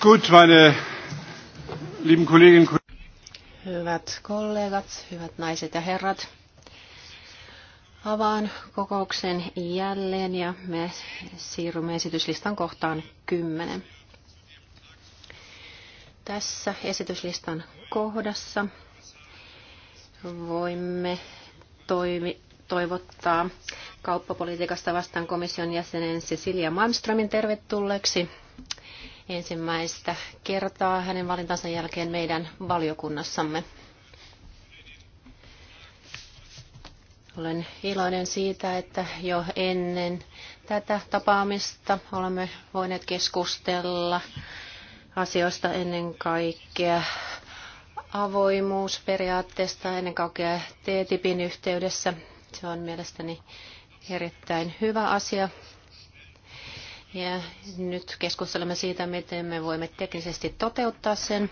Gut, meine lieben Kolleginnen und Hyvät kollegat, hyvät naiset ja herrat. Avaan kokouksen jälleen ja me siirrymme esityslistan kohtaan 10. Tässä esityslistan kohdassa voimme toimi, toivottaa kauppapolitiikasta vastaan komission jäsenen Cecilia Malmströmin tervetulleeksi ensimmäistä kertaa hänen valintansa jälkeen meidän valiokunnassamme. Olen iloinen siitä, että jo ennen tätä tapaamista olemme voineet keskustella asioista ennen kaikkea avoimuusperiaatteesta ennen kaikkea TTIPin yhteydessä. Se on mielestäni erittäin hyvä asia ja nyt keskustelemme siitä, miten me voimme teknisesti toteuttaa sen.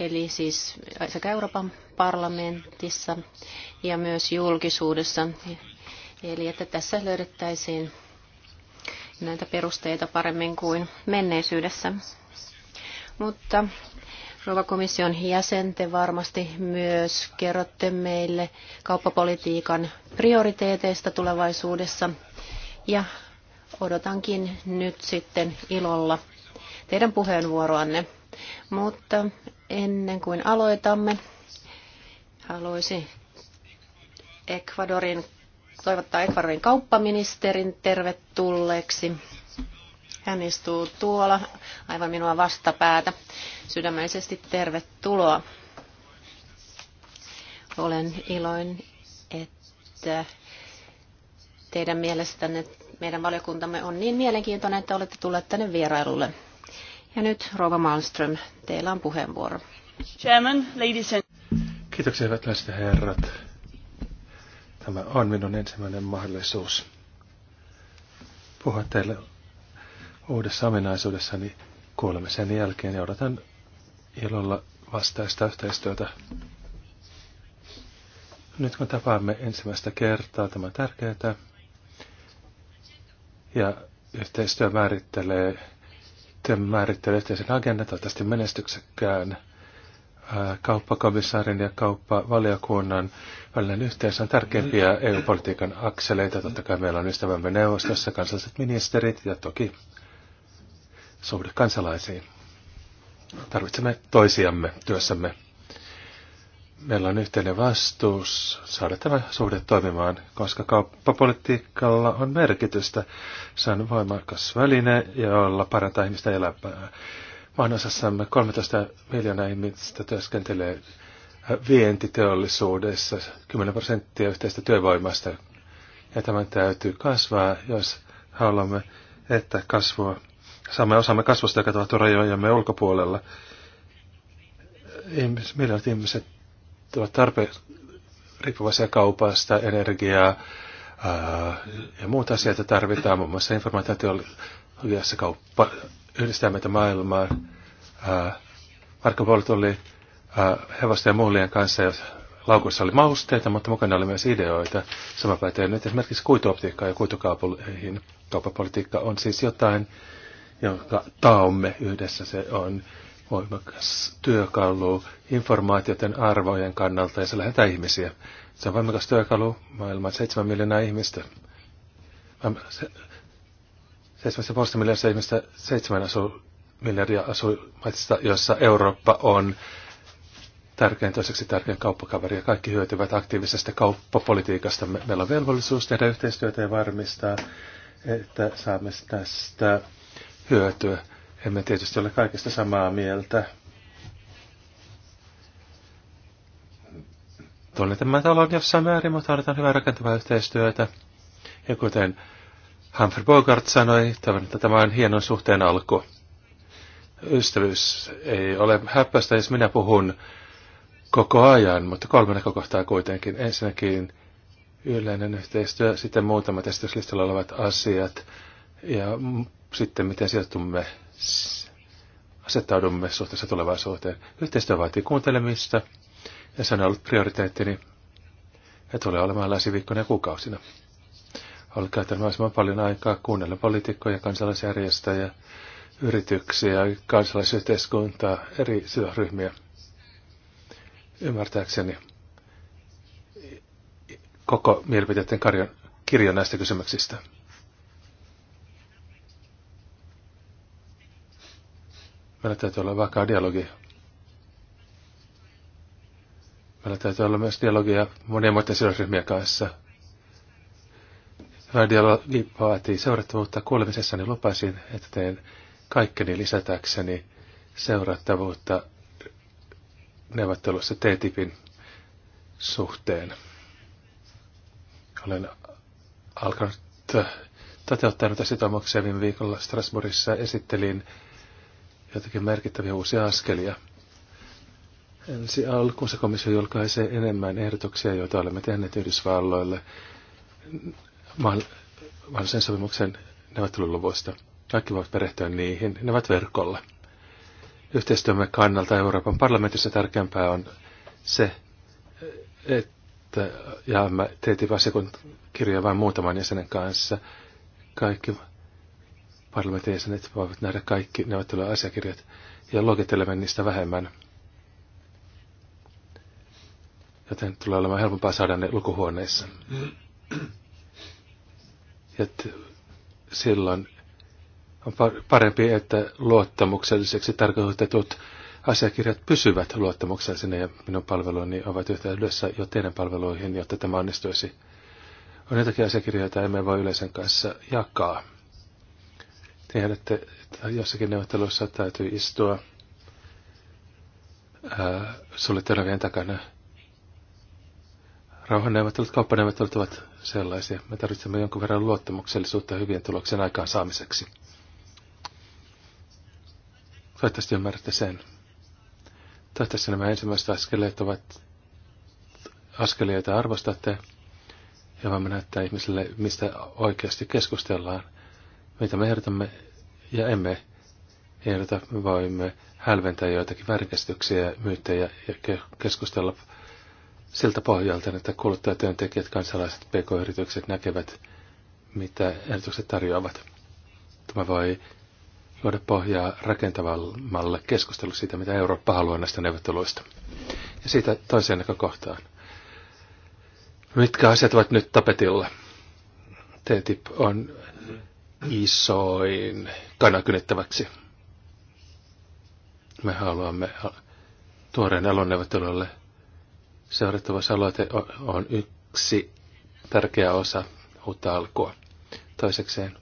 Eli siis sekä Euroopan parlamentissa ja myös julkisuudessa. Eli että tässä löydettäisiin näitä perusteita paremmin kuin menneisyydessä. Mutta Rouva komission jäsen, te varmasti myös kerrotte meille kauppapolitiikan prioriteeteista tulevaisuudessa ja odotankin nyt sitten ilolla teidän puheenvuoroanne. Mutta ennen kuin aloitamme, haluaisin Ecuadorin, toivottaa Ecuadorin kauppaministerin tervetulleeksi. Hän istuu tuolla aivan minua vastapäätä. Sydämellisesti tervetuloa. Olen iloinen, että teidän mielestänne meidän valiokuntamme on niin mielenkiintoinen, että olette tulleet tänne vierailulle. Ja nyt Rova Malmström, teillä on puheenvuoro. Chairman, ladies and... Kiitoksia hyvät naiset herrat. Tämä on minun ensimmäinen mahdollisuus puhua teille uudessa ominaisuudessani kuulemme sen jälkeen ja odotan ilolla vastaista yhteistyötä. Nyt kun tapaamme ensimmäistä kertaa, tämä on tärkeää. Ja yhteistyö määrittelee, te määrittelee yhteisen agendan, toivottavasti menestyksekkään kauppakomissaarin ja kauppavaliokunnan välinen yhteys on tärkeimpiä mm. EU-politiikan akseleita. Totta kai meillä on ystävämme neuvostossa kansalliset ministerit ja toki suhde kansalaisiin. Tarvitsemme toisiamme työssämme. Meillä on yhteinen vastuus saada tämä suhde toimimaan, koska kauppapolitiikalla on merkitystä. Se on voimakas väline, jolla parantaa ihmistä elämää. osassamme 13 miljoonaa ihmistä työskentelee vientiteollisuudessa 10 prosenttia yhteistä työvoimasta. Ja tämän täytyy kasvaa, jos haluamme, että kasvua saamme osamme kasvusta, joka tapahtuu rajojemme ulkopuolella. Ihmis, ihmiset ovat tarpeen riippuvaisia kaupasta, energiaa ja muuta asioita tarvitaan. Muun muassa informaatioteollisuudessa kauppa yhdistää meitä maailmaan. Ää, Marko oli hevosten ja muulien kanssa, ja laukussa oli mausteita, mutta mukana oli myös ideoita. Sama pätee nyt esimerkiksi kuituoptiikkaa ja kuitukaupoihin. Kauppapolitiikka on siis jotain, jonka taomme yhdessä se on voimakas työkalu informaatioiden arvojen kannalta ja se lähetää ihmisiä. Se on voimakas työkalu maailman 7 miljoonaa ihmistä. 7,5 miljardia ihmistä, seitsemän asuu, miljardia asuimaisista, joissa Eurooppa on tärkein, toiseksi tärkein kauppakaveri ja kaikki hyötyvät aktiivisesta kauppapolitiikasta. Me, meillä on velvollisuus tehdä yhteistyötä ja varmistaa, että saamme tästä hyötyä. Emme tietysti ole kaikesta samaa mieltä. Tunnen tämän talon jossain määrin, mutta odotan hyvää rakentavaa yhteistyötä. Ja kuten Humphrey Bogart sanoi, toivon, että tämä on hienon suhteen alku. Ystävyys ei ole häppäistä, jos minä puhun koko ajan, mutta kolme näkökohtaa kuitenkin. Ensinnäkin yleinen yhteistyö, sitten muutamat esityslistalla olevat asiat, ja sitten miten sijoitumme, asettaudumme suhteessa tulevaisuuteen. Yhteistyö vaatii kuuntelemista ja se on ollut prioriteettini ja tulee olemaan lähiviikkoina ja kuukausina. Olen käyttänyt mahdollisimman paljon aikaa kuunnella poliitikkoja, kansalaisjärjestöjä, yrityksiä, kansalaisyhteiskuntaa, eri sidosryhmiä. Ymmärtääkseni koko mielipiteiden karjon, kirjon näistä kysymyksistä. Meillä täytyy olla vakaa dialogi. Meillä täytyy olla myös dialogia monien muiden sidosryhmien kanssa. Hyvä dialogi vaatii seurattavuutta. Kuulemisessani lupasin, että teen kaikkeni lisätäkseni seurattavuutta neuvottelussa TTIPin suhteen. Olen alkanut toteuttaa noita sitoumuksia viime viikolla Strasbourgissa. Esittelin jotakin merkittäviä uusia askelia. Ensi alkuun se komissio julkaisee enemmän ehdotuksia, joita olemme tehneet Yhdysvalloille mahdollisen sopimuksen neuvotteluluvuista. Kaikki voivat perehtyä niihin. Ne ovat verkolla. Yhteistyömme kannalta Euroopan parlamentissa tärkeämpää on se, että jaamme TTIP-asiakirjoja vain muutaman jäsenen kanssa. Kaikki parlamentin jäsenet voivat nähdä kaikki asiakirjat ja luokittelemme niistä vähemmän. Joten tulee olemaan helpompaa saada ne lukuhuoneissa. Ja silloin on parempi, että luottamukselliseksi tarkoitetut asiakirjat pysyvät luottamuksellisina ja minun palveluini ovat yhteydessä jo teidän palveluihin, jotta tämä onnistuisi. On jotakin asiakirjoja, joita emme voi yleisen kanssa jakaa. Tiedätte, että jossakin neuvotteluissa täytyy istua suljettujen takana. Rauhanneuvottelut, kauppaneuvottelut ovat sellaisia. Me tarvitsemme jonkun verran luottamuksellisuutta hyvien tuloksen aikaan saamiseksi. Toivottavasti ymmärrätte sen. Toivottavasti nämä ensimmäiset askeleet ovat askelia, joita arvostatte, ja voimme näyttää ihmisille, mistä oikeasti keskustellaan – mitä me ehdotamme ja emme ehdota, voimme hälventää joitakin väärinkäsityksiä, myyttejä ja keskustella siltä pohjalta, että kuluttajatyöntekijät, kansalaiset, pk-yritykset näkevät, mitä ehdotukset tarjoavat. Tämä voi luoda pohjaa rakentavammalle keskustelulle siitä, mitä Eurooppa haluaa näistä neuvotteluista. Ja siitä toiseen näkökohtaan. Mitkä asiat ovat nyt tapetilla? TTIP on isoin kanakynettäväksi. Me haluamme tuoreen elonneuvottelulle seurattava aloite on yksi tärkeä osa uutta alkua. Toisekseen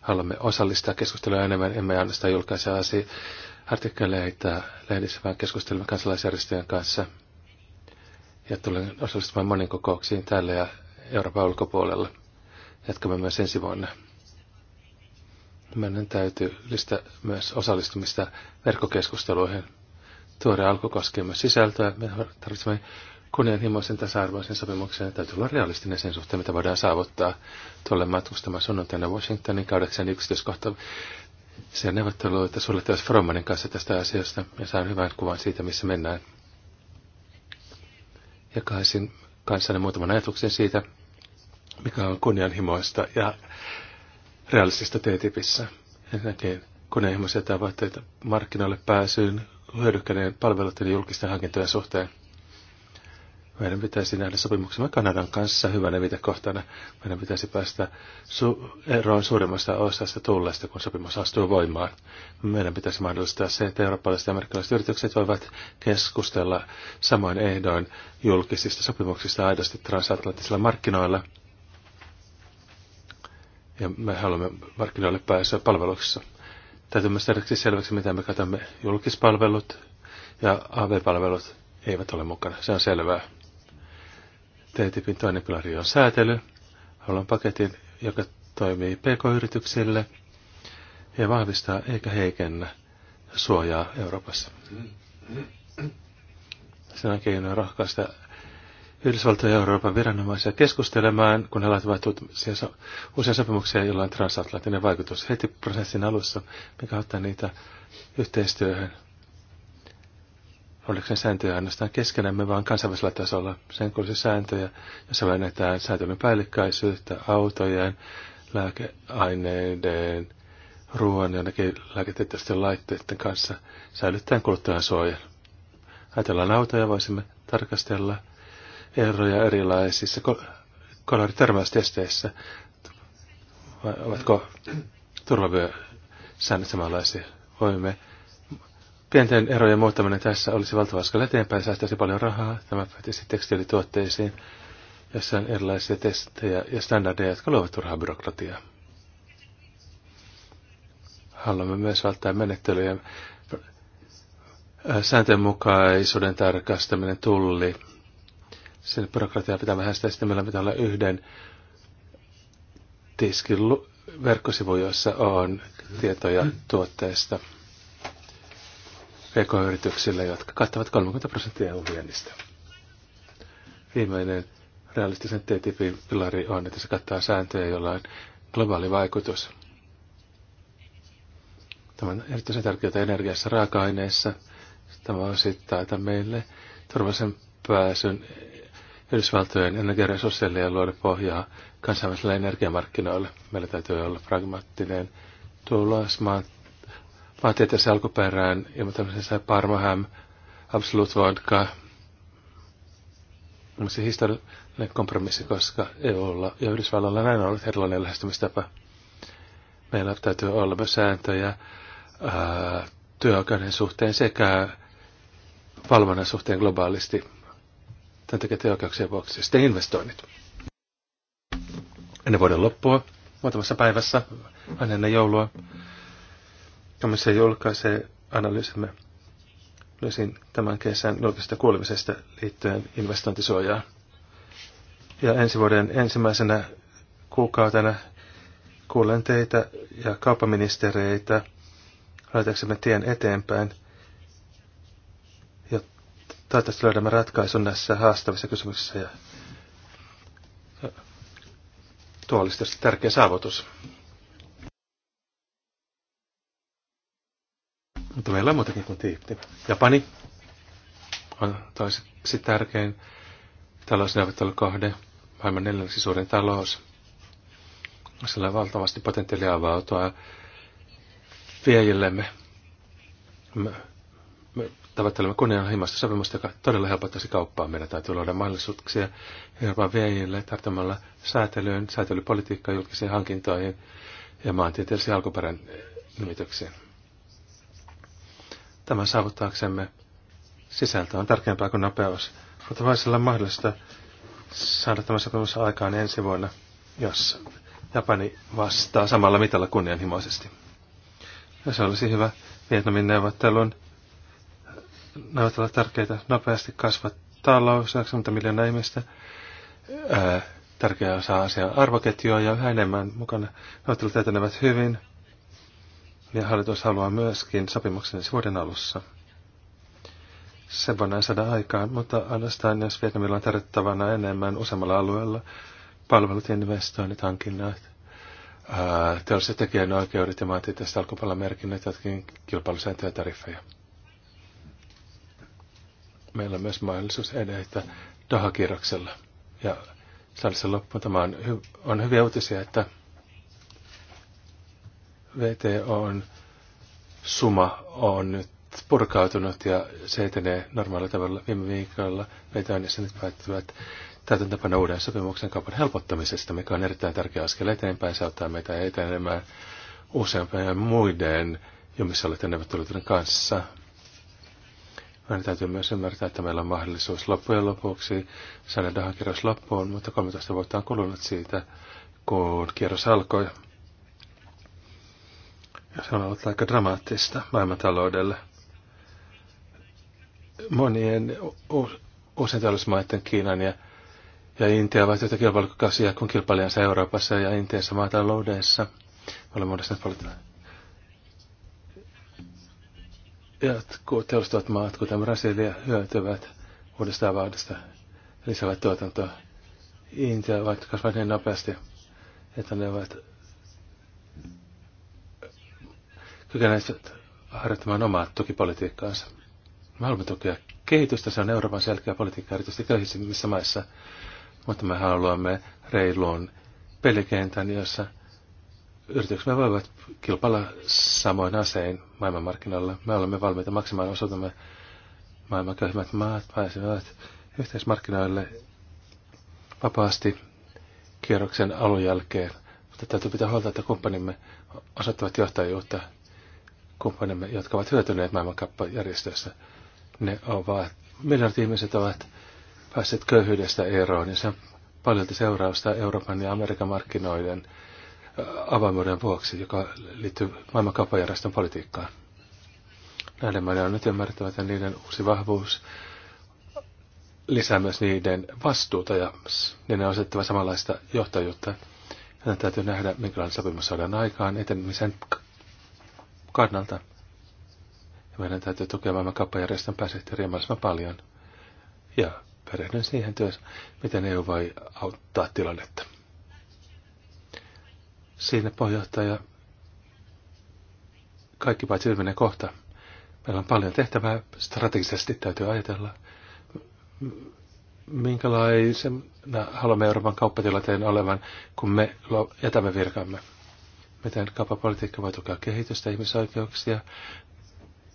haluamme osallistaa keskustelua enemmän, emme ainoastaan julkaise asia artikkeleita lehdissä, vaan keskustelemme kansalaisjärjestöjen kanssa. Ja tulen osallistumaan monin kokouksiin täällä ja Euroopan ulkopuolella. Jatkamme myös ensi vuonna meidän täytyy lisätä myös osallistumista verkkokeskusteluihin. Tuore alku koskee myös sisältöä. Me tarvitsemme kunnianhimoisen tasa-arvoisen sopimuksen. Täytyy olla realistinen sen suhteen, mitä voidaan saavuttaa. Tuolle matkustamaan sunnuntaina Washingtonin kaudeksen yksityiskohta sen että suunnittelussa Frommanin kanssa tästä asiasta ja saan hyvän kuvan siitä, missä mennään. Jakaisin kanssani muutaman ajatuksen siitä, mikä on kunnianhimoista ja realistista TTIPissä. Ensinnäkin koneihmoisia tavoitteita markkinoille pääsyyn hyödykkäneen palveluiden ja julkisten hankintojen suhteen. Meidän pitäisi nähdä sopimuksemme Kanadan kanssa hyvänä viitekohtana. Meidän pitäisi päästä su- eroon suurimmasta osasta tullesta, kun sopimus astuu voimaan. Meidän pitäisi mahdollistaa se, että eurooppalaiset ja amerikkalaiset yritykset voivat keskustella samoin ehdoin julkisista sopimuksista aidosti transatlanttisilla markkinoilla – ja me haluamme markkinoille päässä palveluksissa. Täytyy myös tehdä selväksi, mitä me katsomme. Julkispalvelut ja AV-palvelut eivät ole mukana. Se on selvää. TTIPin toinen pilari on säätely. Haluan paketin, joka toimii pk-yrityksille ja vahvistaa eikä heikennä suojaa Euroopassa. Sen on keino rohkaista Yhdysvaltojen ja Euroopan viranomaisia keskustelemaan, kun he laativat uusia sopimuksia, joilla on transatlanttinen vaikutus heti prosessin alussa, mikä ottaa niitä yhteistyöhön. Oliko ne sääntöjä ainoastaan keskenämme, vaan kansainvälisellä tasolla sen kuulisi sääntöjä, jossa vähennetään sääntöjen päällikkäisyyttä autojen, lääkeaineiden, ruoan ja ainakin lääketieteellisten laitteiden kanssa säilyttäen kuluttajan suojan. Ajatellaan autoja, voisimme tarkastella – eroja erilaisissa koloritörmäystesteissä? Vai ovatko turvavyösäännöt samanlaisia? Voimme pienten erojen muuttaminen tässä olisi valtava askel eteenpäin, säästäisi paljon rahaa, tämä päätisi tekstiilituotteisiin, jossa on erilaisia testejä ja standardeja, jotka luovat turhaa byrokratiaa. Haluamme myös välttää menettelyjen sääntöjen mukaisuuden tarkastaminen tulli sen byrokratiaa pitää sitä, Sitten meillä pitää olla yhden tiskin verkkosivu, jossa on tietoja tuotteista pk-yrityksille, jotka kattavat 30 prosenttia EU-viennistä. Viimeinen realistisen ttip pilari on, että se kattaa sääntöjä, joilla on globaali vaikutus. Tämä on erityisen tärkeää energiassa, raaka-aineissa. Tämä osittaa meille turvallisen pääsyn Yhdysvaltojen energiaresursseille ja luoda pohjaa kansainvälisille energiamarkkinoille. Meillä täytyy olla pragmaattinen tulos maan, maantieteessä alkuperään ilmoittamisessa Parmaham, Absolut Vodka, se historiallinen kompromissi, koska EUlla ja Yhdysvalloilla näin on ollut erilainen lähestymistapa. Meillä täytyy olla myös sääntöjä työoikeuden suhteen sekä valvonnan suhteen globaalisti takia teokäyksien vuoksi. Sitten investoinnit. Ennen vuoden loppua, muutamassa päivässä, aina ennen joulua, komissio julkaisee analyysimme löysin tämän kesän julkisesta kuulemisesta liittyen investointisuojaa. Ja ensi vuoden ensimmäisenä kuukautena kuulen teitä ja kauppaministereitä laitaksemme tien eteenpäin – Toivottavasti löydämme ratkaisun näissä haastavissa kysymyksissä ja tuo olisi tietysti tärkeä saavutus. Mutta meillä on muutenkin kuin tiipti. Japani on toiseksi tärkein talousneuvottelukohde, maailman neljänneksi suurin talous. Sillä on valtavasti potentiaalia avautua viejillemme tavoittelemme kunnianhimoista sopimusta, joka todella helpottaisi kauppaa. Meidän täytyy luoda mahdollisuuksia Euroopan viejille tarttumalla säätelyyn, säätelypolitiikkaan, julkisiin hankintoihin ja maantieteellisiin alkuperän nimityksiin. Tämä saavuttaaksemme sisältö on tärkeämpää kuin nopeus, mutta voisi olla mahdollista saada tämä sopimus aikaan ensi vuonna, jos Japani vastaa samalla mitalla kunnianhimoisesti. Ja se olisi hyvä Vietnamin neuvottelun nämä ovat tärkeitä. Nopeasti kasvat talous, 90 miljoonaa ihmistä. Ää, tärkeä osa asiaa arvoketjua ja yhä enemmän mukana. Neuvottelut etenevät hyvin. Ja hallitus haluaa myöskin sopimuksen vuoden alussa. Se voidaan saada aikaan, mutta ainoastaan jos Vietnamilla on tarjottavana enemmän useammalla alueella palvelut, investoinnit, hankinnat, teolliset tekijänoikeudet ja maantieteelliset merkinnät, jotkin kilpailusääntöjä ja tariffeja meillä on myös mahdollisuus edetä Doha-kierroksella. Ja salissa loppuun tämä on, hy- on hyviä uutisia, että VT on suma on nyt purkautunut ja se etenee normaalilla tavalla. Viime viikolla meitä on jäsenet päättyvät täytäntöpano uuden sopimuksen kaupan helpottamisesta, mikä on erittäin tärkeä askel eteenpäin. Se auttaa meitä etenemään useampien muiden jumissa olleiden neuvotteluiden kanssa. Meidän täytyy myös ymmärtää, että meillä on mahdollisuus loppujen lopuksi saada dahan kierros loppuun, mutta 13 vuotta on kulunut siitä, kun kierros alkoi. Ja se on ollut aika dramaattista maailmantaloudelle. Monien uusien talousmaiden Kiinan ja, ja Intia ovat joita kilpailukausia kuin kilpailijansa Euroopassa ja Intiassa maataloudessa. Olemme muodostaneet paljon jatkuu teollistuvat maat, kuten Brasilia, hyötyvät uudesta avaudesta lisäävät tuotantoa. Intia ovat kasvaneet niin nopeasti, että ne ovat kykeneet harjoittamaan omaa tukipolitiikkaansa. Me haluamme tukea kehitystä, se on Euroopan selkeä politiikka, erityisesti köyhissä maissa. Mutta me haluamme reilun pelikentän, jossa yrityksemme voivat kilpailla samoin asein maailmanmarkkinoilla. Me olemme valmiita maksamaan osuutemme maailman köyhimmät maat pääsevät yhteismarkkinoille vapaasti kierroksen alun jälkeen. Mutta täytyy pitää huolta, että kumppanimme osoittavat johtajuutta. Kumppanimme, jotka ovat hyötyneet maailmankappajärjestössä, ne ovat, miljardit ihmiset ovat päässeet köyhyydestä eroon, niin se on paljon seurausta Euroopan ja Amerikan markkinoiden avoimuuden vuoksi, joka liittyy maailmankauppajärjestön politiikkaan. Näiden maiden on nyt ymmärrettävä, että niiden uusi vahvuus lisää myös niiden vastuuta ja niiden on asettava samanlaista johtajuutta. Ja täytyy nähdä, minkälainen sopimus saadaan aikaan etenemisen kannalta. Ja meidän täytyy tukea maailmankauppajärjestön pääsihteeriä mahdollisimman paljon. Ja perehdyn siihen työssä, miten EU voi auttaa tilannetta. Siinä puheenjohtaja kaikki paitsi ilmenee kohta. Meillä on paljon tehtävää, strategisesti täytyy ajatella, minkälaisena haluamme Euroopan kauppatilanteen olevan, kun me jätämme virkamme. Miten kauppapolitiikka voi tukea kehitystä, ihmisoikeuksia,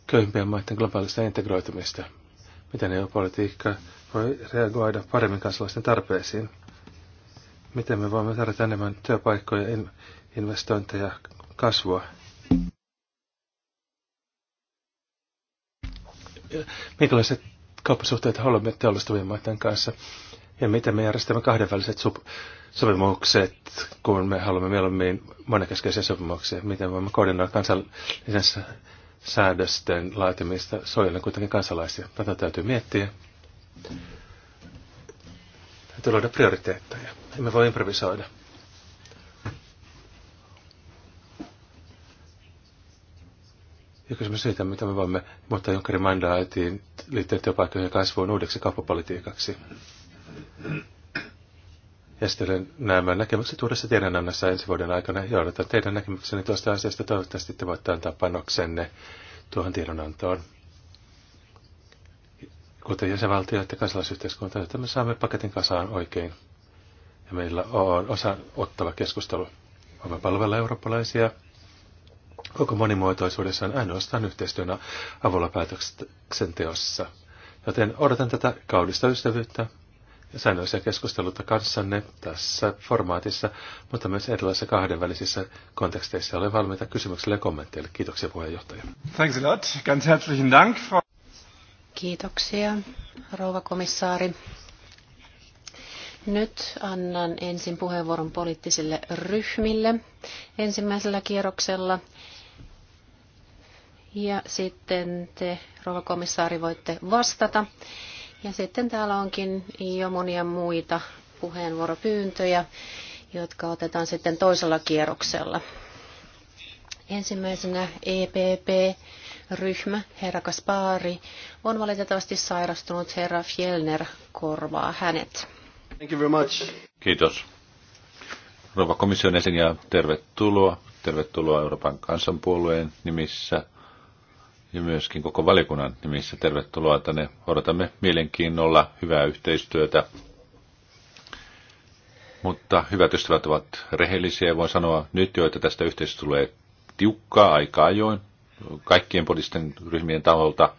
köyhimpien maiden globaalista integroitumista. Miten EU-politiikka voi reagoida paremmin kansalaisten tarpeisiin miten me voimme tarjota enemmän työpaikkoja, investointeja, kasvua. Minkälaiset kauppasuhteet haluamme teollistuvien maiden kanssa ja miten me järjestämme kahdenväliset sop- sopimukset, kun me haluamme mieluummin monenkeskeisiä sopimuksia, miten voimme koordinoida kansallisen säädösten laatimista suojellen kuitenkin kansalaisia. Tätä täytyy miettiä. Täytyy luoda prioriteetteja. Emme voi improvisoida. Ja kysymys siitä, mitä me voimme muuttaa Junckerin mandaatiin liittyen työpaikkojen kasvuun uudeksi kauppapolitiikaksi. sitten nämä näkemykset uudessa tiedonannossa ensi vuoden aikana ja odotan teidän näkemyksenne tuosta asiasta. Toivottavasti te voitte antaa panoksenne tuohon tiedonantoon kuten jäsenvaltio ja kansalaisyhteiskunta, että me saamme paketin kasaan oikein. Ja meillä on osa ottava keskustelu. Voimme palvella eurooppalaisia koko monimuotoisuudessa on ainoastaan yhteistyönä avulla päätöksenteossa. Joten odotan tätä kaudista ystävyyttä ja säännöllisiä keskusteluita kanssanne tässä formaatissa, mutta myös erilaisissa kahdenvälisissä konteksteissa. Olen valmiita kysymyksille ja kommenteille. Kiitoksia puheenjohtaja. Thanks a lot. Ganz herzlichen Dank, Frau Kiitoksia, rouva komissaari. Nyt annan ensin puheenvuoron poliittisille ryhmille ensimmäisellä kierroksella. Ja sitten te, rouva komissaari, voitte vastata. Ja sitten täällä onkin jo monia muita puheenvuoropyyntöjä, jotka otetaan sitten toisella kierroksella. Ensimmäisenä EPP ryhmä, herra Kaspari, on valitettavasti sairastunut. Herra Fjellner korvaa hänet. Thank you very much. Kiitos. Rouva komission jäsen ja tervetuloa. Tervetuloa Euroopan kansanpuolueen nimissä ja myöskin koko valikunnan nimissä. Tervetuloa tänne. Odotamme mielenkiinnolla hyvää yhteistyötä. Mutta hyvät ystävät ovat rehellisiä voin sanoa nyt jo, että tästä yhteistyöstä tulee tiukkaa aika ajoin kaikkien poliittisten ryhmien taholta.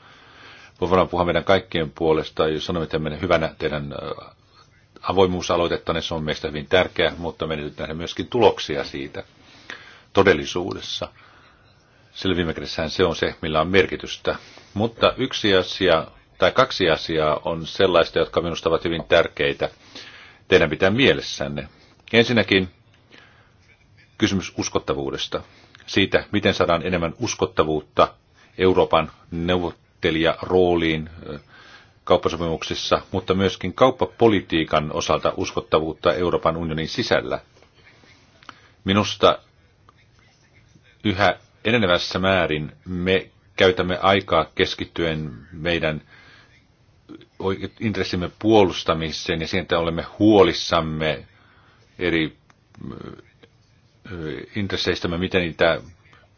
Me voidaan puhua meidän kaikkien puolesta, jos sanomme teidän hyvänä teidän avoimuusaloitetta, niin se on meistä hyvin tärkeä, mutta me nyt nähdään myöskin tuloksia siitä todellisuudessa. Sillä viime kädessähän se on se, millä on merkitystä. Mutta yksi asia tai kaksi asiaa on sellaista, jotka minusta ovat hyvin tärkeitä teidän pitää mielessänne. Ensinnäkin kysymys uskottavuudesta siitä, miten saadaan enemmän uskottavuutta Euroopan neuvottelijarooliin kauppasopimuksissa, mutta myöskin kauppapolitiikan osalta uskottavuutta Euroopan unionin sisällä. Minusta yhä enenevässä määrin me käytämme aikaa keskittyen meidän intressimme puolustamiseen ja siitä olemme huolissamme eri intresseistämme, miten niitä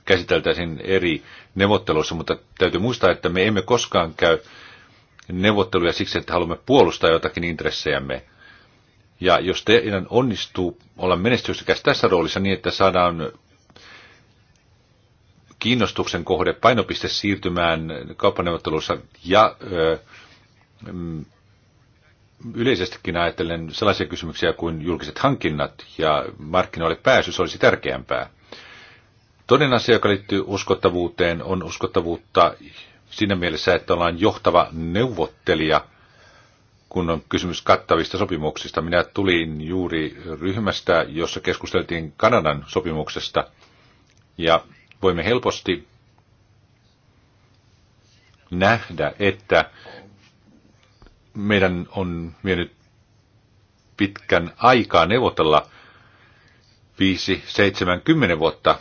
käsiteltäisiin eri neuvotteluissa, mutta täytyy muistaa, että me emme koskaan käy neuvotteluja siksi, että haluamme puolustaa jotakin intressejämme. Ja jos teidän onnistuu olla menestyksekäs tässä roolissa niin, että saadaan kiinnostuksen kohde painopiste siirtymään kauppaneuvotteluissa ja ö, mm, yleisestikin ajatellen sellaisia kysymyksiä kuin julkiset hankinnat ja markkinoille pääsy, se olisi tärkeämpää. Toinen asia, joka liittyy uskottavuuteen, on uskottavuutta siinä mielessä, että ollaan johtava neuvottelija, kun on kysymys kattavista sopimuksista. Minä tulin juuri ryhmästä, jossa keskusteltiin Kanadan sopimuksesta, ja voimme helposti nähdä, että meidän on vienyt pitkän aikaa neuvotella 5, 70 vuotta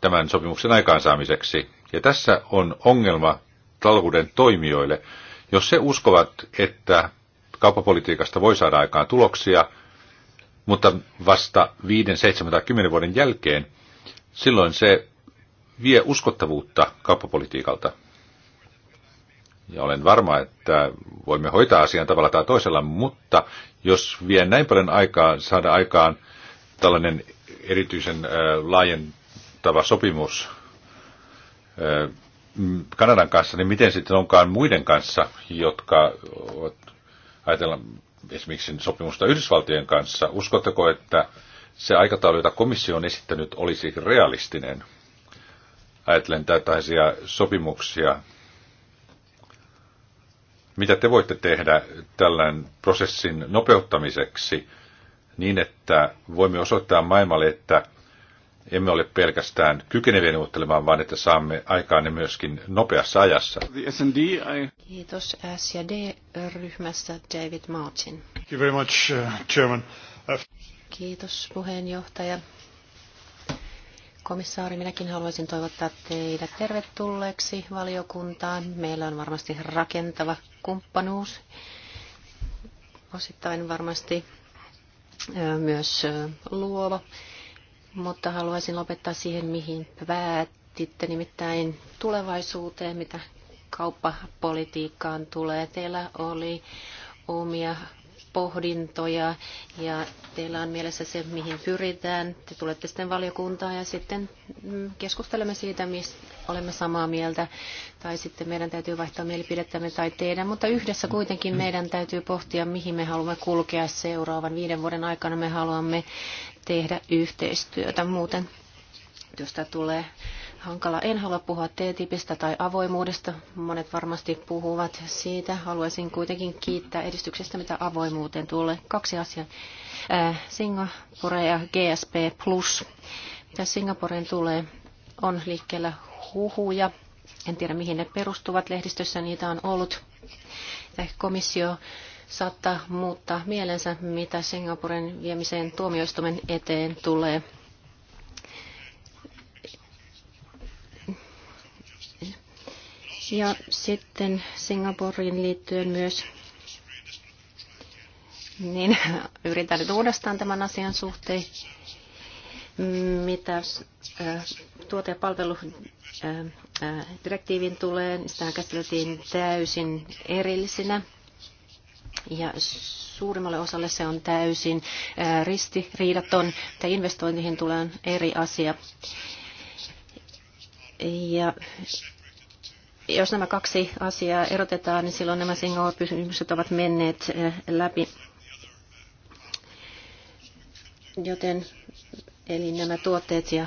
tämän sopimuksen aikaansaamiseksi. Ja tässä on ongelma talouden toimijoille. Jos se uskovat, että kauppapolitiikasta voi saada aikaan tuloksia, mutta vasta 5, 70 vuoden jälkeen, silloin se vie uskottavuutta kauppapolitiikalta ja olen varma, että voimme hoitaa asian tavalla tai toisella, mutta jos vie näin paljon aikaa saada aikaan tällainen erityisen laajentava sopimus Kanadan kanssa, niin miten sitten onkaan muiden kanssa, jotka ovat, ajatellaan esimerkiksi sopimusta Yhdysvaltojen kanssa, uskotteko, että se aikataulu, jota komissio on esittänyt, olisi realistinen? Ajattelen tätä sopimuksia, mitä te voitte tehdä tällän prosessin nopeuttamiseksi niin, että voimme osoittaa maailmalle, että emme ole pelkästään kykeneviä neuvottelemaan, vaan että saamme aikaan ne myöskin nopeassa ajassa. Kiitos S&D-ryhmästä David Martin. Thank you very much, uh, Chairman. Uh, Kiitos puheenjohtaja. Komissaari, minäkin haluaisin toivottaa teidät tervetulleeksi valiokuntaan. Meillä on varmasti rakentava kumppanuus. Osittain varmasti myös luova. Mutta haluaisin lopettaa siihen, mihin päätitte, nimittäin tulevaisuuteen, mitä kauppapolitiikkaan tulee. Teillä oli omia pohdintoja ja teillä on mielessä se, mihin pyritään. Te tulette sitten valiokuntaan ja sitten mm, keskustelemme siitä, mistä olemme samaa mieltä tai sitten meidän täytyy vaihtaa mielipidettämme tai tehdä, mutta yhdessä kuitenkin meidän täytyy pohtia, mihin me haluamme kulkea seuraavan viiden vuoden aikana. Me haluamme tehdä yhteistyötä, muuten työstä tulee hankala. En halua puhua T-tipistä tai avoimuudesta. Monet varmasti puhuvat siitä. Haluaisin kuitenkin kiittää edistyksestä, mitä avoimuuteen tulee. Kaksi asiaa. Äh, Singapore ja GSP Plus. Mitä Singaporeen tulee, on liikkeellä huhuja. En tiedä, mihin ne perustuvat. Lehdistössä niitä on ollut. Komissio saattaa muuttaa mielensä, mitä Singaporen viemiseen tuomioistuimen eteen tulee Ja sitten Singaporein liittyen myös, niin yritän nyt uudestaan tämän asian suhteen, mitä tuote- ja palveludirektiivin tulee, niin sitä käsiteltiin täysin erillisinä. Ja suurimmalle osalle se on täysin ristiriidaton, että investointiin tulee eri asia. Ja jos nämä kaksi asiaa erotetaan, niin silloin nämä Singapore-kysymykset ovat menneet eh, läpi. Joten eli nämä tuotteet ja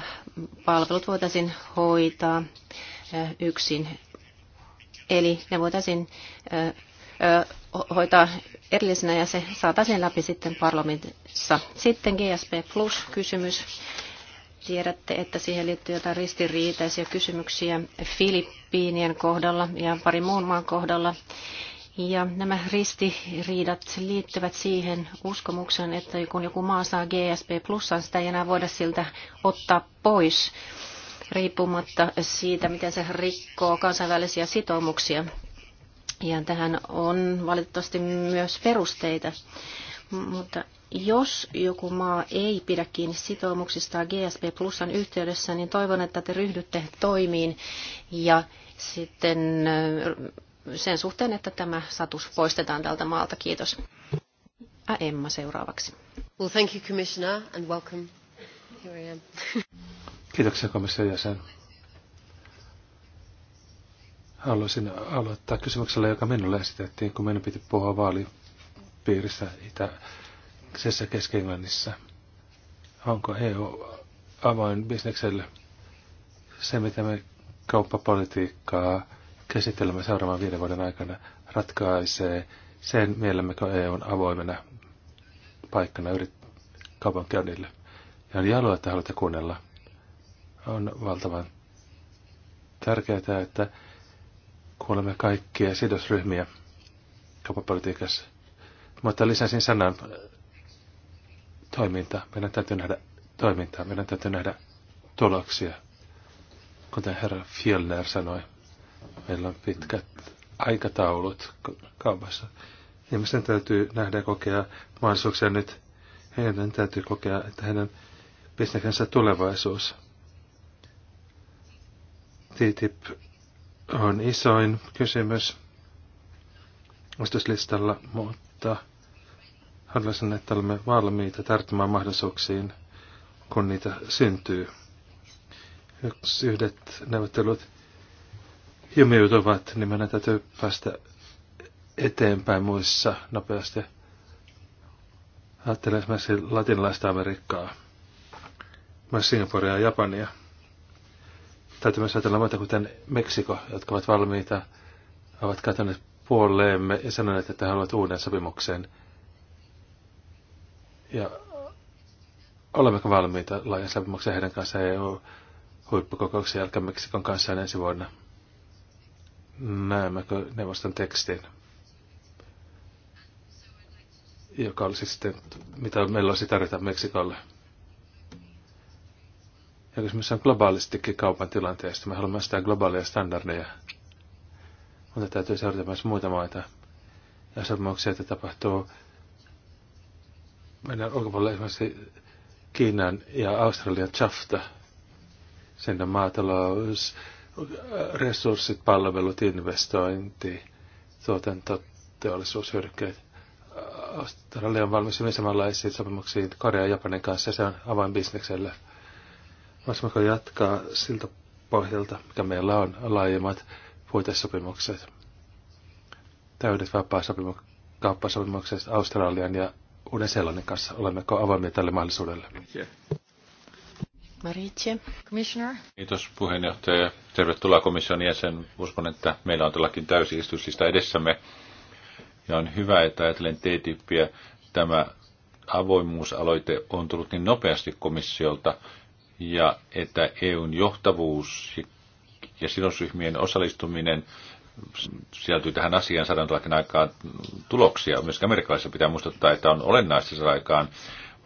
palvelut voitaisiin hoitaa eh, yksin. Eli ne voitaisiin eh, hoitaa erillisenä ja se saataisiin läpi sitten parlamentissa. Sitten GSP Plus-kysymys. Tiedätte, että siihen liittyy jotain ristiriitaisia kysymyksiä Filippiinien kohdalla ja pari muun maan kohdalla. Ja nämä ristiriidat liittyvät siihen uskomukseen, että kun joku maa saa GSP plussan, sitä ei enää voida siltä ottaa pois, riippumatta siitä, miten se rikkoo kansainvälisiä sitoumuksia. Ja tähän on valitettavasti myös perusteita. Mutta jos joku maa ei pidä kiinni sitoumuksistaan GSP Plusan yhteydessä, niin toivon, että te ryhdytte toimiin ja sitten sen suhteen, että tämä satus poistetaan tältä maalta. Kiitos. Ja Emma seuraavaksi. Well, thank you, Commissioner, and welcome. Here I am. Kiitoksia komission jäsen. Haluaisin aloittaa kysymyksellä, joka minulle esitettiin, kun meidän piti puhua vaali piirissä Itäisessä Keski-Englannissa. Onko EU avoin bisnekselle se, mitä me kauppapolitiikkaa käsittelemme seuraavan viiden vuoden aikana, ratkaisee sen mielemmekö EU on avoimena paikkana yrit kaupankäynnille. Ja on jalo, että haluatte kuunnella. On valtavan tärkeää, että kuulemme kaikkia sidosryhmiä kauppapolitiikassa. Mutta lisäsin sanan äh, toiminta. Meidän täytyy nähdä toimintaa. Meidän täytyy nähdä tuloksia. Kuten herra Fjellner sanoi, meillä on pitkät aikataulut kaupassa. Ihmisten täytyy nähdä ja kokea mahdollisuuksia nyt. Heidän täytyy kokea, että heidän bisneksensä tulevaisuus. TTIP on isoin kysymys ostoslistalla, mutta Haluaisin, että olemme valmiita tarttumaan mahdollisuuksiin, kun niitä syntyy. Yksi yhdet neuvottelut jumiutuvat, niin meidän täytyy päästä eteenpäin muissa nopeasti. Ajattelen esimerkiksi latinalaista Amerikkaa, myös Singaporea ja Japania. Täytyy myös ajatella muita, kuten Meksiko, jotka ovat valmiita, ovat katsoneet puoleemme ja sanoneet, että haluat uuden sopimuksen – ja olemmeko valmiita laajan sopimuksen heidän kanssaan EU-huippukokouksen jälkeen Meksikon kanssa ensi vuonna? Näemmekö neuvoston tekstin? joka olisi sitten, mitä meillä olisi tarjota Meksikolle. Ja kysymys on globaalistikin kaupan tilanteesta. Me haluamme sitä globaalia standardeja. Mutta täytyy seurata myös muita maita. Ja sopimuksia, että tapahtuu mennään ulkopuolelle esimerkiksi Kiinan ja Australian chafta, sen maatalous, resurssit, palvelut, investointi, tuotantoteollisuushyödykkeet. Australia on valmis hyvin samanlaisiin sopimuksiin Korean ja Japanin kanssa ja se on avainbisnekselle. Voisimmeko jatkaa siltä pohjalta, mikä meillä on, laajemmat puitesopimukset, täydet vapaa-sopimukset, kauppasopimukset Australian ja uuden seelannin kanssa. Olemmeko avoimia tälle mahdollisuudelle? Maritje. Commissioner. Kiitos puheenjohtaja. Tervetuloa komission jäsen. Uskon, että meillä on tälläkin täysi istuslista edessämme. Ja on hyvä, että ajatellen T-tyyppiä tämä avoimuusaloite on tullut niin nopeasti komissiolta ja että EUn johtavuus ja sidosryhmien osallistuminen sisältyy tähän asiaan sadan tuhannen aikaan tuloksia. Myös amerikkalaisissa pitää muistuttaa, että on olennaista saada aikaan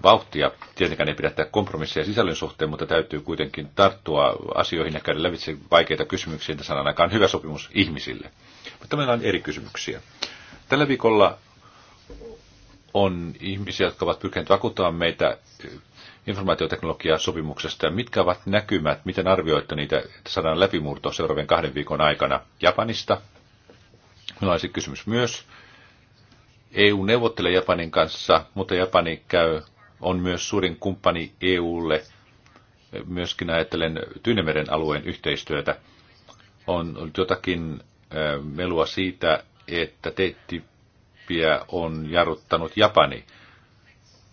vauhtia. Tietenkään ei pidä tehdä kompromisseja sisällön suhteen, mutta täytyy kuitenkin tarttua asioihin ja käydä lävitse vaikeita kysymyksiä, että sanan aikaan hyvä sopimus ihmisille. Mutta meillä on eri kysymyksiä. Tällä viikolla on ihmisiä, jotka ovat pyrkineet vakuuttamaan meitä informaatioteknologiasopimuksesta ja mitkä ovat näkymät, miten arvioitte niitä, että saadaan läpimurto seuraavien kahden viikon aikana Japanista? Minulla olisi kysymys myös. EU neuvottelee Japanin kanssa, mutta Japani käy, on myös suurin kumppani EUlle, myöskin ajattelen Tyynemeren alueen yhteistyötä. On jotakin melua siitä, että teettipiä on jarruttanut Japani.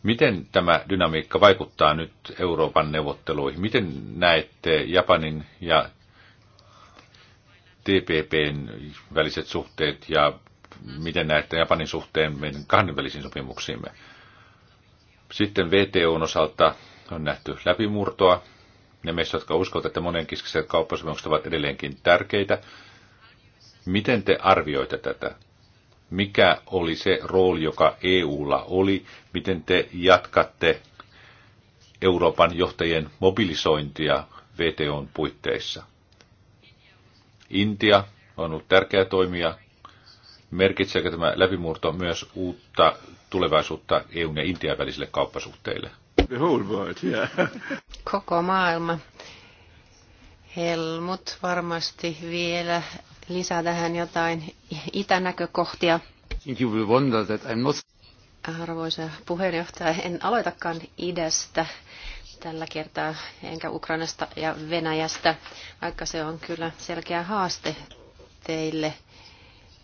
Miten tämä dynamiikka vaikuttaa nyt Euroopan neuvotteluihin? Miten näette Japanin ja TPPn väliset suhteet ja miten näette Japanin suhteen meidän kahdenvälisiin sopimuksiimme? Sitten VTOn osalta on nähty läpimurtoa. Ne meistä, jotka uskovat, että monenkiskiset kauppasopimukset ovat edelleenkin tärkeitä. Miten te arvioitte tätä? mikä oli se rooli, joka EUlla oli, miten te jatkatte Euroopan johtajien mobilisointia VTOn puitteissa. Intia on ollut tärkeä toimija. Merkitseekö tämä läpimurto myös uutta tulevaisuutta EUn ja Intian välisille kauppasuhteille? The whole world, yeah. Koko maailma. Helmut varmasti vielä lisää tähän jotain itänäkökohtia. Arvoisa puheenjohtaja, en aloitakaan idästä tällä kertaa, enkä Ukrainasta ja Venäjästä, vaikka se on kyllä selkeä haaste teille,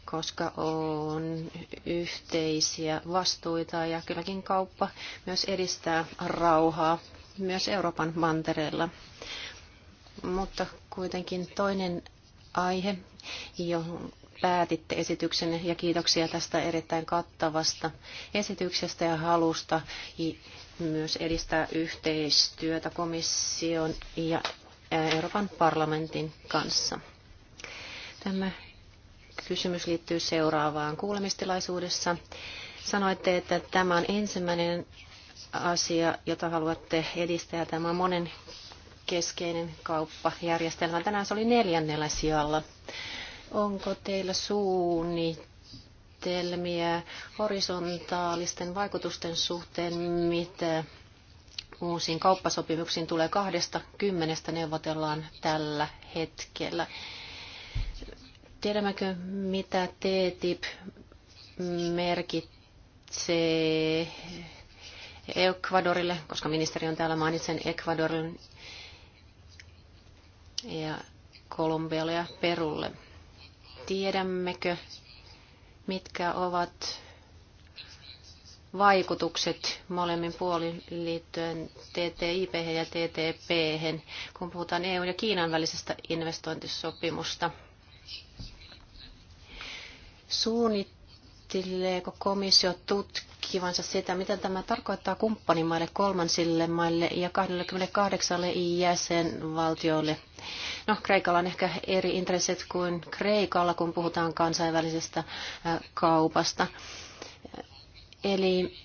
koska on yhteisiä vastuita ja kylläkin kauppa myös edistää rauhaa myös Euroopan mantereella. Mutta kuitenkin toinen aihe, johon päätitte esityksen ja kiitoksia tästä erittäin kattavasta esityksestä ja halusta myös edistää yhteistyötä komission ja Euroopan parlamentin kanssa. Tämä kysymys liittyy seuraavaan kuulemistilaisuudessa. Sanoitte, että tämä on ensimmäinen asia, jota haluatte edistää. Tämä on monen keskeinen kauppajärjestelmä. Tänään se oli neljännellä sijalla. Onko teillä suunnitelmia horisontaalisten vaikutusten suhteen, mitä uusiin kauppasopimuksiin tulee kahdesta kymmenestä neuvotellaan tällä hetkellä? Tiedämmekö, mitä TTIP merkitsee Ecuadorille, koska ministeri on täällä mainitsen Ecuadorin ja Kolumbialle ja Perulle. Tiedämmekö, mitkä ovat vaikutukset molemmin puolin liittyen TTIP ja TTP, kun puhutaan EU ja Kiinan välisestä investointisopimusta. Suunnit ajatteleeko komissio tutkivansa sitä, mitä tämä tarkoittaa kumppanimaille, kolmansille maille ja 28 jäsenvaltioille? No, Kreikalla on ehkä eri intressit kuin Kreikalla, kun puhutaan kansainvälisestä kaupasta. Eli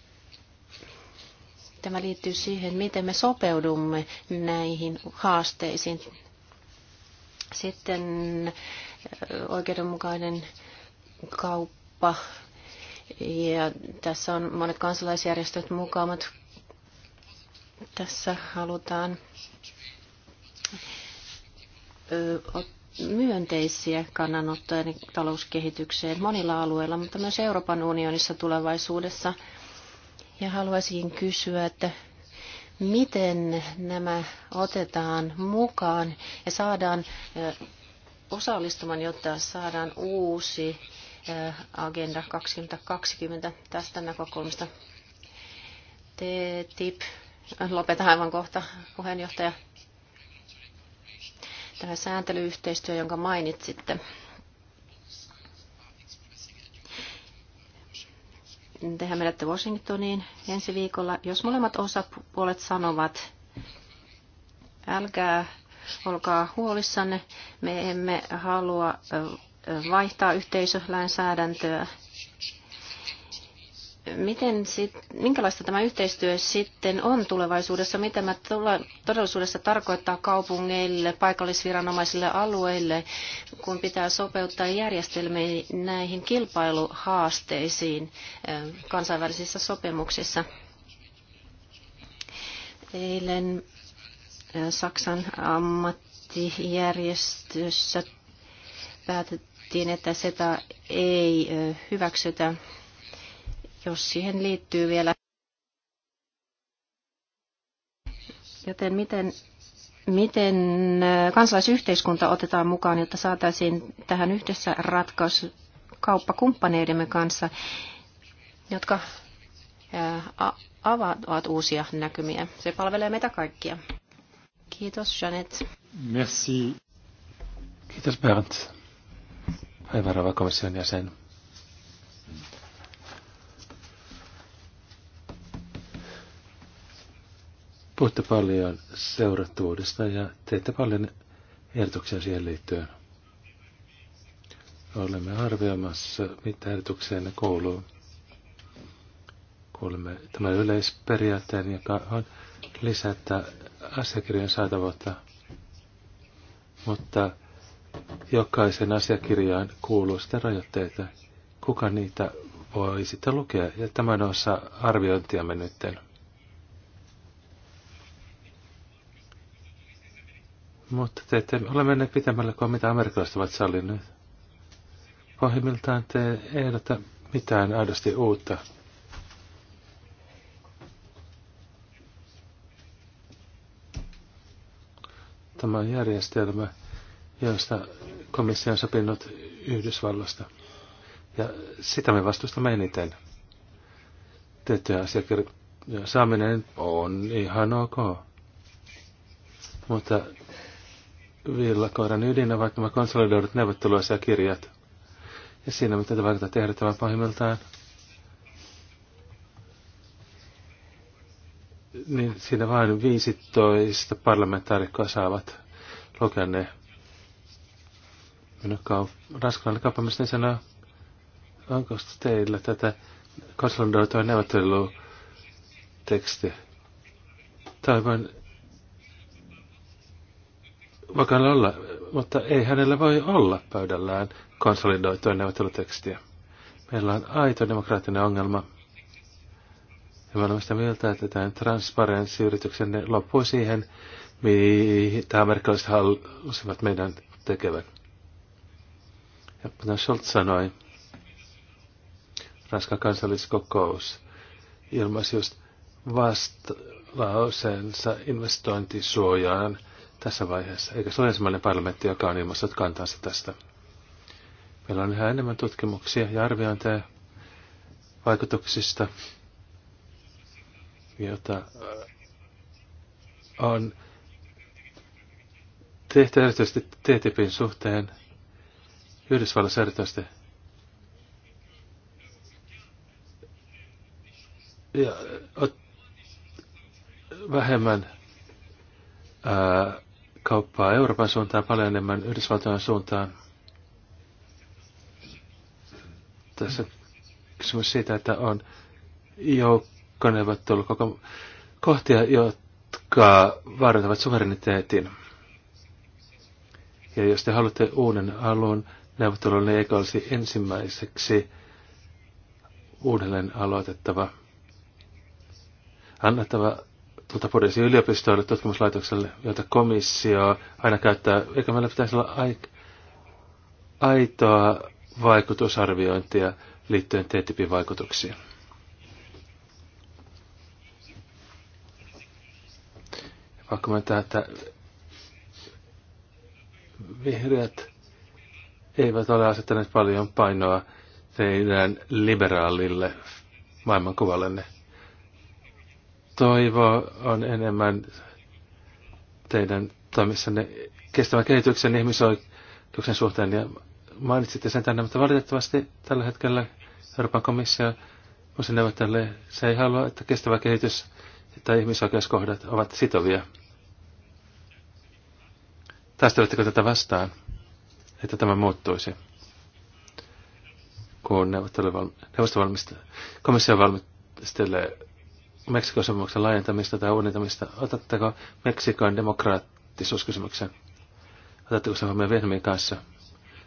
tämä liittyy siihen, miten me sopeudumme näihin haasteisiin. Sitten oikeudenmukainen kauppa ja tässä on monet kansalaisjärjestöt mutta Tässä halutaan myönteisiä kannanottoja niin talouskehitykseen monilla alueilla, mutta myös Euroopan unionissa tulevaisuudessa. Ja haluaisin kysyä, että miten nämä otetaan mukaan ja saadaan osallistumaan, jotta saadaan uusi Agenda 2020 tästä näkökulmasta. TTIP, lopetan aivan kohta puheenjohtaja. Tämä sääntelyyhteistyö, jonka mainitsitte. Tehän menette Washingtoniin ensi viikolla. Jos molemmat osapuolet sanovat, älkää olkaa huolissanne, me emme halua vaihtaa yhteisölainsäädäntöä. Miten sit, minkälaista tämä yhteistyö sitten on tulevaisuudessa? Mitä tämä todellisuudessa tarkoittaa kaupungeille, paikallisviranomaisille alueille, kun pitää sopeuttaa järjestelmiä näihin kilpailuhaasteisiin eh, kansainvälisissä sopimuksissa? Eilen eh, Saksan ammattijärjestössä päätettiin, todettiin, että SETA ei hyväksytä, jos siihen liittyy vielä. Joten miten, miten kansalaisyhteiskunta otetaan mukaan, jotta saataisiin tähän yhdessä ratkaisu kauppakumppaneidemme kanssa, jotka avaavat uusia näkymiä. Se palvelee meitä kaikkia. Kiitos, Janet. Merci. Kiitos, Bernd. Varava komission jäsen. Puhutte paljon seurattuudesta ja teette paljon ehdotuksia siihen liittyen. Olemme arvioimassa, mitä ehdotukseenne kuuluu. Kuulemme tämän yleisperiaatteen, joka on lisätä asiakirjojen saatavuutta, mutta jokaisen asiakirjaan kuuluu sitä rajoitteita. Kuka niitä voi sitten lukea? Ja tämän osa arviointia me nytten. Mutta te ette ole menneet pitämällä kuin mitä amerikkalaiset ovat sallineet. Pohjimmiltaan te ehdota mitään aidosti uutta. Tämä järjestelmä joista komissio on sopinut Yhdysvallasta. Ja sitä me vastustamme eniten. Tiettyjä asiakirja saaminen on ihan ok. Mutta villakoiran ydin ovat nämä konsolidoidut neuvotteluasiakirjat. Ja siinä, mitä te vaikuttaa tehdä tämän pahimmiltaan, niin siinä vain 15 parlamentaarikkoa saavat lukea ne Minun kaup- raskaalle kauppamestari sanoi, onko teillä tätä konsolidoitua neuvottelutekstiä? vain vakalla olla, mutta ei hänellä voi olla pöydällään konsolidoitua neuvottelutekstiä. Meillä on aito demokraattinen ongelma. Ja me olemme sitä mieltä, että tämän transparenssiyrityksenne loppui siihen, mitä amerikkalaiset halusivat meidän tekevän. Ja kuten Scholz sanoi, Ranskan kansalliskokous ilmaisi just vastalauseensa investointisuojaan tässä vaiheessa. Eikä se ole ensimmäinen parlamentti, joka on ilmaissut kantansa tästä. Meillä on yhä enemmän tutkimuksia ja arviointeja vaikutuksista, joita äh, on tehty erityisesti TTIPin suhteen – Yhdysvallassa erityisesti. Ja ot, vähemmän ää, kauppaa Euroopan suuntaan, paljon enemmän Yhdysvaltojen suuntaan. Tässä kysymys siitä, että on joukkoneuvottelu koko kohtia, jotka vaarantavat suvereniteetin. Ja jos te haluatte uuden alun, neuvotteluille eikä olisi ensimmäiseksi uudelleen aloitettava, annettava tuota Podesin yliopistoille, tutkimuslaitokselle, joita komissio aina käyttää, eikä meillä pitäisi olla aitoa vaikutusarviointia liittyen TTIPin vaikutuksiin. me tämä että vihreät eivät ole asettaneet paljon painoa teidän liberaalille maailmankuvallenne. Toivo on enemmän teidän toimissanne kestävän kehityksen ihmisoikeuksien suhteen ja mainitsitte sen tänne, mutta valitettavasti tällä hetkellä Euroopan komissio vuosineuvottelee, se ei halua, että kestävä kehitys tai ihmisoikeuskohdat ovat sitovia. Taisteletteko tätä vastaan? että tämä muuttuisi, kun neuvosto komissio valmistelee Meksikon sopimuksen laajentamista tai uudentamista. Otatteko Meksikon demokraattisuuskysymyksen? Otatteko se huomioon Vietnamin kanssa?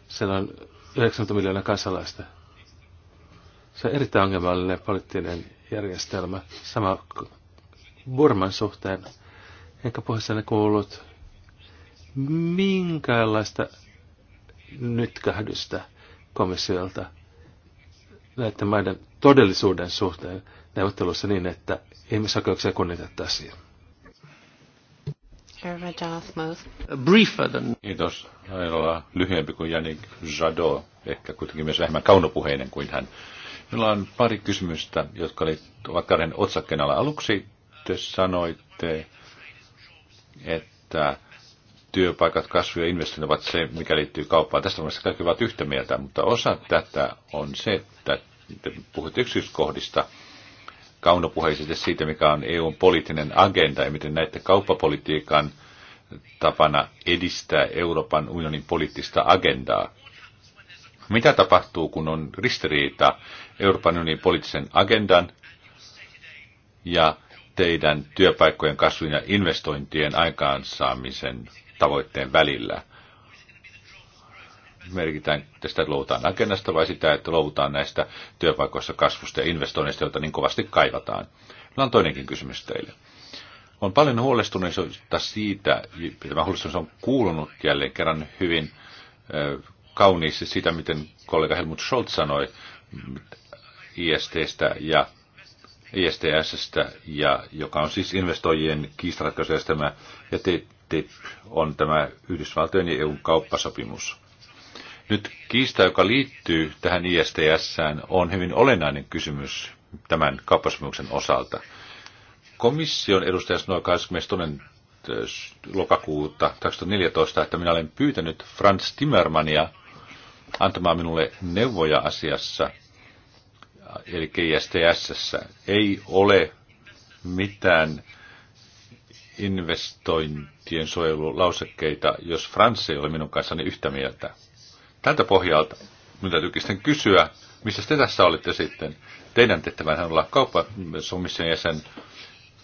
Siellä on 90 miljoonaa kansalaista. Se on erittäin ongelmallinen poliittinen järjestelmä. Sama Burman suhteen. Enkä puheessani kuullut minkäänlaista nytkähdystä komissiolta näiden maiden todellisuuden suhteen neuvottelussa niin, että ihmisoikeuksia kunnitettaisiin. Kiitos. Hän on lyhyempi kuin Janik Jadot, ehkä kuitenkin myös vähemmän kaunopuheinen kuin hän. Meillä on pari kysymystä, jotka ovat kahden otsakkeen alla. Aluksi te sanoitte, että työpaikat, kasvu ja investoinnit ovat se, mikä liittyy kauppaan. Tästä mielestä kaikki ovat yhtä mieltä, mutta osa tätä on se, että te puhutte yksityiskohdista kaunopuheisesti siitä, mikä on EUn poliittinen agenda ja miten näette kauppapolitiikan tapana edistää Euroopan unionin poliittista agendaa. Mitä tapahtuu, kun on ristiriita Euroopan unionin poliittisen agendan ja teidän työpaikkojen kasvun ja investointien aikaansaamisen tavoitteen välillä. Merkitään, että sitä luovutaan agendasta vai sitä, että luovutaan näistä työpaikoissa kasvusta ja investoinneista, joita niin kovasti kaivataan. Meillä on toinenkin kysymys teille. On paljon huolestuneisuutta siitä, tämä huolestunut on kuulunut jälleen kerran hyvin kauniisti sitä, miten kollega Helmut Scholz sanoi ISTstä ja ISTSstä, ja, joka on siis investoijien kiistaratkaisujärjestelmä, ja te elementti on tämä Yhdysvaltojen ja EUn kauppasopimus. Nyt kiista, joka liittyy tähän ISTS, on hyvin olennainen kysymys tämän kauppasopimuksen osalta. Komission edustaja sanoi 22. Äh, lokakuuta 2014, että minä olen pyytänyt Franz Timmermania antamaan minulle neuvoja asiassa, eli ISTS. Ei ole mitään investointien suojelulausekkeita, jos Franssi ei ole minun kanssani yhtä mieltä. Tältä pohjalta minun täytyykin sitten kysyä, missä te tässä olitte sitten. Teidän tehtävänä on olla kauppasomission jäsen,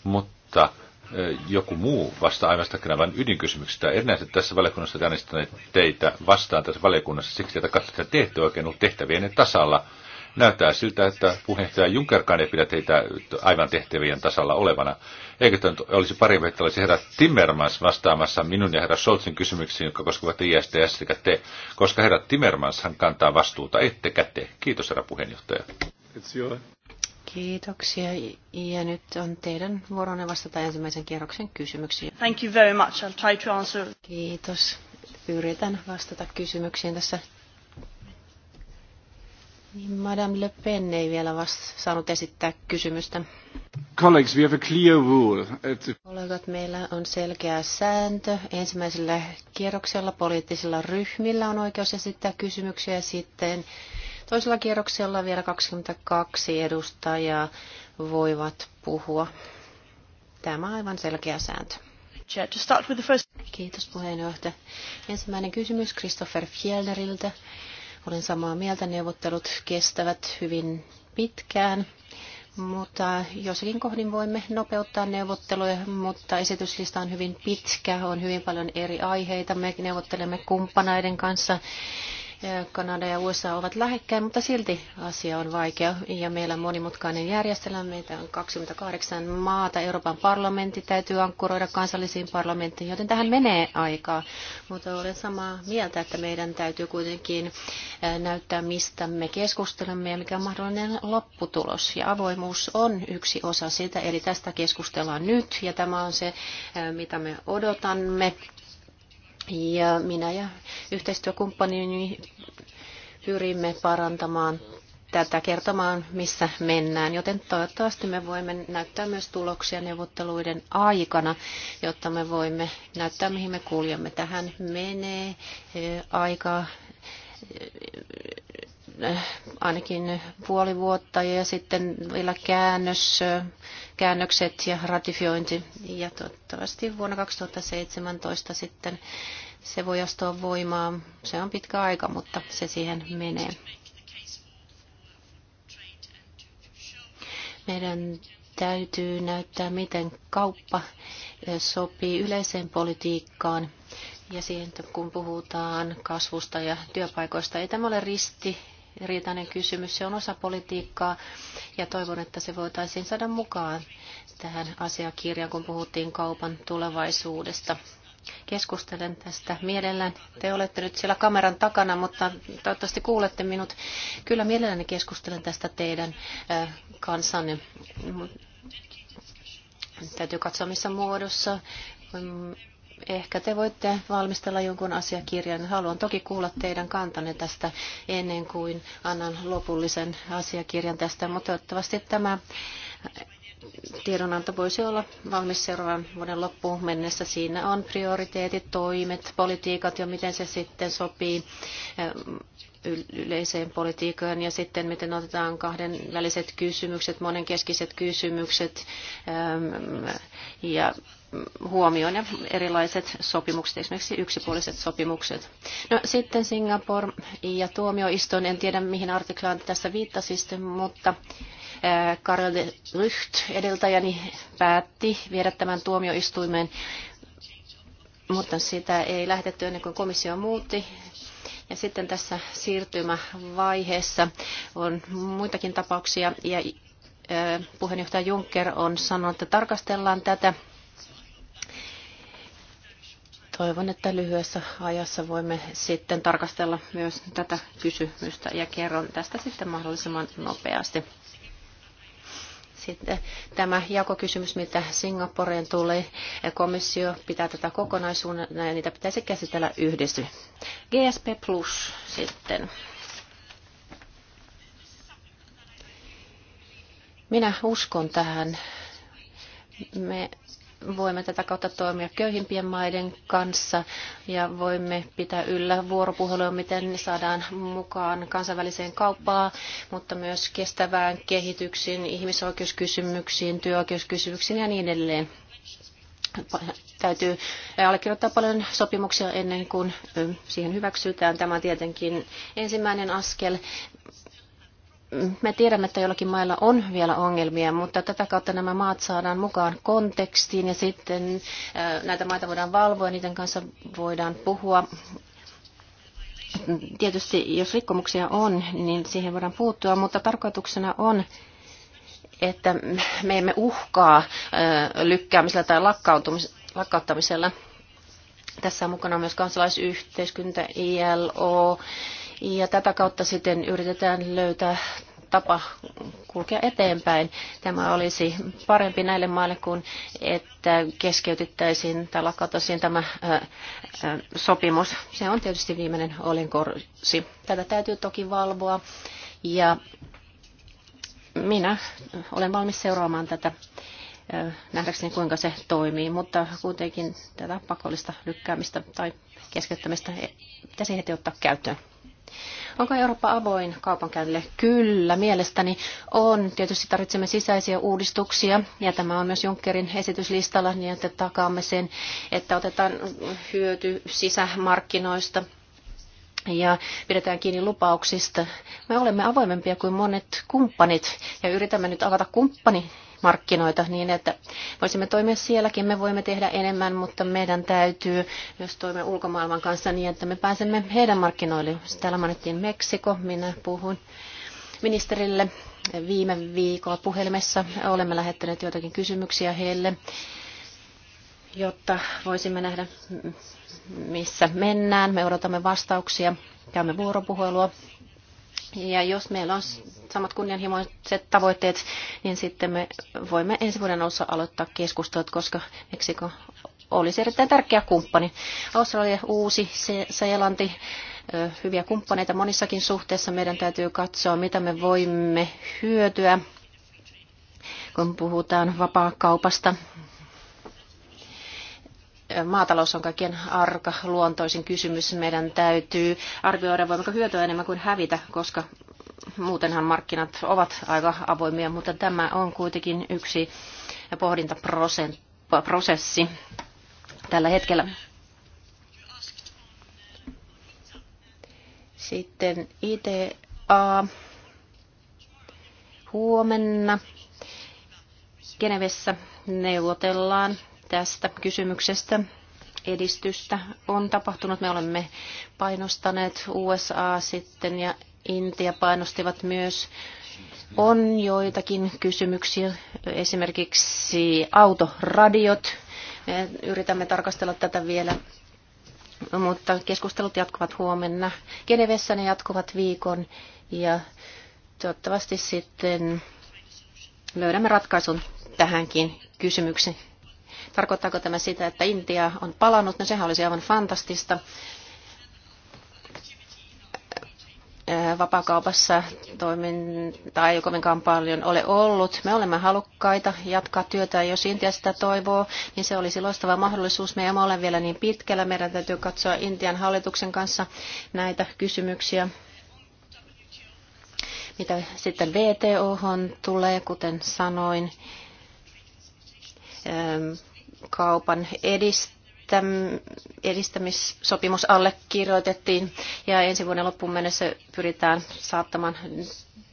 mutta e, joku muu vastaa aivan vain ydinkysymyksistä. Erinäiset tässä valiokunnassa äänestäneet teitä vastaan tässä valiokunnassa siksi, että katsotaan tehty oikein ollut tehtävien tasalla. Näyttää siltä, että puheenjohtaja Junckerkaan ei pidä teitä aivan tehtävien tasalla olevana. Eikö tämä olisi parempi, että olisi herra Timmermans vastaamassa minun ja herra Scholzin kysymyksiin, jotka koskevat ISTS sekä te, koska herra Timmermans hän kantaa vastuuta, ettekä te. Kiitos herra puheenjohtaja. Kiitoksia. Ja nyt on teidän vuoronne vastata ensimmäisen kierroksen kysymyksiin. Thank you very much. I'll try to answer. Kiitos. Yritän vastata kysymyksiin tässä niin, Madame Le Pen ei vielä vasta saanut esittää kysymystä. Colleagues, we have a clear rule. Kollegat, meillä on selkeä sääntö. Ensimmäisellä kierroksella poliittisilla ryhmillä on oikeus esittää kysymyksiä sitten toisella kierroksella vielä 22 edustajaa voivat puhua. Tämä on aivan selkeä sääntö. Kiitos puheenjohtaja. Ensimmäinen kysymys Christopher Fjellneriltä. Olen samaa mieltä, neuvottelut kestävät hyvin pitkään, mutta jossakin kohdin voimme nopeuttaa neuvotteluja, mutta esityslista on hyvin pitkä, on hyvin paljon eri aiheita, me neuvottelemme kumppaneiden kanssa Kanada ja USA ovat lähekkäin, mutta silti asia on vaikea ja meillä on monimutkainen järjestelmä. Meitä on 28 maata, Euroopan parlamentti täytyy ankkuroida kansallisiin parlamenttiin, joten tähän menee aikaa. Mutta olen samaa mieltä, että meidän täytyy kuitenkin näyttää, mistä me keskustelemme ja mikä on mahdollinen lopputulos. Ja avoimuus on yksi osa sitä, eli tästä keskustellaan nyt ja tämä on se, mitä me odotamme ja minä ja yhteistyökumppanini pyrimme parantamaan tätä kertomaan, missä mennään. Joten toivottavasti me voimme näyttää myös tuloksia neuvotteluiden aikana, jotta me voimme näyttää, mihin me kuljemme. Tähän menee aikaa Äh, ainakin puoli vuotta ja sitten vielä käännös, käännökset ja ratifiointi. Ja toivottavasti vuonna 2017 sitten se voi astua voimaan. Se on pitkä aika, mutta se siihen menee. Meidän täytyy näyttää, miten kauppa sopii yleiseen politiikkaan ja siihen, kun puhutaan kasvusta ja työpaikoista. Ei tämä ole risti ristiriitainen kysymys. Se on osa politiikkaa ja toivon, että se voitaisiin saada mukaan tähän asiakirjaan, kun puhuttiin kaupan tulevaisuudesta. Keskustelen tästä mielellään. Te olette nyt siellä kameran takana, mutta toivottavasti kuulette minut. Kyllä mielelläni keskustelen tästä teidän kanssanne. Täytyy katsoa missä muodossa ehkä te voitte valmistella jonkun asiakirjan. Haluan toki kuulla teidän kantanne tästä ennen kuin annan lopullisen asiakirjan tästä, mutta toivottavasti tämä tiedonanto voisi olla valmis seuraavan vuoden loppuun mennessä. Siinä on prioriteetit, toimet, politiikat ja miten se sitten sopii eh, yleiseen politiikkaan ja sitten miten otetaan kahden väliset kysymykset, monenkeskiset kysymykset ehm, ja huomioon ja erilaiset sopimukset, esimerkiksi yksipuoliset sopimukset. No sitten Singapore ja tuomioistuin, en tiedä mihin artiklaan tässä viittasitte, mutta eh, Karel de Lycht edeltäjäni päätti viedä tämän tuomioistuimeen, mutta sitä ei lähetetty ennen kuin komissio muutti ja sitten tässä siirtymävaiheessa on muitakin tapauksia ja eh, puheenjohtaja Juncker on sanonut, että tarkastellaan tätä Toivon, että lyhyessä ajassa voimme sitten tarkastella myös tätä kysymystä ja kerron tästä sitten mahdollisimman nopeasti. Sitten tämä jakokysymys, mitä Singaporeen tuli, komissio pitää tätä kokonaisuudena ja niitä pitäisi käsitellä yhdessä. GSP Plus sitten. Minä uskon tähän. Me voimme tätä kautta toimia köyhimpien maiden kanssa ja voimme pitää yllä vuoropuhelua, miten saadaan mukaan kansainväliseen kauppaan, mutta myös kestävään kehityksiin, ihmisoikeuskysymyksiin, työoikeuskysymyksiin ja niin edelleen. Täytyy allekirjoittaa paljon sopimuksia ennen kuin siihen hyväksytään. Tämä on tietenkin ensimmäinen askel me tiedämme, että jollakin mailla on vielä ongelmia, mutta tätä kautta nämä maat saadaan mukaan kontekstiin ja sitten äh, näitä maita voidaan valvoa ja niiden kanssa voidaan puhua. Tietysti jos rikkomuksia on, niin siihen voidaan puuttua, mutta tarkoituksena on, että me emme uhkaa äh, lykkäämisellä tai lakkauttamisella. Tässä on mukana myös kansalaisyhteiskunta, ILO, ja tätä kautta sitten yritetään löytää tapa kulkea eteenpäin. Tämä olisi parempi näille maille kuin että keskeytettäisiin tai lakkautaisiin tämä ää, ää, sopimus. Se on tietysti viimeinen olinkorsi. Tätä täytyy toki valvoa ja minä olen valmis seuraamaan tätä nähdäkseni kuinka se toimii, mutta kuitenkin tätä pakollista lykkäämistä tai keskeyttämistä pitäisi heti ottaa käyttöön. Onko Eurooppa avoin kaupankäynnille? Kyllä, mielestäni on. Tietysti tarvitsemme sisäisiä uudistuksia, ja tämä on myös Junckerin esityslistalla, niin että takaamme sen, että otetaan hyöty sisämarkkinoista ja pidetään kiinni lupauksista. Me olemme avoimempia kuin monet kumppanit ja yritämme nyt avata kumppani markkinoita niin, että voisimme toimia sielläkin. Me voimme tehdä enemmän, mutta meidän täytyy, myös toimia ulkomaailman kanssa niin, että me pääsemme heidän markkinoille. Täällä mainittiin Meksiko, minä puhun ministerille viime viikolla puhelimessa. Olemme lähettäneet joitakin kysymyksiä heille, jotta voisimme nähdä, missä mennään. Me odotamme vastauksia, käymme vuoropuhelua. Ja jos meillä on samat kunnianhimoiset tavoitteet, niin sitten me voimme ensi vuoden alussa aloittaa keskustelut, koska Meksiko olisi erittäin tärkeä kumppani. Australia, Uusi, Seelanti, hyviä kumppaneita monissakin suhteissa. Meidän täytyy katsoa, mitä me voimme hyötyä, kun puhutaan vapaakaupasta. Maatalous on kaikkien arka luontoisin kysymys. Meidän täytyy arvioida, voimmeko hyötyä enemmän kuin hävitä, koska Muutenhan markkinat ovat aika avoimia, mutta tämä on kuitenkin yksi pohdintaprosessi tällä hetkellä. Sitten ITA huomenna Genevessä neuvotellaan tästä kysymyksestä. Edistystä on tapahtunut. Me olemme painostaneet USA sitten ja Intia painostivat myös. On joitakin kysymyksiä, esimerkiksi autoradiot. Me yritämme tarkastella tätä vielä, mutta keskustelut jatkuvat huomenna. Genevessä ne jatkuvat viikon ja toivottavasti sitten löydämme ratkaisun tähänkin kysymykseen. Tarkoittaako tämä sitä, että Intia on palannut? No sehän olisi aivan fantastista. Eh, vapaakaupassa toimintaa ei kovinkaan paljon ole ollut. Me olemme halukkaita jatkaa työtä. Jos Intia sitä toivoo, niin se olisi loistava mahdollisuus. Me emme ole vielä niin pitkällä. Meidän täytyy katsoa Intian hallituksen kanssa näitä kysymyksiä. Mitä sitten VTO tulee, kuten sanoin, eh, kaupan edistäminen edistämissopimus allekirjoitettiin ja ensi vuoden loppuun mennessä pyritään saattamaan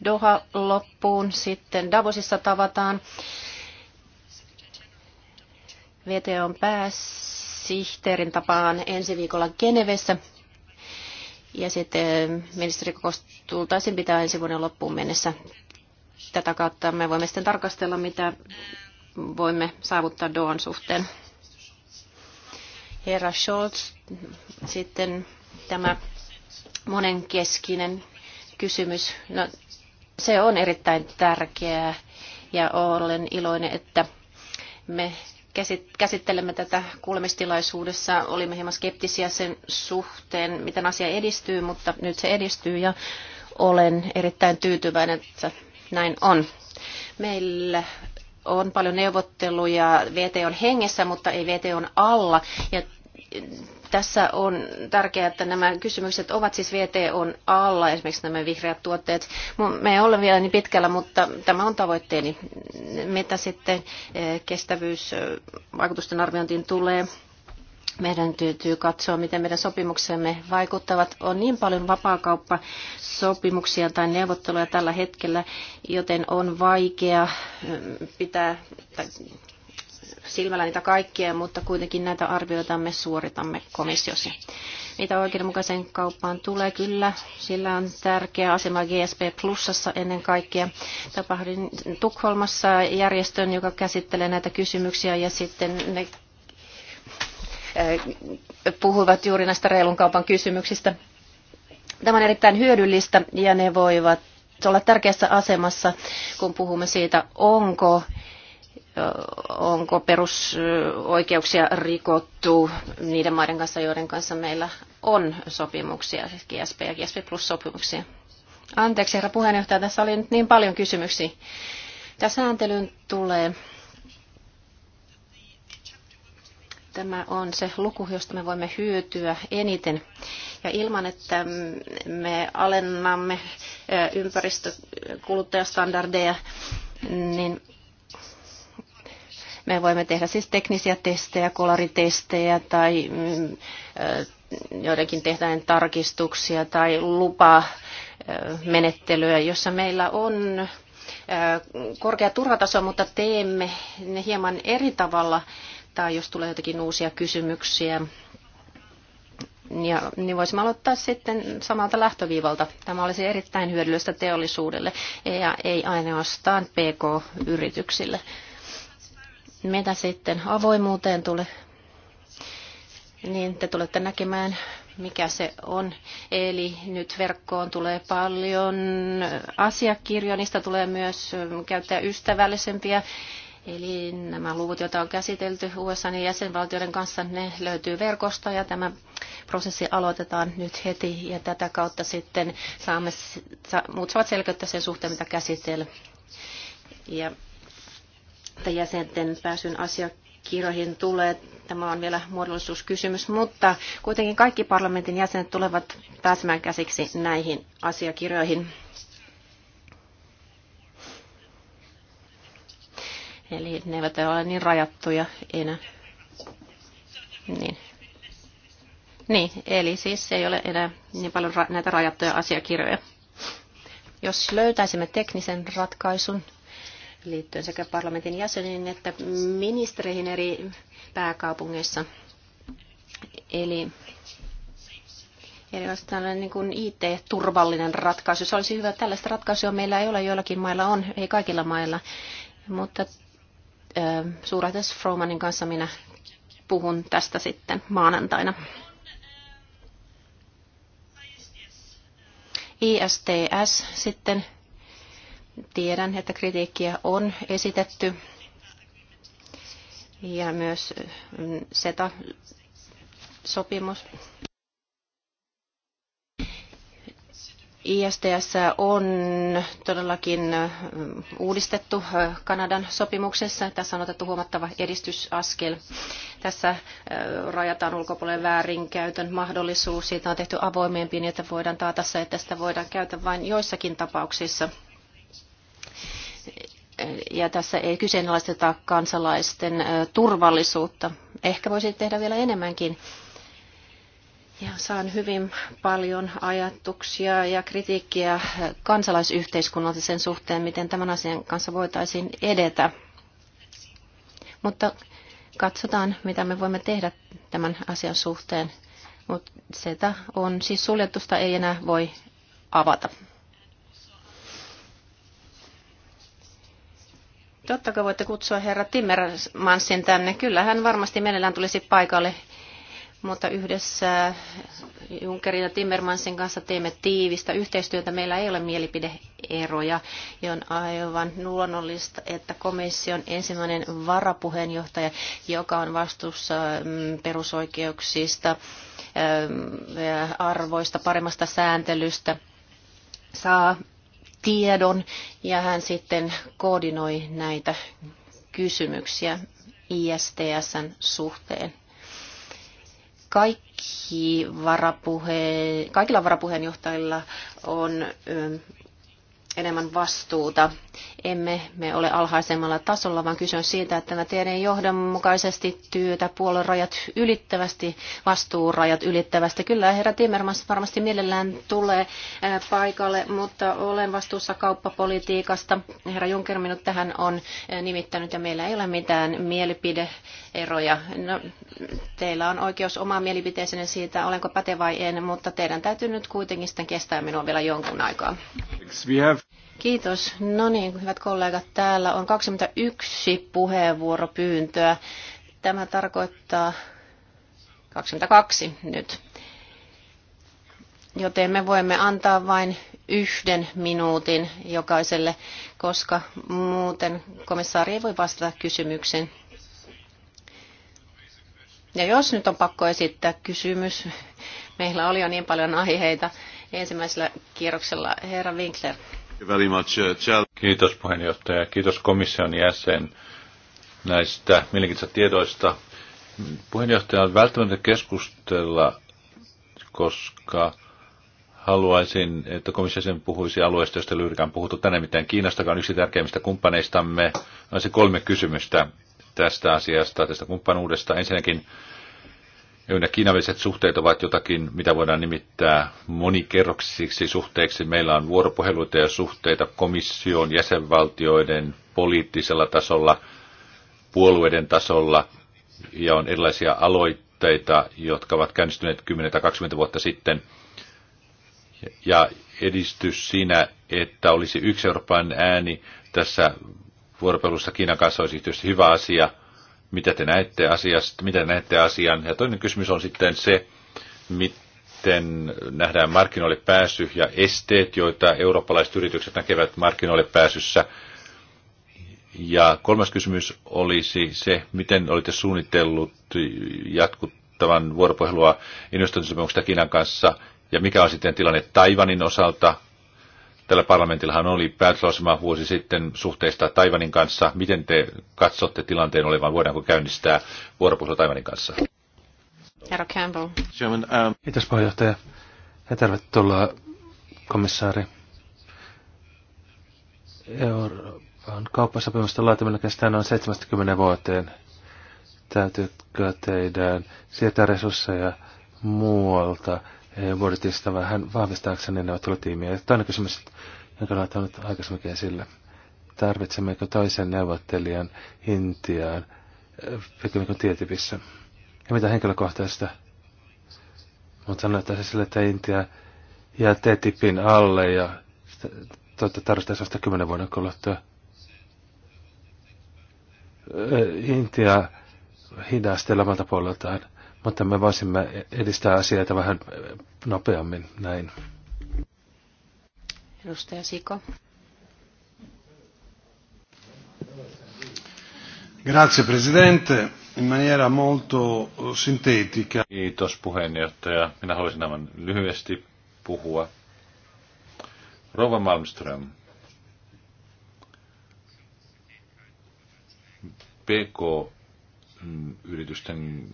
Doha loppuun. Sitten Davosissa tavataan VTOn pääsihteerin tapaan ensi viikolla Genevessä. Ja sitten ministerikokous tultaisiin pitää ensi vuoden loppuun mennessä. Tätä kautta me voimme sitten tarkastella, mitä voimme saavuttaa Doan suhteen herra Scholz, sitten tämä monenkeskinen kysymys, no, se on erittäin tärkeää ja olen iloinen, että me käsittelemme tätä kuulemistilaisuudessa. Olimme hieman skeptisiä sen suhteen, miten asia edistyy, mutta nyt se edistyy ja olen erittäin tyytyväinen, että näin on. Meillä on paljon neuvotteluja VTOn hengessä, mutta ei VTOn alla. Ja tässä on tärkeää, että nämä kysymykset ovat siis VTOn alla, esimerkiksi nämä vihreät tuotteet. Me ei ole vielä niin pitkällä, mutta tämä on tavoitteeni. Mitä sitten eh, kestävyysvaikutusten eh, arviointiin tulee? meidän täytyy katsoa, miten meidän sopimuksemme vaikuttavat. On niin paljon vapaakauppasopimuksia tai neuvotteluja tällä hetkellä, joten on vaikea mm, pitää silmällä niitä kaikkia, mutta kuitenkin näitä arvioita me suoritamme komissiossa. Mitä oikeudenmukaisen kauppaan tulee, kyllä, sillä on tärkeä asema GSP Plusassa ennen kaikkea. Tapahdin Tukholmassa järjestön, joka käsittelee näitä kysymyksiä ja sitten ne Äh, puhuivat juuri näistä reilun kaupan kysymyksistä. Tämä on erittäin hyödyllistä ja ne voivat olla tärkeässä asemassa, kun puhumme siitä, onko äh, onko perusoikeuksia rikottu niiden maiden kanssa, joiden kanssa meillä on sopimuksia, siis GSP ja GSP plus sopimuksia. Anteeksi herra puheenjohtaja, tässä oli nyt niin paljon kysymyksiä. Tämä sääntelyn tulee tämä on se luku, josta me voimme hyötyä eniten. Ja ilman, että me alennamme ympäristökuluttajastandardeja, niin me voimme tehdä siis teknisiä testejä, kolaritestejä tai mm, joidenkin tehtäen tarkistuksia tai lupamenettelyä, jossa meillä on korkea turvataso, mutta teemme ne hieman eri tavalla tai jos tulee jotakin uusia kysymyksiä. Ja, niin voisimme aloittaa sitten samalta lähtöviivalta. Tämä olisi erittäin hyödyllistä teollisuudelle ja ei ainoastaan PK-yrityksille. Mitä sitten avoimuuteen tulee, niin te tulette näkemään, mikä se on. Eli nyt verkkoon tulee paljon asiakirjoja, niistä tulee myös käyttäjäystävällisempiä Eli nämä luvut, joita on käsitelty USA ja jäsenvaltioiden kanssa, ne löytyy verkosta ja tämä prosessi aloitetaan nyt heti ja tätä kautta sitten saamme, sa, muut saavat selkeyttä sen suhteen, mitä käsitellä. Ja että jäsenten pääsyn asiakirjoihin tulee. Tämä on vielä muodollisuuskysymys, mutta kuitenkin kaikki parlamentin jäsenet tulevat pääsemään käsiksi näihin asiakirjoihin. Eli ne eivät ole niin rajattuja enää. Niin. Niin, eli siis ei ole enää niin paljon ra- näitä rajattuja asiakirjoja. Jos löytäisimme teknisen ratkaisun liittyen sekä parlamentin jäseniin että ministereihin eri pääkaupungeissa, eli Eli olisi tällainen niin kuin IT-turvallinen ratkaisu. Se olisi hyvä. Tällaista ratkaisua meillä ei ole, joillakin mailla on, ei kaikilla mailla. Mutta Suurates Fromanin kanssa minä puhun tästä sitten maanantaina. ISTS sitten. Tiedän, että kritiikkiä on esitetty ja myös mm, SETA-sopimus. ISTS on todellakin uudistettu Kanadan sopimuksessa. Tässä on otettu huomattava edistysaskel. Tässä rajataan ulkopuolen väärinkäytön mahdollisuus. Siitä on tehty avoimempi niin, että voidaan taata se, että sitä voidaan käyttää vain joissakin tapauksissa. Ja tässä ei kyseenalaisteta kansalaisten turvallisuutta. Ehkä voisi tehdä vielä enemmänkin ja saan hyvin paljon ajatuksia ja kritiikkiä kansalaisyhteiskunnalta sen suhteen, miten tämän asian kanssa voitaisiin edetä. Mutta katsotaan, mitä me voimme tehdä tämän asian suhteen. Mutta sitä on siis suljettusta ei enää voi avata. Totta kai voitte kutsua herra Timmermansin tänne. Kyllä hän varmasti mielellään tulisi paikalle mutta yhdessä Junckerin ja Timmermansin kanssa teemme tiivistä yhteistyötä. Meillä ei ole mielipideeroja ja on aivan luonnollista, että komission ensimmäinen varapuheenjohtaja, joka on vastuussa mm, perusoikeuksista, mm, arvoista, paremmasta sääntelystä, saa tiedon ja hän sitten koordinoi näitä kysymyksiä ISTSn suhteen. Kaikki varapuhe, kaikilla varapuheenjohtajilla on enemmän vastuuta emme me ole alhaisemmalla tasolla, vaan kyse on siitä, että mä teen johdonmukaisesti työtä puoluerajat ylittävästi, vastuurajat ylittävästi. Kyllä herra Timmermans varmasti mielellään tulee paikalle, mutta olen vastuussa kauppapolitiikasta. Herra Juncker minut tähän on nimittänyt ja meillä ei ole mitään mielipideeroja. No, teillä on oikeus omaa mielipiteeseen siitä, olenko päte vai en, mutta teidän täytyy nyt kuitenkin sitten kestää minua vielä jonkun aikaa. We have... Kiitos. No niin, hyvät kollegat, täällä on 21 puheenvuoropyyntöä. Tämä tarkoittaa 22 nyt. Joten me voimme antaa vain yhden minuutin jokaiselle, koska muuten komissaari ei voi vastata kysymykseen. Ja jos nyt on pakko esittää kysymys, meillä oli jo niin paljon aiheita ensimmäisellä kierroksella. Herra Winkler. Uh, Kiitos puheenjohtaja. Kiitos komission jäsen näistä mielenkiintoisista tiedoista. Puheenjohtaja on välttämättä keskustella, koska haluaisin, että komissio sen puhuisi alueesta, josta lyyrikään puhuttu tänään mitään on yksi tärkeimmistä kumppaneistamme. On se kolme kysymystä tästä asiasta, tästä kumppanuudesta. Ensinnäkin joiden kiinaväliset suhteet ovat jotakin, mitä voidaan nimittää monikerroksisiksi suhteiksi. Meillä on vuoropuheluita ja suhteita komission, jäsenvaltioiden, poliittisella tasolla, puolueiden tasolla ja on erilaisia aloitteita, jotka ovat käynnistyneet 10 tai 20 vuotta sitten. Ja edistys siinä, että olisi yksi Euroopan ääni tässä vuoropuhelussa Kiinan kanssa olisi tietysti hyvä asia – mitä te näette asiasta, mitä näette asian. Ja toinen kysymys on sitten se, miten nähdään markkinoille pääsy ja esteet, joita eurooppalaiset yritykset näkevät markkinoille pääsyssä. Ja kolmas kysymys olisi se, miten olitte suunnitellut jatkuttavan vuoropuhelua investointisopimuksesta Kiinan kanssa ja mikä on sitten tilanne Taivanin osalta Tällä parlamentillahan oli päätöslausuma vuosi sitten suhteista Taivanin kanssa. Miten te katsotte tilanteen olevan? Voidaanko käynnistää vuoropuhelua Taivanin kanssa? Herra Campbell. Um, Kiitos puheenjohtaja ja tervetuloa komissaari. Euroopan kauppasopimusten laatiminen kestää noin 70 vuoteen. Täytyykö teidän sieltä resursseja muualta budjetista eh, vähän vahvistaakseni neuvottelutiimiä. Toinen kysymys, jonka olen ottanut aikaisemminkin esille. Tarvitsemmeko toisen neuvottelijan Intiaan eh, pikemmin kuin tietivissä? Ja mitä henkilökohtaista? Mutta sanotaan sille, että Intia jää TTIPin alle ja tuota, tarvitaan sellaista kymmenen vuoden kuluttua. Eh, Intia hidastelemalta puoleltaan mutta me voisimme edistää asioita vähän nopeammin näin. Edustaja Siko. Grazie Presidente, in maniera molto eh, sintetica. Kiitos puheenjohtaja. Minä haluaisin aivan lyhyesti puhua. Rova Malmström, PK-yritysten mm,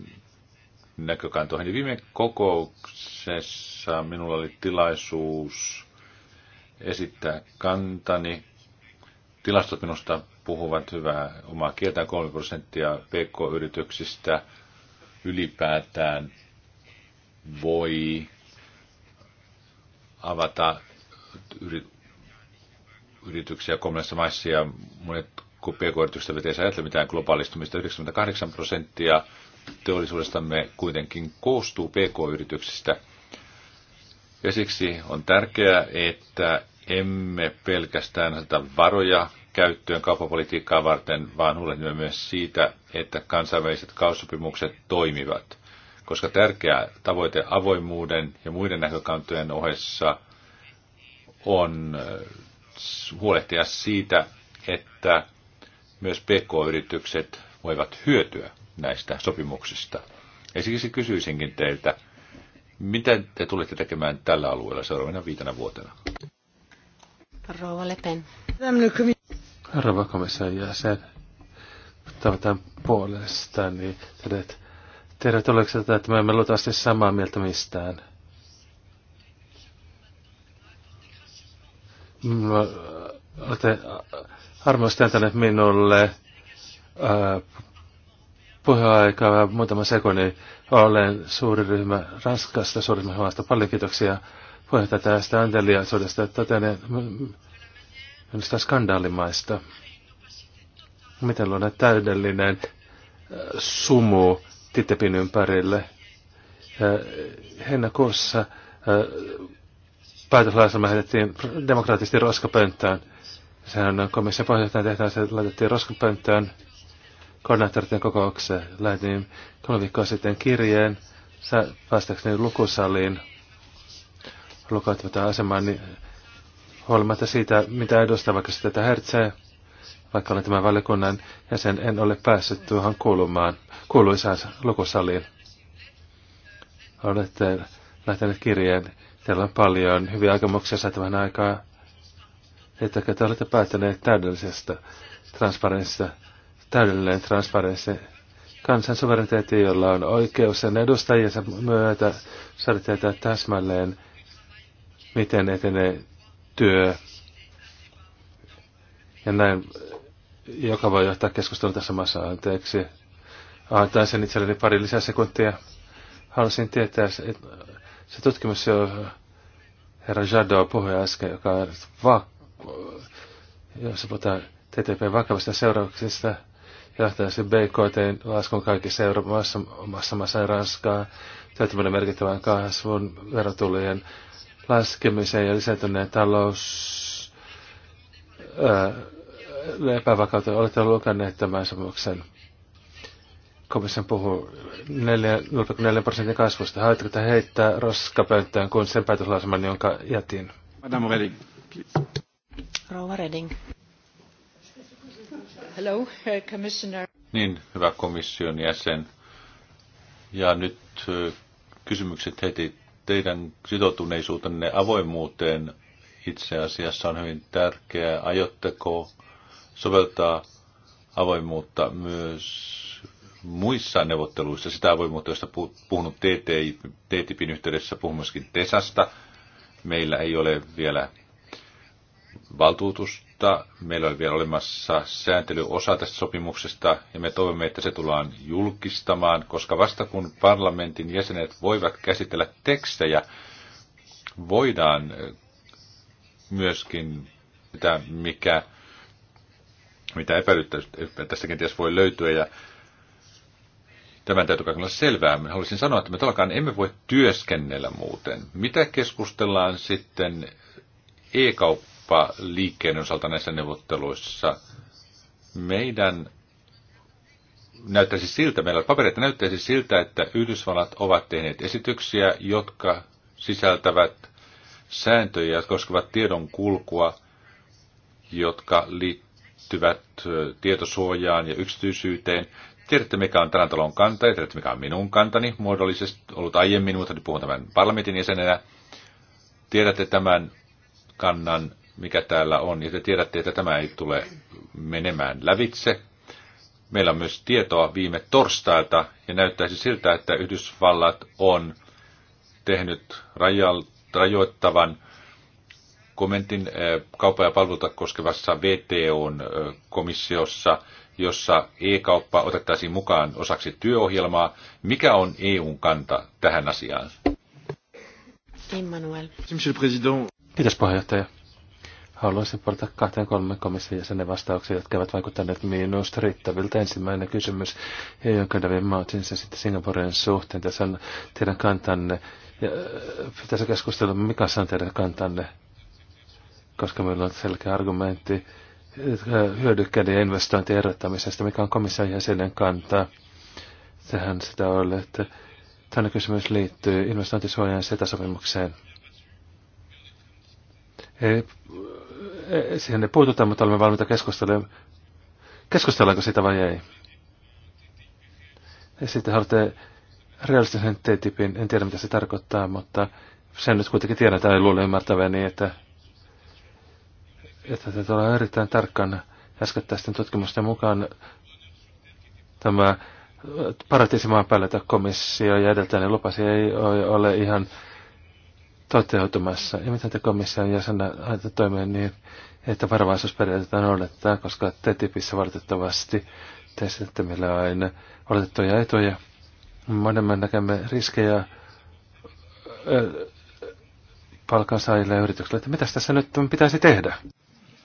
näkökantoihin. Viime kokouksessa minulla oli tilaisuus esittää kantani. Tilastot minusta puhuvat hyvää omaa kieltä. 3 prosenttia pk-yrityksistä ylipäätään voi avata yri- yrityksiä kolmessa maissa ja monet pk-yritykset eivät edes ajattele mitään globaalistumista. 98 prosenttia teollisuudestamme kuitenkin koostuu pk-yrityksistä. Ja siksi on tärkeää, että emme pelkästään aseta varoja käyttöön kauppapolitiikkaa varten, vaan huolehdimme myös siitä, että kansainväliset kaussopimukset toimivat. Koska tärkeä tavoite avoimuuden ja muiden näkökantojen ohessa on äh, huolehtia siitä, että myös pk-yritykset voivat hyötyä näistä sopimuksista. Ja siksi kysyisinkin teiltä, mitä te tulette tekemään tällä alueella seuraavana viitenä vuotena? Rouva Le Pen. Rouva komission jäsen, tavataan puolesta, niin teidät, tervetuloa tätä, että me emme luultavasti samaa mieltä mistään. Olette armostantaneet minulle puheaikaa muutama sekunti. Olen suuri ryhmä Ranskasta, suuri ryhmä maasta. Paljon kiitoksia puheenjohtaja tästä anteliaisuudesta. Tätä minusta skandaalimaista. Miten luoda täydellinen äh, sumu Titepin ympärille. Heinäkuussa äh, päätöslauselma heitettiin demokraattisesti roskapönttään. Sehän on komission pohjoittain tehtävä, se laitettiin roskapönttään koordinaattorien kokoukseen. Lähetin kolme viikkoa sitten kirjeen päästäkseni lukusaliin lukautumatta asemaan, niin huolimatta siitä, mitä edustaa, vaikka sitä tätä häiritsee, vaikka olen tämän valiokunnan jäsen, en ole päässyt tuohon kuulumaan, kuuluisaan lukusaliin. Olette lähteneet kirjeen. Teillä on paljon hyviä aikomuksia saatavan aikaa. että te olette päättäneet täydellisestä transparenssista täydellinen transparenssi. Kansan suvereniteetti, jolla on oikeus sen edustajiensa myötä saada tietää täsmälleen, miten etenee työ. Ja näin, joka voi johtaa keskustelun tässä maassa anteeksi. Antain sen itselleni pari lisää sekuntia. Haluaisin tietää, että se tutkimus, jo herra Jadot puhui äsken, joka on va- jossa puhutaan TTP vakavista seurauksista – johtaisi BKT-laskun kaikissa Euroopan maassa, maassa, maassa Ranskaa, työttömyyden merkittävän kasvun, verotulojen laskemiseen ja lisääntyneen talous ää, epävakauteen. Olette lukeneet tämän sopimuksen. Komission puhuu 0,4 prosentin kasvusta. Haluatteko te heittää roskapönttöön kuin sen päätöslausuman, jonka jätin? Madame Reding, Rouva Redding. Hello, uh, commissioner. Niin, hyvä komission jäsen. Ja nyt uh, kysymykset heti. Teidän sitoutuneisuutenne avoimuuteen itse asiassa on hyvin tärkeää. Aiotteko soveltaa avoimuutta myös muissa neuvotteluissa, sitä avoimuutta, josta puhunut TTIPin yhteydessä, puhun myöskin TESasta. Meillä ei ole vielä valtuutus, mutta meillä oli vielä olemassa sääntelyosa tästä sopimuksesta ja me toivomme, että se tullaan julkistamaan, koska vasta kun parlamentin jäsenet voivat käsitellä tekstejä, voidaan eh, myöskin sitä, mikä, mitä epäilyttä tästä kenties voi löytyä ja Tämän täytyy olla selvää. Minä haluaisin sanoa, että me todellakaan emme voi työskennellä muuten. Mitä keskustellaan sitten e-kauppa Eurooppa liikkeen osalta näissä neuvotteluissa. Meidän näyttäisi siltä, meillä papereita näyttäisi siltä, että Yhdysvallat ovat tehneet esityksiä, jotka sisältävät sääntöjä, jotka koskevat tiedon kulkua, jotka liittyvät tietosuojaan ja yksityisyyteen. Tiedätte, mikä on tämän talon kanta ja tiedätte, mikä on minun kantani muodollisesti ollut aiemmin, mutta nyt puhun tämän parlamentin jäsenenä. Tiedätte tämän kannan mikä täällä on, ja te tiedätte, että tämä ei tule menemään lävitse. Meillä on myös tietoa viime torstailta, ja näyttäisi siltä, että Yhdysvallat on tehnyt rajoittavan kommentin eh, kauppa- ja palveluita koskevassa VTO-komissiossa, eh, jossa e-kauppa otettaisiin mukaan osaksi työohjelmaa. Mikä on EUn kanta tähän asiaan? Emmanuel. Kiitos puheenjohtaja. Haluaisin puolta kahteen kolme komission jäsenen vastauksia, jotka ovat vaikuttaneet minusta riittäviltä. Ensimmäinen kysymys, jonka David Martins ja sitten Singaporen suhteen. Tässä on teidän kantanne. Ja, äh, tässä keskustella, mikä on teidän kantanne, koska meillä on selkeä argumentti äh, hyödykkäiden ja investointien erottamisesta, mikä on komission jäsenen kantaa. Tähän sitä oli, että Tämä kysymys liittyy investointisuojan setasopimukseen. Ei Eh, siihen ei puututa, mutta olemme valmiita keskustelemaan. Keskustellaanko sitä vai ei? Ja sitten haluatte realistisen T-tipin, en tiedä mitä se tarkoittaa, mutta sen nyt kuitenkin tiedän tai luulen ymmärtäväni, että, että te ollaan erittäin tarkkaan äskettäisten tutkimusten mukaan tämä paratiisimaan että komissio ja edeltäinen lupasi ei ole ihan toteutumassa. Ja mitä te komission jäsenä aiotte toimia niin, että varovaisuusperiaatetta noudatetaan, koska TTIPissä valitettavasti te esitätte meillä aina oletettuja etuja. Monen me näkemme riskejä palkansaajille ja yrityksille, että mitä tässä nyt pitäisi tehdä?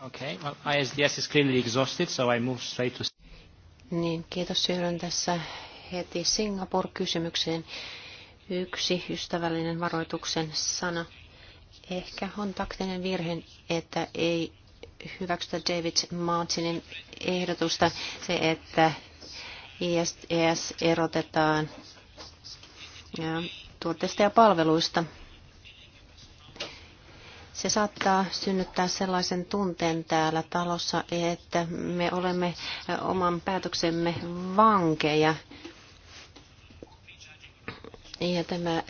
Okay, well, ISDS is clearly exhausted, so I move straight to... Niin, kiitos. Siirryn tässä heti Singapur-kysymykseen. Yksi ystävällinen varoituksen sana. Ehkä on taktinen virhe, että ei hyväksytä David Martinin ehdotusta se, että ISDS erotetaan tuotteista ja palveluista. Se saattaa synnyttää sellaisen tunteen täällä talossa, että me olemme oman päätöksemme vankeja. Ja tämä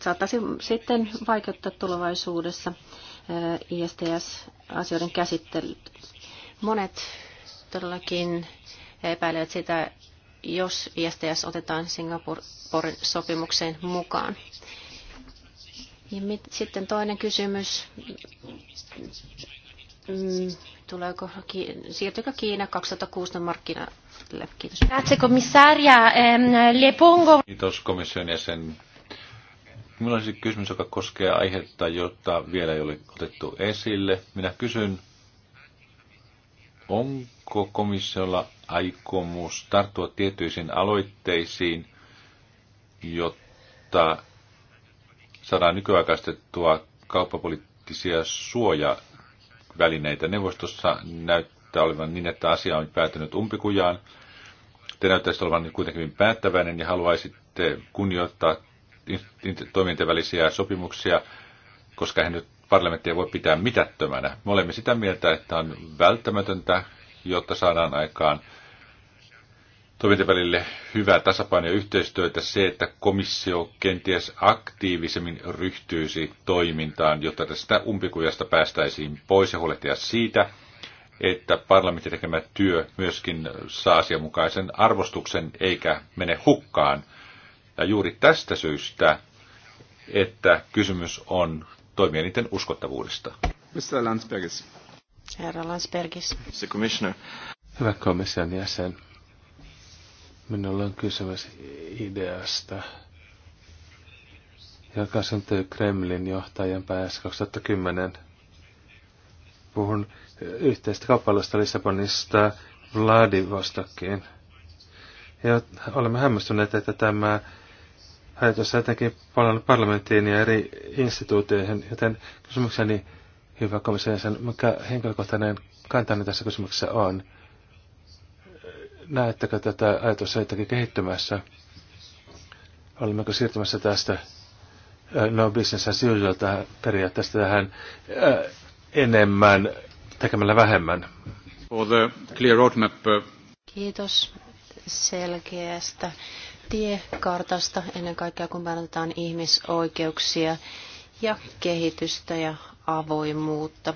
saattaisi sitten vaikuttaa tulevaisuudessa ISTS-asioiden käsittelyt. Monet todellakin epäilevät sitä, jos ISTS otetaan Singaporen sopimukseen mukaan. Ja mit, sitten toinen kysymys. Mm, tuleeko, siirtyykö Kiina 2006 markkina Gressle. Kiitos. Grazie komissaria. Ehm, le pongo... Kiitos komission jäsen. Minulla olisi kysymys, joka koskee aihetta, jota vielä ei ole otettu esille. Minä kysyn, onko komissiolla aikomus tarttua tietyisiin aloitteisiin, jotta saadaan nykyaikaistettua kauppapoliittisia suojavälineitä. Neuvostossa näyttää näyttää olevan niin, että asia on päätynyt umpikujaan. Te näyttäisi olevan kuitenkin päättäväinen ja haluaisitte kunnioittaa toimijoiden välisiä sopimuksia, koska he nyt parlamenttia voi pitää mitättömänä. Me olemme sitä mieltä, että on välttämätöntä, jotta saadaan aikaan toimintavälille välille hyvää tasapainoa ja yhteistyötä se, että komissio kenties aktiivisemmin ryhtyisi toimintaan, jotta tästä umpikujasta päästäisiin pois ja huolehtia siitä, että parlamentin tekemä työ myöskin saa asianmukaisen arvostuksen eikä mene hukkaan. Ja juuri tästä syystä, että kysymys on toimielinten uskottavuudesta. Mr. Landsbergis. Herra Landsbergis. Mr. Commissioner. Hyvä komission jäsen. Minulla on kysymys ideasta, joka syntyi Kremlin johtajan päässä 2010 Puhun yhteistä kauppalusta Lissabonista Vladivostokkiin. Ja olemme hämmästyneet, että tämä ajatus on jotenkin palannut parlamenttiin ja eri instituutioihin, joten kysymykseni, hyvä komissio, mikä henkilökohtainen kantani tässä kysymyksessä on? Näettekö tätä ajatusta jotenkin kehittymässä? Olemmeko siirtymässä tästä äh, no business as usual periaatteesta tähän äh, enemmän tekemällä vähemmän. For the clear roadmap. Uh, Kiitos selkeästä tiekartasta, ennen kaikkea kun painotetaan ihmisoikeuksia ja kehitystä ja avoimuutta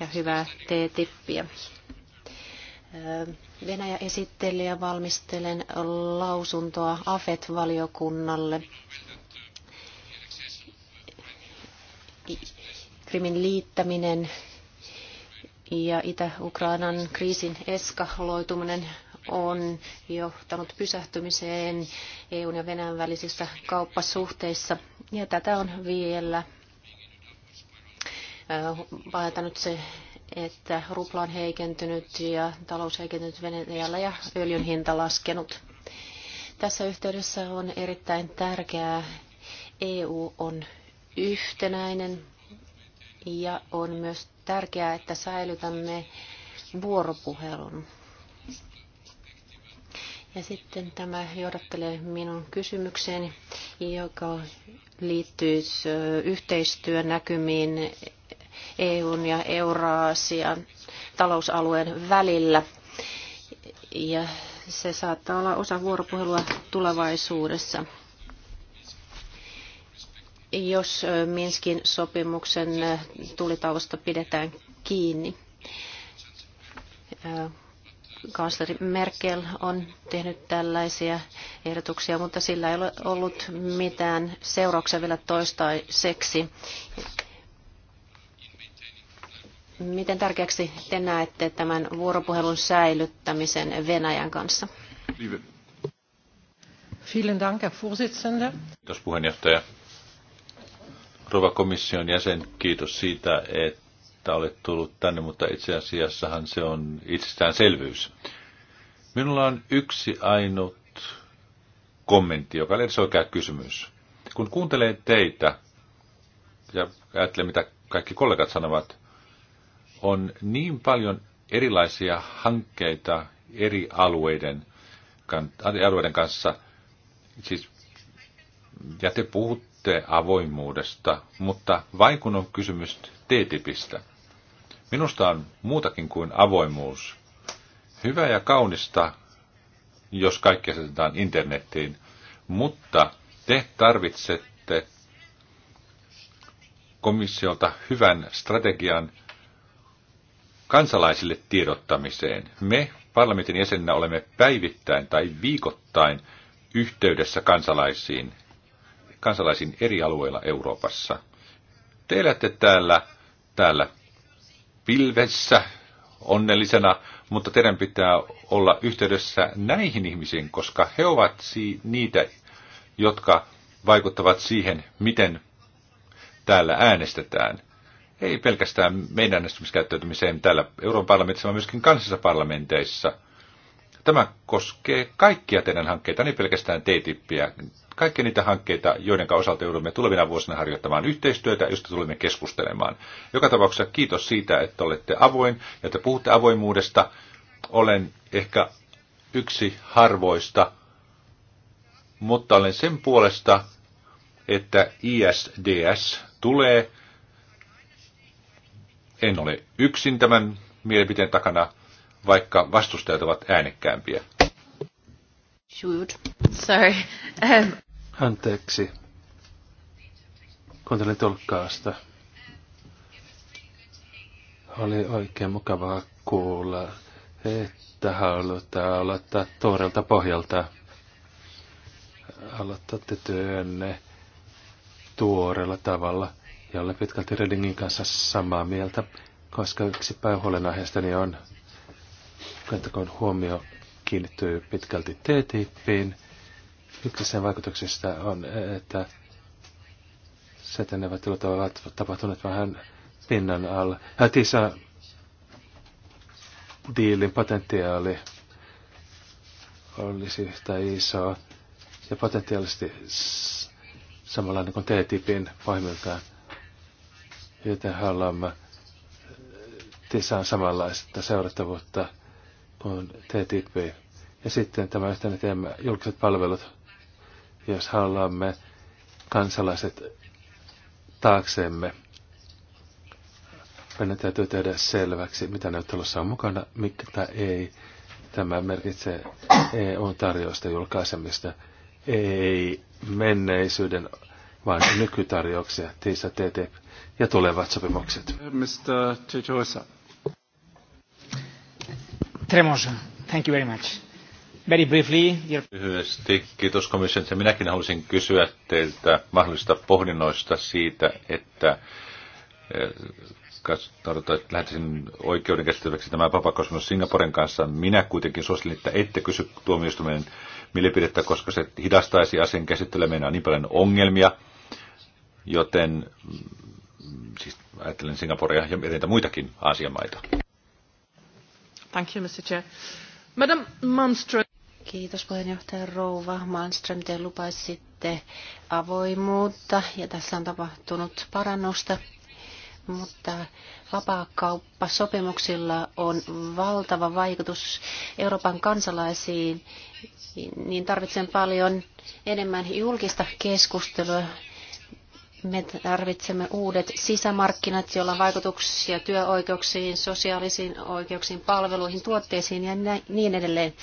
ja hyvää T-tippiä. Venäjä esittelee ja valmistelen lausuntoa AFET-valiokunnalle. Krimin liittäminen ja Itä-Ukrainan kriisin eskaloituminen on johtanut pysähtymiseen EUn ja Venäjän välisissä kauppasuhteissa. Ja tätä on vielä vaatanut se, että rupla on heikentynyt ja talous heikentynyt Venäjällä ja öljyn hinta laskenut. Tässä yhteydessä on erittäin tärkeää, EU e on yhtenäinen ja on myös tärkeää, että säilytämme vuoropuhelun. Ja sitten tämä johdattelee minun kysymykseeni, joka liittyy yhteistyön näkymiin EUn ja Euraasian talousalueen välillä. Ja se saattaa olla osa vuoropuhelua tulevaisuudessa jos Minskin sopimuksen tulitauosta pidetään kiinni. Kansleri Merkel on tehnyt tällaisia ehdotuksia, mutta sillä ei ole ollut mitään seurauksia vielä toistaiseksi. Miten tärkeäksi te näette tämän vuoropuhelun säilyttämisen Venäjän kanssa? Kiitos puheenjohtaja. Rova komission jäsen, kiitos siitä, että olet tullut tänne, mutta itse asiassahan se on itsestäänselvyys. Minulla on yksi ainut kommentti, joka oli oikea kysymys. Kun kuuntelee teitä ja ajattelee, mitä kaikki kollegat sanovat, on niin paljon erilaisia hankkeita eri alueiden, alueiden kanssa. Siis, ja te puhutte puhutte avoimuudesta, mutta vain kun on kysymys T-tipistä. Minusta on muutakin kuin avoimuus. Hyvä ja kaunista, jos kaikki asetetaan internettiin, mutta te tarvitsette komissiolta hyvän strategian kansalaisille tiedottamiseen. Me parlamentin jäsenenä olemme päivittäin tai viikoittain yhteydessä kansalaisiin kansalaisiin eri alueilla Euroopassa. Te elätte täällä, täällä pilvessä onnellisena, mutta teidän pitää olla yhteydessä näihin ihmisiin, koska he ovat niitä, jotka vaikuttavat siihen, miten täällä äänestetään. Ei pelkästään meidän äänestämiskäyttäytymiseen täällä Euroopan parlamentissa, vaan myöskin kansallisissa parlamenteissa – Tämä koskee kaikkia teidän hankkeita, niin pelkästään T-tippiä, kaikkia niitä hankkeita, joiden osalta joudumme tulevina vuosina harjoittamaan yhteistyötä, josta tulemme keskustelemaan. Joka tapauksessa kiitos siitä, että olette avoin ja että puhutte avoimuudesta. Olen ehkä yksi harvoista, mutta olen sen puolesta, että ISDS tulee. En ole yksin tämän mielipiteen takana vaikka vastustajat ovat äänekkäämpiä. Shoot. Sorry. Um. Anteeksi. Kuuntelin tulkkaasta. Oli oikein mukavaa kuulla, että halutaan aloittaa tuorelta pohjalta. Aloittatte työnne tuoreella tavalla ja olen pitkälti Redingin kanssa samaa mieltä, koska yksi huolenaiheestani on Kantakoon huomio kiinnittyy pitkälti TTIPiin. Yksi sen vaikutuksista on, että tilat ovat tapahtuneet vähän pinnan alla. Hätisä äh, diilin potentiaali olisi yhtä iso ja potentiaalisesti samanlainen kuin T-tipin pahimmiltaan. Joten haluamme tisään samanlaista seurattavuutta on TTIP. Ja sitten tämä me teemme julkiset palvelut, jos haluamme kansalaiset taaksemme. Meidän täytyy tehdä selväksi, mitä neuvottelussa on mukana, mitä ei. Tämä merkitsee EU-tarjousta julkaisemista, ei menneisyyden, vaan nykytarjouksia, TISA, TTIP ja tulevat sopimukset. Mr. Lyhyesti, kiitos komission. Minäkin halusin kysyä teiltä mahdollisista pohdinnoista siitä, että lähdetään eh, lähtisin oikeuden käsiteltäväksi tämä vapakosmos Singaporen kanssa. Minä kuitenkin suosittelen, että ette kysy tuomioistuimen mielipidettä, koska se hidastaisi asian käsittelyä. Meillä on niin paljon ongelmia, joten mm, siis ajattelen Singaporea ja eräitä muitakin asiamaita. Thank you, Mr. Chair. Madam Malmström. Kiitos puheenjohtaja Rouva Malmström, te lupaisitte avoimuutta ja tässä on tapahtunut parannusta, mutta vapaakauppasopimuksilla on valtava vaikutus Euroopan kansalaisiin, niin tarvitsen paljon enemmän julkista keskustelua me tarvitsemme uudet sisämarkkinat, joilla on vaikutuksia työoikeuksiin, sosiaalisiin oikeuksiin, palveluihin, tuotteisiin ja niin edelleen.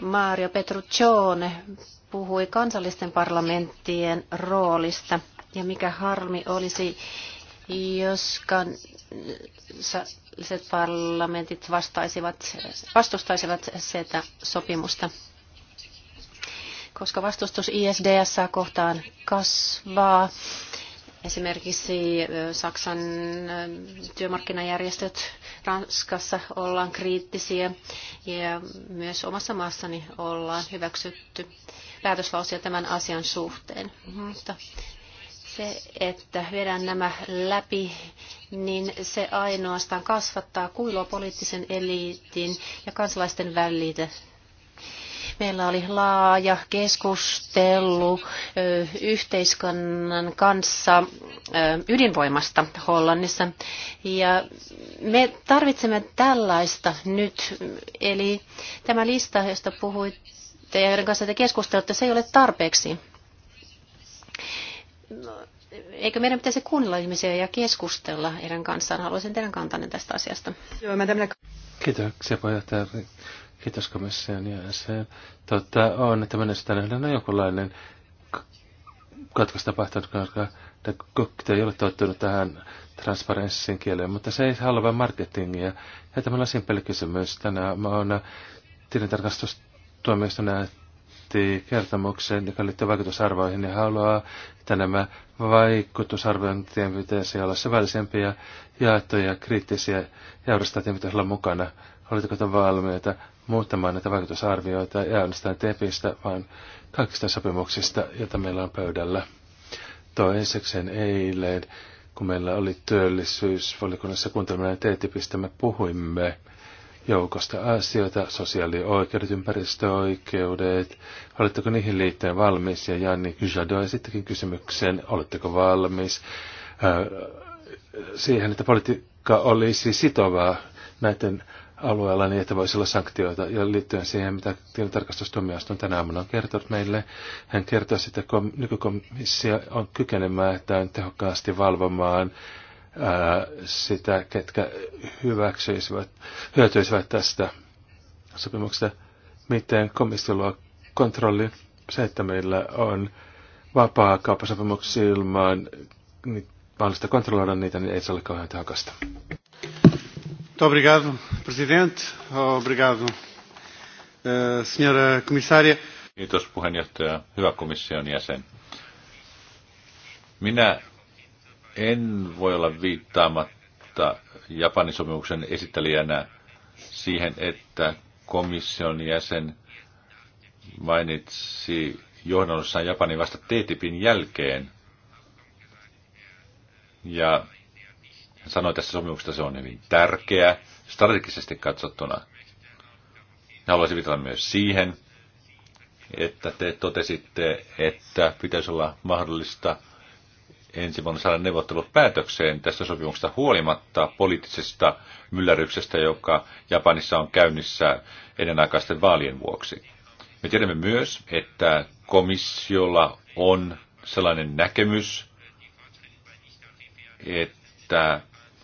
Mario Petruccione puhui kansallisten parlamenttien roolista ja mikä harmi olisi, jos kansalliset parlamentit vastustaisivat sitä sopimusta koska vastustus ISDS kohtaan kasvaa. Esimerkiksi Saksan työmarkkinajärjestöt Ranskassa ollaan kriittisiä ja myös omassa maassani ollaan hyväksytty päätöslausia tämän asian suhteen. Mutta se, että viedään nämä läpi, niin se ainoastaan kasvattaa kuilua poliittisen eliitin ja kansalaisten välitä Meillä oli laaja keskustelu yhteiskunnan kanssa ydinvoimasta Hollannissa. Ja me tarvitsemme tällaista nyt. Eli tämä lista, josta puhuitte ja joiden kanssa te keskustelette, se ei ole tarpeeksi no, eikö meidän pitäisi kuunnella ihmisiä ja keskustella heidän kanssaan? Haluaisin teidän kantanne tästä asiasta. Joo, mä Kiitoksia puheenjohtaja Kiitos komission jäsen. Totta on, että mennessä nähdään on jonkunlainen katkos tapahtunut, koska te ei ole tottunut tähän transparenssin kieleen, mutta se ei halua vain marketingia. Ja tämä on simpeli kysymys. Tänään on tilintarkastustuomioista näytti kertomuksen, joka liittyy vaikutusarvoihin, ja haluaa, että nämä vaikutusarviointien pitäisi olla syvällisempiä, jaettuja, kriittisiä, ja Eurostatin pitäisi mukana. Oletteko te valmiita muuttamaan näitä vaikutusarvioita ja äänestään TEPistä, vaan kaikista sopimuksista, joita meillä on pöydällä. Toisekseen eilen, kun meillä oli valikunnassa kuunteleminen TTIPistä, me puhuimme joukosta asioita, sosiaalioikeudet, ympäristöoikeudet. Oletteko niihin liittyen valmis? Ja Janni Jadot sittenkin kysymyksen, oletteko valmis siihen, että politiikka olisi sitovaa näiden alueella niin, että voisi olla sanktioita. Ja liittyen siihen, mitä on tänä aamuna on kertonut meille, hän kertoo, että nykykomissio on kykenemään tämän tehokkaasti valvomaan ää, sitä, ketkä hyväksyisivät, hyötyisivät tästä sopimuksesta, miten komissio luo kontrolli se, että meillä on vapaa kauppasopimuksia ilman niin mahdollista kontrolloida niitä, niin ei se ole kauhean tehokasta. Muito obrigado, presidente. Obrigado, eh, senhora Comissária. Kiitos puheenjohtaja, hyvä komission jäsen. Minä en voi olla viittaamatta Japanin sopimuksen esittelijänä siihen, että komission jäsen mainitsi johdannossaan Japanin vasta TTIPin jälkeen. Ja sanoi tässä sopimuksesta, se on hyvin tärkeä strategisesti katsottuna. Haluaisin viitata myös siihen, että te totesitte, että pitäisi olla mahdollista ensi vuonna saada neuvottelut päätökseen tästä sopimuksesta huolimatta poliittisesta mylläryksestä, joka Japanissa on käynnissä ennenaikaisten vaalien vuoksi. Me tiedämme myös, että komissiolla on sellainen näkemys, että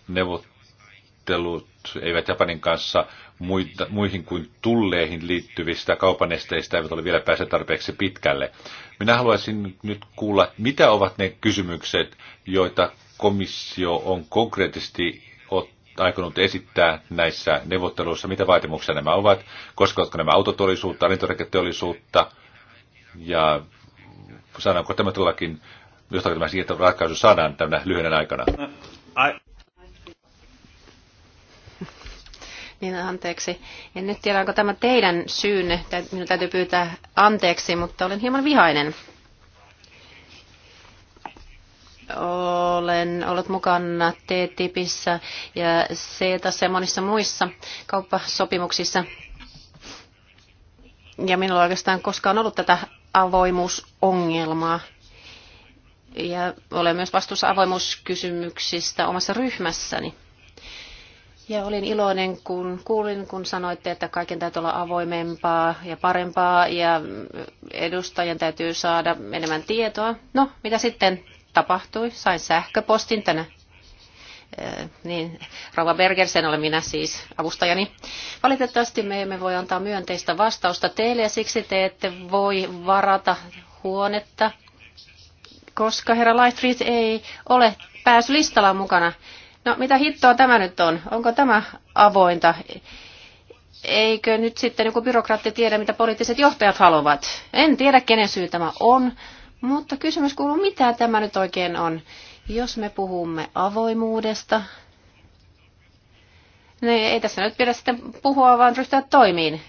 neuvottelut eivät Japanin kanssa muita, muihin kuin tulleihin liittyvistä kaupanesteistä eivät ole vielä päässeet tarpeeksi pitkälle. Minä haluaisin nyt kuulla, mitä ovat ne kysymykset, joita komissio on konkreettisesti aikonut esittää näissä neuvotteluissa, mitä vaatimuksia nämä ovat, koska ovatko nämä autoteollisuutta, elintarviketeollisuutta, ja saadaanko tämä todellakin, jos tämä siitä ratkaisu saadaan tämän lyhyenä aikana. I... Niin anteeksi. En nyt tiedä, onko tämä teidän syynne. Minun täytyy pyytää anteeksi, mutta olen hieman vihainen. Olen ollut mukana TTIPissä ja CETAssa ja monissa muissa kauppasopimuksissa. Ja minulla on oikeastaan koskaan ollut tätä avoimuusongelmaa. Ja olen myös vastuussa avoimuuskysymyksistä omassa ryhmässäni. Ja olin iloinen, kun kuulin, kun sanoitte, että kaiken täytyy olla avoimempaa ja parempaa ja edustajien täytyy saada enemmän tietoa. No, mitä sitten tapahtui? Sain sähköpostin tänä. Äh, niin, Rauva Bergersen olen minä siis avustajani. Valitettavasti me emme voi antaa myönteistä vastausta teille ja siksi te ette voi varata huonetta, koska herra Lightfried ei ole pääsylistalla mukana. No mitä hittoa tämä nyt on? Onko tämä avointa? Eikö nyt sitten joku byrokraatti tiedä, mitä poliittiset johtajat haluavat? En tiedä, kenen syy tämä on, mutta kysymys kuuluu, mitä tämä nyt oikein on? Jos me puhumme avoimuudesta, niin ei tässä nyt pidä sitten puhua, vaan ryhtyä toimiin.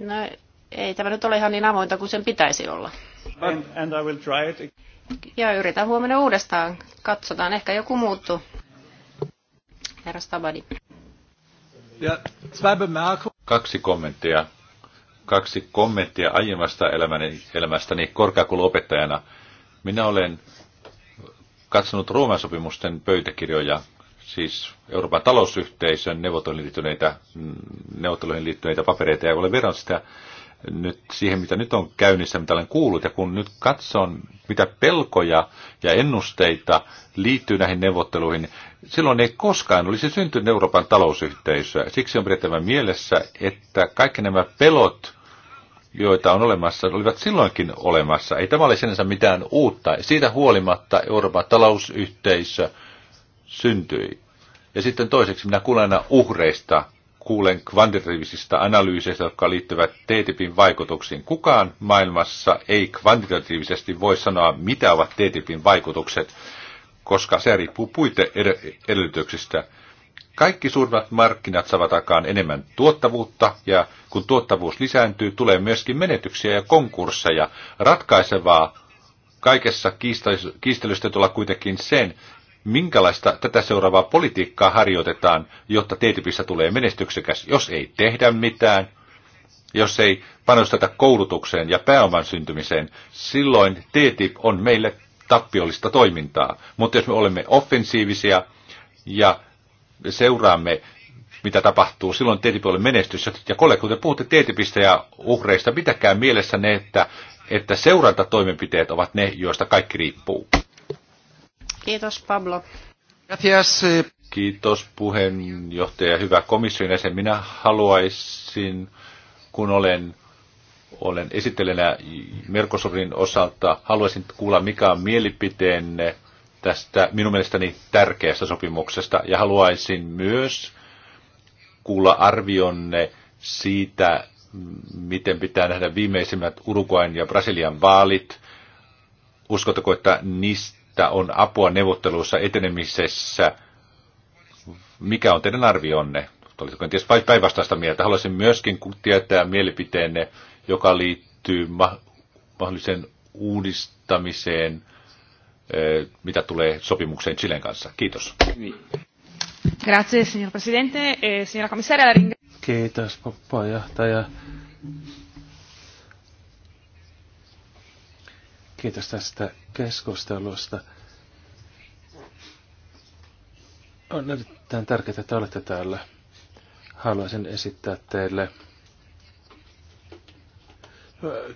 No ei tämä nyt ole ihan niin avointa kuin sen pitäisi olla. and I will try it. Ja yritän huomenna uudestaan. Katsotaan, ehkä joku muuttuu. Herra Stabadi. Kaksi kommenttia. Kaksi kommenttia aiemmasta elämäni, elämästäni korkeakouluopettajana. Minä olen katsonut Rooman sopimusten pöytäkirjoja, siis Euroopan talousyhteisön neuvotteluihin liittyneitä, mm, neuvotteluihin liittyneitä papereita, ja olen verrannut sitä nyt siihen, mitä nyt on käynnissä, mitä olen kuullut, ja kun nyt katson, mitä pelkoja ja ennusteita liittyy näihin neuvotteluihin, silloin ei koskaan olisi syntynyt Euroopan talousyhteisöä. Siksi on pidettävä mielessä, että kaikki nämä pelot, joita on olemassa, olivat silloinkin olemassa. Ei tämä ole sinänsä mitään uutta. Siitä huolimatta Euroopan talousyhteisö syntyi. Ja sitten toiseksi minä kuulen aina uhreista, kuulen kvantitatiivisista analyyseistä, jotka liittyvät TTIPin vaikutuksiin. Kukaan maailmassa ei kvantitatiivisesti voi sanoa, mitä ovat TTIPin vaikutukset, koska se riippuu puiteedellytyksistä. Kaikki suurimmat markkinat saavat aikaan enemmän tuottavuutta, ja kun tuottavuus lisääntyy, tulee myöskin menetyksiä ja konkursseja. Ratkaisevaa kaikessa kiistelystä tulla kuitenkin sen, minkälaista tätä seuraavaa politiikkaa harjoitetaan, jotta TTIPissä tulee menestyksekäs, jos ei tehdä mitään, jos ei panosteta koulutukseen ja pääoman syntymiseen, silloin TTIP on meille tappiollista toimintaa. Mutta jos me olemme offensiivisia ja seuraamme, mitä tapahtuu, silloin TTIP on menestys. Ja kollegat, kun te puhutte TTIPistä ja uhreista, pitäkää mielessä ne, että, että seurantatoimenpiteet ovat ne, joista kaikki riippuu. Kiitos Pablo. Gracias. Eh. Kiitos puheenjohtaja. Hyvä komission jäsen. Minä haluaisin, kun olen olen esittelenä Mercosurin osalta. Haluaisin kuulla, mikä on mielipiteenne tästä minun mielestäni tärkeästä sopimuksesta. Ja haluaisin myös kuulla arvionne siitä, miten pitää nähdä viimeisimmät uruguayn ja Brasilian vaalit. Uskotteko, että niistä että on apua neuvotteluissa etenemisessä. Mikä on teidän arvionne? Olisiko kenties päinvastaista mieltä? Haluaisin myöskin tietää mielipiteenne, joka liittyy ma- mahdolliseen uudistamiseen, mitä tulee sopimukseen Chilen kanssa. Kiitos. Grazie, signor Presidente. Eh, signora Commissaria, la Kiitos, puheenjohtaja. Kiitos tästä keskustelusta. On erittäin tärkeää, että olette täällä. Haluaisin esittää teille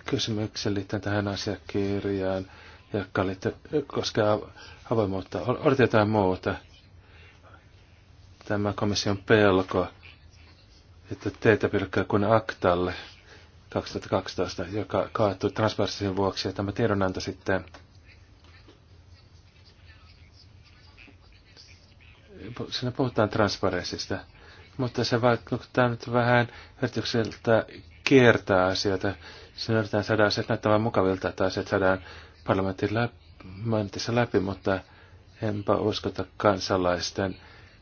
kysymyksen liittyen tähän asiakirjaan, joka koskee avoimuutta. Oliko jotain muuta? Tämä komission pelko, että teitä pilkkää kuin aktalle. 2012, joka kaatui transparenssien vuoksi. Ja tämä tiedonanto sitten siinä puhutaan transparenssista, mutta se vaikuttaa nyt vähän yritykseltä kiertää asioita. Siinä yritetään saada asiat näyttämään mukavilta, että asiat saadaan parlamentin läpi, läpi, mutta enpä usko, että kansalaisten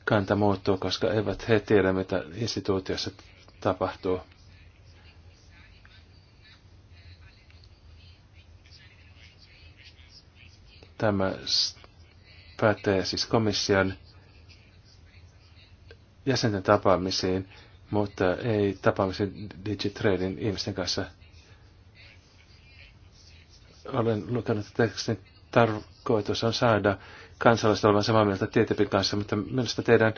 kanta muuttuu, koska eivät he tiedä, mitä instituutiossa tapahtuu. Tämä pätee siis komission jäsenten tapaamisiin, mutta ei tapaamisiin digitreidin ihmisten kanssa. Olen lukenut tekstin tarkoitus on saada kansalaiset olemaan samaa mieltä TTIPin kanssa, mutta minusta teidän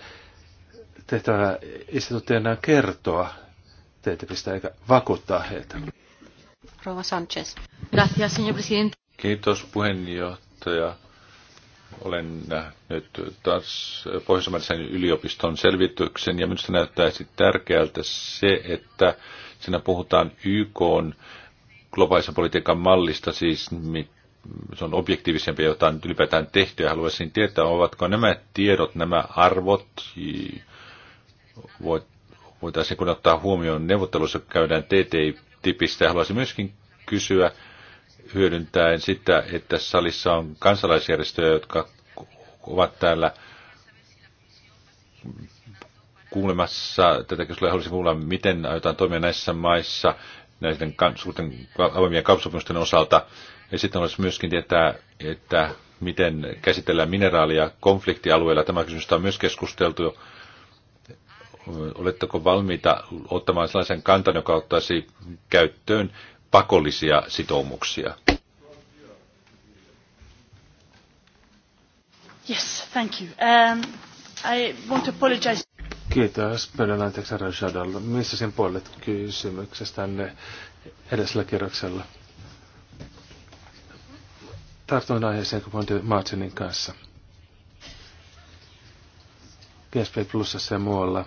tehtävä instituutioina on kertoa TTIPistä eikä vakuuttaa heitä. Rova Sanchez. Gracias, señor presidente. Kiitos puheenjohtaja ja Olen nähnyt taas pohjois yliopiston selvityksen ja minusta näyttäisi tärkeältä se, että siinä puhutaan YK on globaalisen politiikan mallista, siis se on objektiivisempi, jota on ylipäätään tehty ja haluaisin tietää, ovatko nämä tiedot, nämä arvot, voitaisiin kun ottaa huomioon neuvottelussa käydään TTIPistä. Haluaisin myöskin kysyä, hyödyntäen sitä, että salissa on kansalaisjärjestöjä, jotka ovat täällä kuulemassa tätä keskustelua. Haluaisin kuulla, miten aiotaan toimia näissä maissa näiden suurten avoimien kauppasopimusten osalta. Ja sitten haluaisin myöskin tietää, että miten käsitellään mineraalia konfliktialueella. Tämä kysymys on myös keskusteltu. Oletteko valmiita ottamaan sellaisen kantan, joka ottaisi käyttöön pakollisia sitoumuksia. Yes, thank you. Um, I want to apologize. Kiitos. Pyydän anteeksi Rajadalta. Missä sen puolet kysymyksestänne edellisellä kierroksella? Tartuin aiheeseen, kun puhuin Martinin kanssa. GSP Plusassa ja muualla.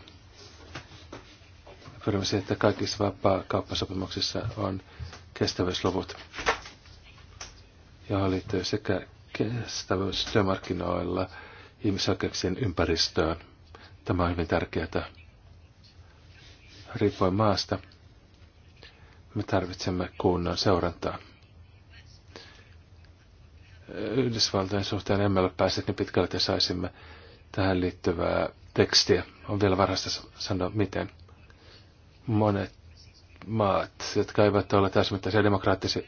Pyrimme siihen, että kaikissa vapaa-kauppasopimuksissa on kestävyysluvut, johon liittyy sekä kestävyys työmarkkinoilla ihmisoikeuksien ympäristöön. Tämä on hyvin tärkeää. Riippuen maasta, me tarvitsemme kunnon seurantaa. Yhdysvaltojen suhteen emme ole päässeet niin pitkälle, että saisimme tähän liittyvää tekstiä. On vielä varhaista sanoa miten. Monet maat, jotka eivät ole täysmittaisia demokraattisia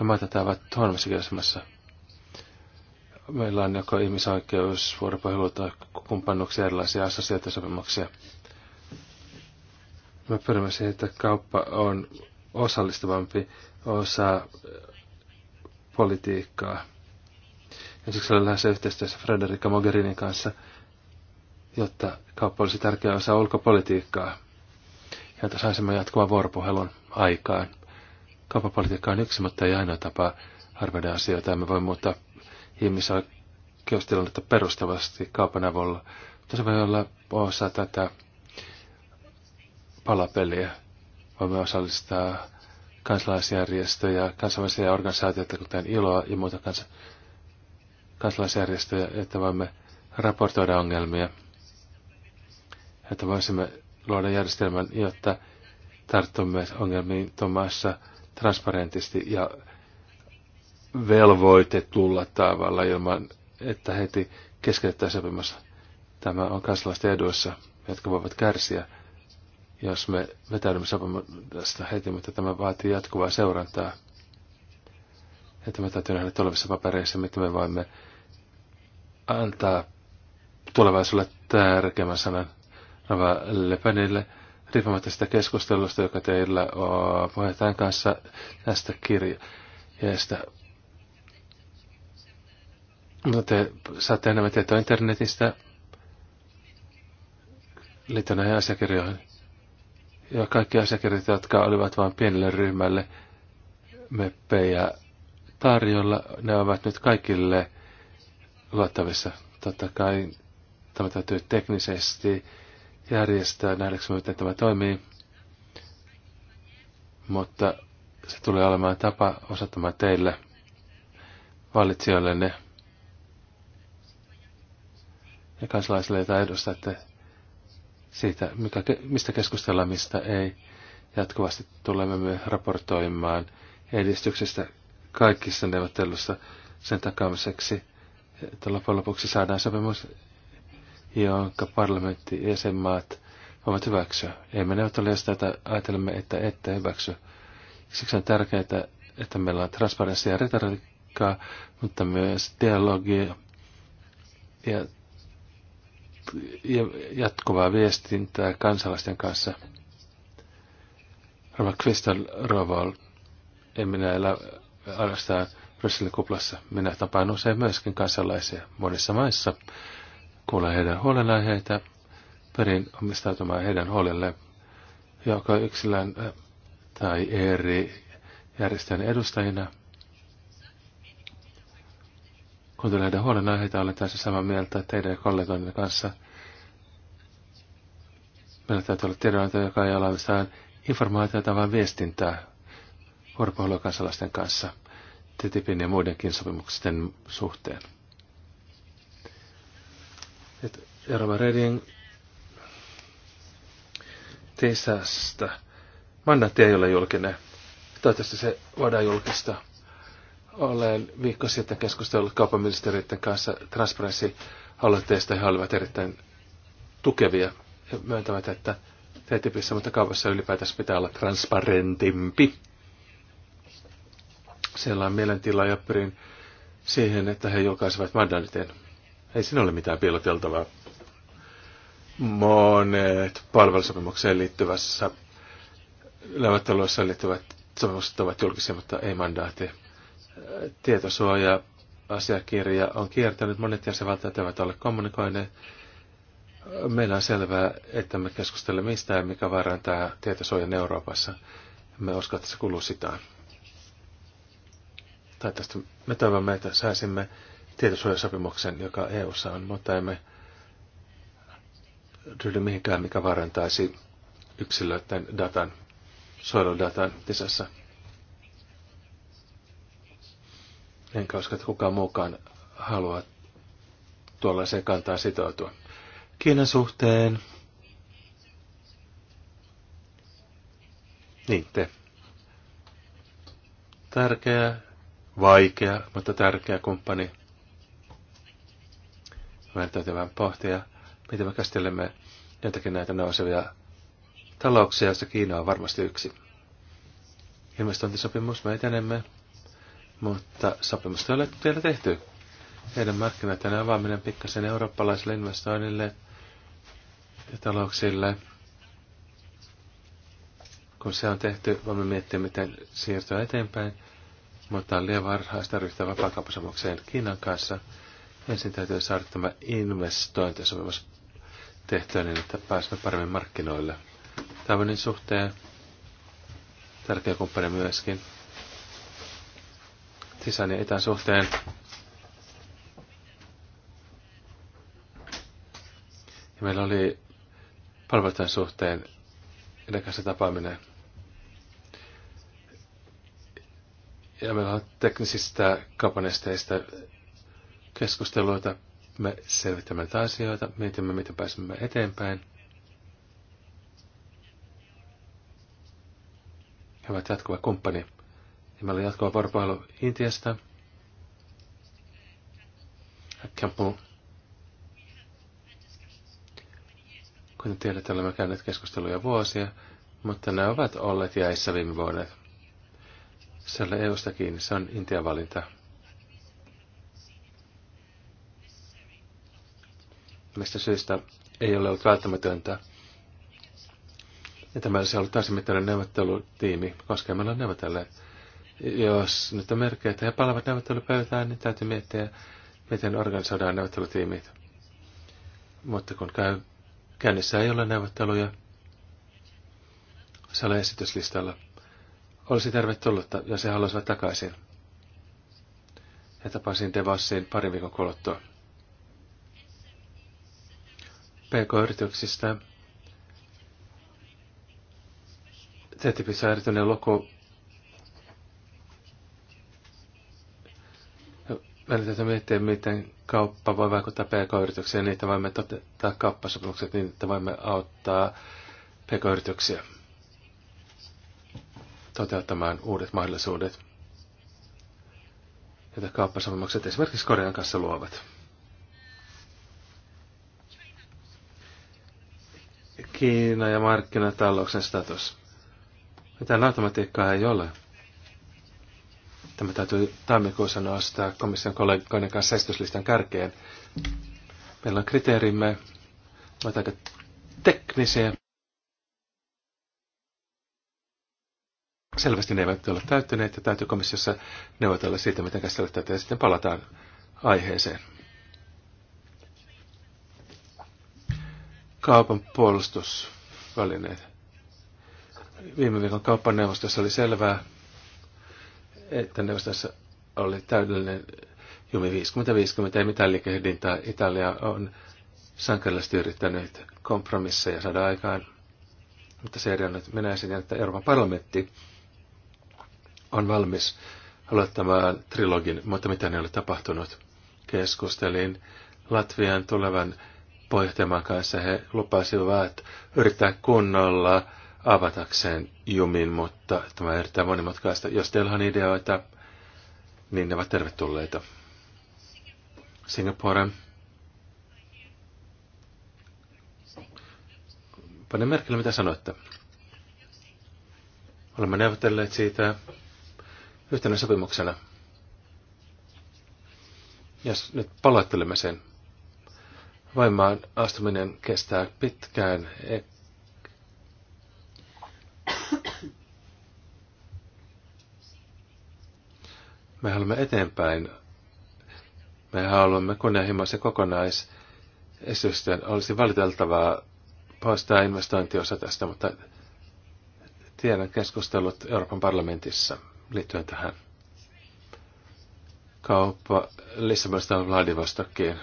maita, ovat huonommassa asemassa. Meillä on joko ihmisoikeus, vuoropuhelu tai kumppannuksia erilaisia assosiaatiosopimuksia. Me pyrimme siihen, että kauppa on osallistuvampi osa politiikkaa. Ensiksi olen lähes yhteistyössä Frederica Mogherinin kanssa, jotta kauppa olisi tärkeä osa ulkopolitiikkaa jotta saisimme jatkuvan vuoropuhelun aikaan. Kauppapolitiikka on yksi, mutta ei ainoa tapa arvioida asioita. Me voi muuttaa ihmisoikeustilannetta perustavasti kaupan avulla. Mutta se voi olla osa tätä palapeliä. Voimme osallistaa kansalaisjärjestöjä, kansainvälisiä organisaatioita, kuten ILOa ja muita kans- kansalaisjärjestöjä, että voimme raportoida ongelmia, että voisimme luoda järjestelmän, jotta tarttumme ongelmiin tuomassa transparentisti ja velvoitetulla tavalla ilman, että heti keskeyttää sopimassa. Tämä on kansalaisten eduissa, jotka voivat kärsiä, jos me vetäydymme sopimasta heti, mutta tämä vaatii jatkuvaa seurantaa. että me täytyy nähdä tulevissa papereissa, mitä me voimme antaa tulevaisuudelle tärkeimmän sanan Rava Lepenille riippumatta sitä keskustelusta, joka teillä on puheenjohtajan kanssa tästä kirjeestä. No te saatte enemmän tietoa internetistä liittyen näihin asiakirjoihin. Ja kaikki asiakirjat, jotka olivat vain pienelle ryhmälle meppejä tarjolla, ne ovat nyt kaikille luottavissa. Totta kai tämä täytyy teknisesti järjestää, nähdäkseni miten tämä toimii. Mutta se tulee olemaan tapa osoittamaan teille, valitsijoillenne ja kansalaisille, joita edustatte, siitä, mikä, mistä keskustellaan, mistä ei. Jatkuvasti tulemme myös raportoimaan edistyksestä kaikissa neuvottelussa sen takaamiseksi, että loppujen lopuksi saadaan sopimus jonka parlamentti ja jäsenmaat voivat hyväksyä. Emme neuvottelijoista tätä ajatelemme, että ette hyväksy. Siksi on tärkeää, että meillä on transparenssia ja retoriikkaa, mutta myös dialogia ja, ja jatkuvaa viestintää kansalaisten kanssa. Roma Kvistel Roval, en minä elä ainoastaan Brysselin kuplassa. Minä tapaan usein myöskin kansalaisia monissa maissa kuulla heidän heitä, perin omistautumaan heidän huolelle, joka yksilön tai eri järjestön edustajina. Kun tulee heidän huolenaiheita, olen tässä samaa mieltä teidän kollegoiden kanssa. Meillä täytyy olla tiedonanto, joka ei ole mistään informaatiota, vaan viestintää vuoropuhelua kansalaisten kanssa TTIPin ja muidenkin sopimuksien suhteen että Jarva Reding tesästä. Mandaatti ei ole julkinen. Toivottavasti se voidaan julkista. Olen viikko sitten keskustellut kaupanministeriöiden kanssa transparenssi-aloitteesta. He olivat erittäin tukevia ja myöntävät, että TTIPissä, mutta kaupassa ylipäätänsä pitää olla transparentimpi. Siellä on mielentila ja pyrin siihen, että he julkaisivat mandaliteen ei siinä ole mitään piiloteltavaa. Monet palvelusopimukseen liittyvässä neuvotteluissa liittyvät sopimukset ovat julkisia, mutta ei mandaatti. Tietosuoja asiakirja on kiertänyt, monet jäsenvaltiot eivät ole kommunikoineet. Meillä on selvää, että me keskustelemme mistä ja mikä vaarantaa tietosuojan Euroopassa. Me uskon, että se kuluu sitä. Tai tästä me toivomme, että saisimme tietosuojasopimuksen, joka EU:ssa on, mutta emme ryhdy mihinkään, mikä varantaisi yksilöiden datan, suojeludatan tisessä. Enkä usko, että kukaan muukaan haluaa tuollaiseen kantaa sitoutua. Kiinan suhteen. Niin te. Tärkeä, vaikea, mutta tärkeä kumppani. Meidän täytyy vähän pohtia, miten me käsittelemme jotakin näitä nousevia talouksia, joista Kiina on varmasti yksi. Ilmastointisopimus me etenemme, mutta sopimusta ei ole vielä tehty. Heidän markkinoiden avaaminen pikkasen eurooppalaisille investoinnille ja talouksille. Kun se on tehty, voimme miettiä, miten siirtyä eteenpäin, mutta on liian varhaista ryhtyä vapaakauppasopimukseen Kiinan kanssa – Ensin täytyy saada tämä investointisopimus tehtyä niin, että pääsemme paremmin markkinoille. Taiwanin suhteen tärkeä kumppani myöskin. Sisään ja suhteen Ja meillä oli palveluiden suhteen edekässä tapaaminen. Ja meillä on teknisistä kapanesteista keskusteluita, me selvitämme asioita, mietimme, miten pääsemme eteenpäin. He ovat jatkuva kumppani. Ja meillä on jatkuva vuoropuhelu Intiasta. Kampu. Kuten tiedät, olemme käyneet keskusteluja vuosia, mutta ne ovat olleet jäissä viime vuodet. Se ei ole EU-sta kiinni, se on Intian valinta. mistä syystä ei ole ollut välttämätöntä. Ja tämä olisi ollut täysimittainen neuvottelutiimi, koska me ollaan neuvotelleet. Jos nyt on merkkejä, että he palaavat neuvottelupöytään, niin täytyy miettiä, miten organisoidaan neuvottelutiimit. Mutta kun käy, käynnissä ei ole neuvotteluja, se oli esityslistalla. Olisi tervetullutta, jos he haluaisivat takaisin. Ja tapasin Devassin parin viikon kuluttua. PK-yrityksistä. TTIPissä on loko Välitetään miettiä, miten kauppa voi vaikuttaa PK-yrityksiin, että voimme toteuttaa kauppasopimukset niin, että voimme auttaa PK-yrityksiä toteuttamaan uudet mahdollisuudet, joita kauppasopimukset esimerkiksi Korean kanssa luovat. Kiina ja markkinatalouksen status. Mitään automatiikkaa ei ole. Tämä täytyy tammikuussa nostaa komission kollegoiden kanssa esityslistan kärkeen. Meillä on kriteerimme, ovat aika teknisiä. Selvästi ne eivät ole täyttyneet ja täytyy komissiossa neuvotella siitä, miten käsitellä tätä ja sitten palataan aiheeseen. kaupan puolustusvälineitä. Viime viikon kauppaneuvostossa oli selvää, että neuvostossa oli täydellinen jumi 50-50, ei mitään liikehdintää. Italia on sankarillisesti yrittänyt kompromisseja saada aikaan, mutta se nyt Minä esitän, että Euroopan parlamentti on valmis aloittamaan trilogin, mutta mitä ne oli tapahtunut. Keskustelin Latvian tulevan puheenjohtajamaan kanssa. He lupasivat yrittää kunnolla avatakseen jumin, mutta tämä on erittäin monimutkaista. Jos teillä on ideoita, niin ne ovat tervetulleita. Singapore. Pane merkille, mitä sanoitte. Olemme neuvotelleet siitä yhtenä sopimuksena. Ja nyt palauttelemme sen. Vaimaan astuminen kestää pitkään. Me haluamme eteenpäin. Me haluamme kunnianhimoisen kokonaisesitysten. Olisi valiteltavaa poistaa investointiosa tästä, mutta tiedän keskustelut Euroopan parlamentissa liittyen tähän kauppa Lissabonista Vladivostokkiin.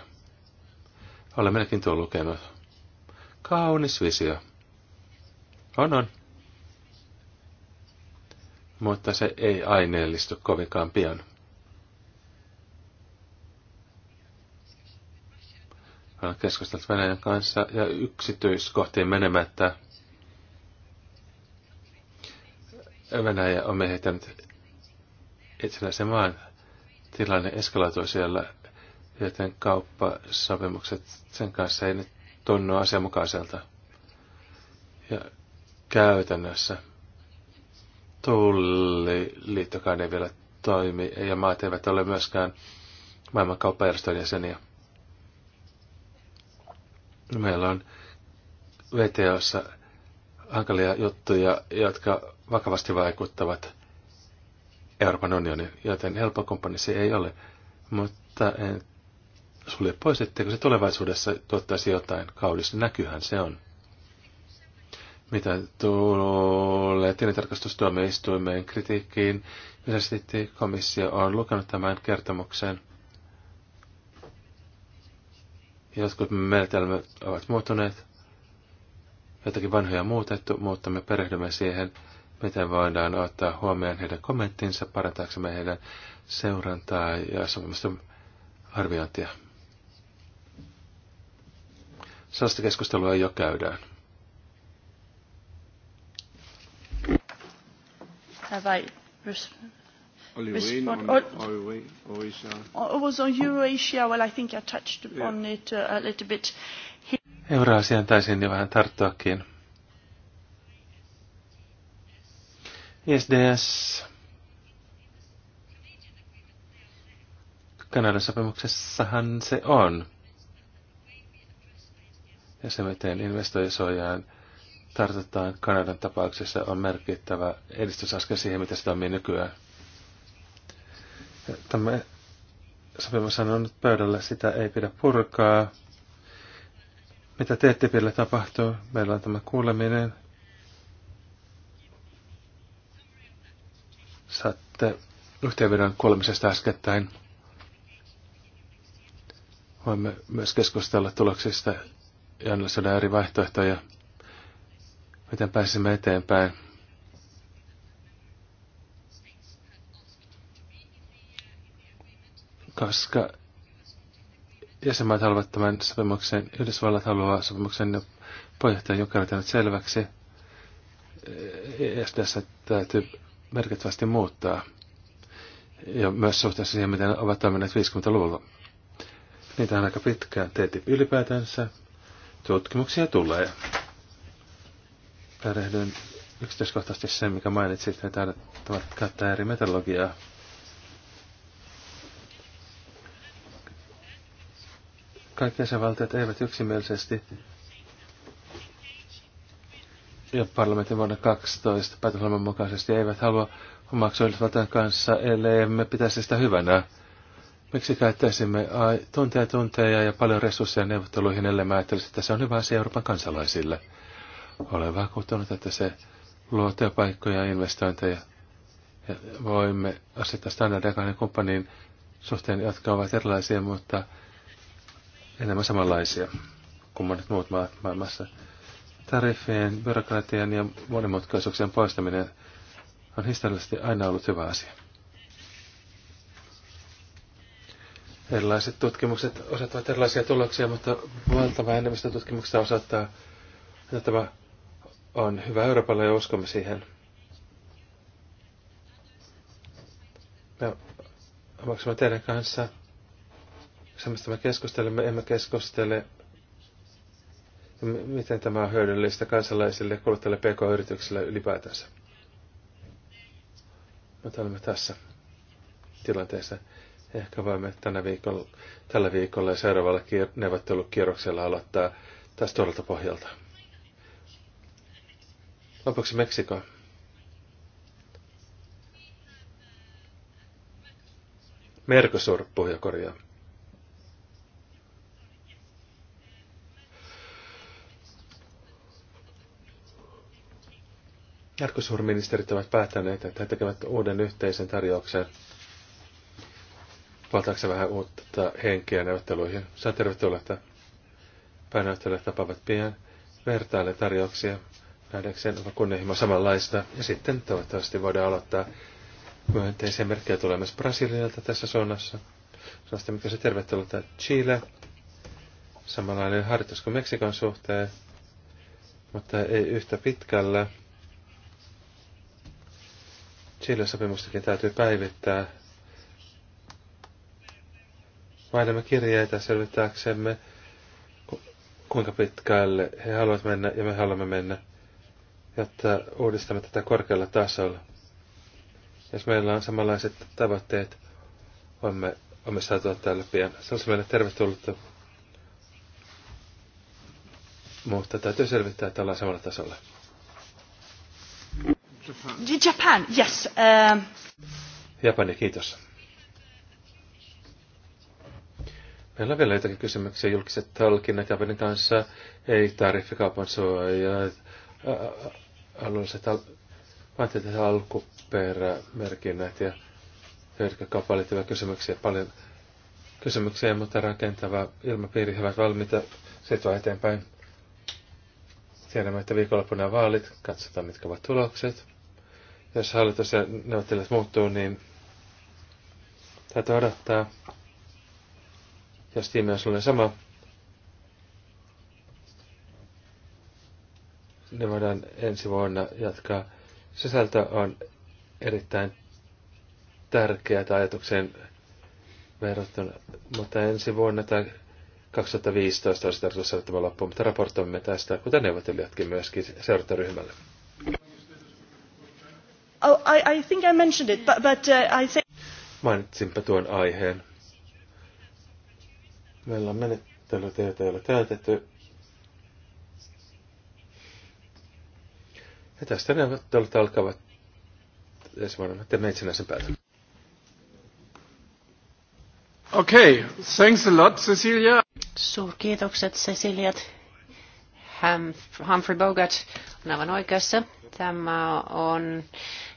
Olen minäkin tuon lukenut. Kaunis visio. On, on. Mutta se ei aineellistu kovinkaan pian. Olen keskustellut Venäjän kanssa ja yksityiskohtiin menemättä. Venäjä on mehittänyt itsenäisen maan. Tilanne eskaloitui siellä joten kauppasopimukset sen kanssa ei nyt tunnu asianmukaiselta. Ja käytännössä tulliliittokaan ei vielä toimi, ja maat eivät ole myöskään maailman kauppajärjestön jäseniä. Meillä on VTOssa hankalia juttuja, jotka vakavasti vaikuttavat Euroopan unionin, joten helppo kumppanisi ei ole. Mutta en sulje pois, etteikö se tulevaisuudessa tuottaisi jotain kaudista. Näkyhän se on. Mitä tulee tilintarkastustuomioistuimeen kritiikkiin, yleisesti komissio on lukenut tämän kertomuksen. Jotkut menetelmät ovat muuttuneet, jotakin vanhoja muutettu, mutta me perehdymme siihen, miten voidaan ottaa huomioon heidän kommenttinsa, parantaaksemme heidän seurantaa ja sopimusten arviointia. Sellaista keskustelua jo käydään. Have I was on Euroasian uh, taisin jo vähän tarttuakin. ISDS. Kanadan sopimuksessahan se on ja se, miten investoijasuojaan tartutaan Kanadan tapauksessa, on merkittävä edistysaskel siihen, mitä se toimii nykyään. Tämä sopimus on nyt pöydällä, sitä ei pidä purkaa. Mitä TTIPille tapahtuu? Meillä on tämä kuuleminen. Saatte yhteenvedon kuulemisesta äskettäin. Voimme myös keskustella tuloksista ja analysoida eri vaihtoehtoja, miten pääsemme eteenpäin. Koska jäsenmaat haluavat tämän sopimuksen, Yhdysvallat haluaa sopimuksen ja niin puheenjohtaja Juncker selväksi, tässä täytyy merkittävästi muuttaa. Ja myös suhteessa siihen, miten ovat toimineet 50-luvulla. Niitä on aika pitkään teetti ylipäätänsä, Tutkimuksia tulee. Perehdyn yksityiskohtaisesti sen, mikä mainitsit, että tarvittavat käyttää eri metallogiaa. Kaikki jäsenvaltiot eivät yksimielisesti ja parlamentin vuonna 12 päätösloman mukaisesti eivät halua omaksua Yhdysvaltain kanssa, ellei me pitäisi sitä hyvänä. Miksi käyttäisimme tunteja tunteja ja paljon resursseja neuvotteluihin, ellei mä ajattelisi, että se on hyvä asia Euroopan kansalaisille? Olen vakuuttunut, että se luo työpaikkoja ja investointeja. Ja voimme asettaa standardeja kahden kumppanin suhteen, jotka ovat erilaisia, mutta enemmän samanlaisia kuin monet muut maat maailmassa. Tariffien, byrokratian ja monimutkaisuuksien poistaminen on historiallisesti aina ollut hyvä asia. Erilaiset tutkimukset osoittavat erilaisia tuloksia, mutta valtava enemmistö tutkimuksista osoittaa, että tämä on hyvä Euroopalle ja uskomme siihen. Me omaksumme teidän kanssa se, mistä me keskustelemme, emme keskustele, miten tämä on hyödyllistä kansalaisille, kuluttajille, pk-yrityksille ylipäätänsä. Mutta olemme tässä tilanteessa. Ehkä voimme tänä viikolla, tällä viikolla ja seuraavalla kier- neuvottelukierroksella aloittaa tästä todelta pohjalta. Lopuksi Meksiko. Mercosur pohjakorjaa. Jatkosuurministerit ovat päättäneet, että he tekevät uuden yhteisen tarjouksen – valtaako vähän uutta henkeä neuvotteluihin. Sä tervetuloa, että pääneuvottelut tapaavat pian. Vertaile tarjouksia nähdäkseen onko kunnianhimo samanlaista. Ja sitten toivottavasti voidaan aloittaa myönteisiä merkkejä tulee myös Brasilialta tässä suunnassa. Sellaista, mikä se tervetuloa Chile. Samanlainen harjoitus kuin Meksikon suhteen, mutta ei yhtä pitkällä. Chile-sopimustakin täytyy päivittää Vaihdamme kirjeitä selvittääksemme, kuinka pitkälle he haluavat mennä ja me haluamme mennä, jotta uudistamme tätä korkealla tasolla. Jos meillä on samanlaiset tavoitteet, voimme saatua täällä pian. Se olisi meille tervetullutta. Mutta täytyy selvittää, että ollaan samalla tasolla. Japan, yes. Uh... Japani, kiitos. Meillä on vielä jotakin kysymyksiä julkiset talkinnat Japanin kanssa, ei tariffikaupan suoja, alueelliset al, vaatteet ja alkuperämerkinnät ja hyödykkäkauppaan liittyviä kysymyksiä, paljon kysymyksiä, mutta rakentava ilmapiiri, hyvät valmiita sitoa eteenpäin. Tiedämme, että viikonloppuna on vaalit, katsotaan mitkä ovat tulokset. Jos hallitus ja neuvottelijat muuttuu, niin täytyy odottaa. Ja sitten on sellainen sama, ne voidaan ensi vuonna jatkaa. Sisältö on erittäin tärkeää ajatukseen verrattuna, mutta ensi vuonna tai 2015 olisi tarkoitus saada loppuun, mutta raportoimme tästä, kuten neuvottelijatkin myöskin seurantaryhmälle. Oh, I, I think I mentioned it, but, but uh, I think... Mainitsinpä tuon aiheen. Meillä on menettelyt, joita ei ole täytetty. Ja tästä neuvottelut alkavat ensi vuonna. Teemme itsenäisen päätön. Okei, okay. thanks a lot, Cecilia. Suurkiitokset, Ceciliat. Humphrey Bogart on aivan oikeassa. Tämä on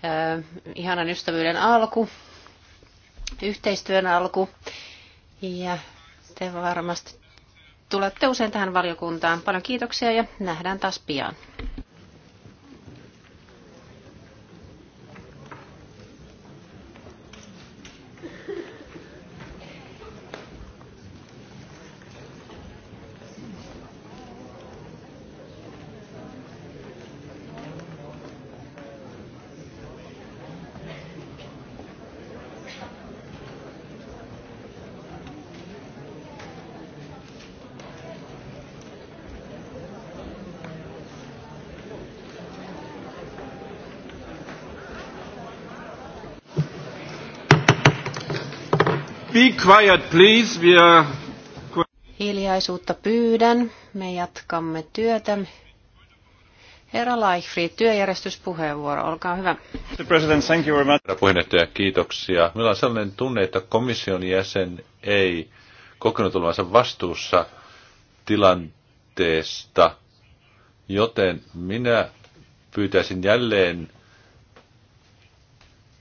äh, ihanan ystävyyden alku, yhteistyön alku. Ja te varmasti tulette usein tähän valiokuntaan. Paljon kiitoksia ja nähdään taas pian. quiet, please. We are... Hiljaisuutta pyydän. Me jatkamme työtä. Herra Laichfried, työjärjestyspuheenvuoro, olkaa hyvä. Herra puheenjohtaja, kiitoksia. Meillä on sellainen tunne, että komission jäsen ei kokenut olevansa vastuussa tilanteesta, joten minä pyytäisin jälleen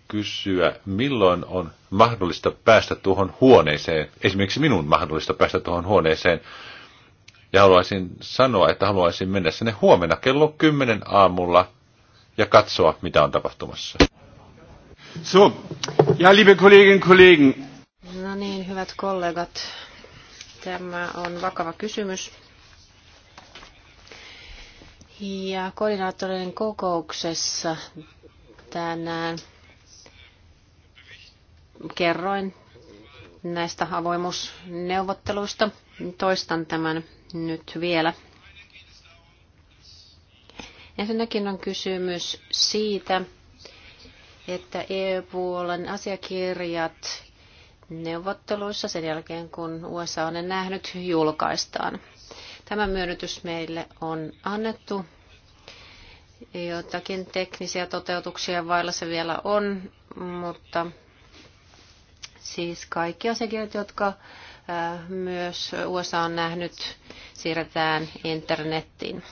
kysyä, milloin on mahdollista päästä tuohon huoneeseen, esimerkiksi minun mahdollista päästä tuohon huoneeseen. Ja haluaisin sanoa, että haluaisin mennä sinne huomenna kello 10 aamulla ja katsoa, mitä on tapahtumassa. So, ja liebe kollegin. Kollegen. No niin, hyvät kollegat. Tämä on vakava kysymys. Ja koordinaattorien kokouksessa tänään kerroin näistä avoimuusneuvotteluista. Toistan tämän nyt vielä. Ensinnäkin on kysymys siitä, että EU-puolen asiakirjat neuvotteluissa sen jälkeen, kun USA on ne nähnyt, julkaistaan. Tämä myönnytys meille on annettu. Jotakin teknisiä toteutuksia vailla se vielä on, mutta Siis kaikki asiakirjat, jotka myös USA on nähnyt, siirretään internettiin.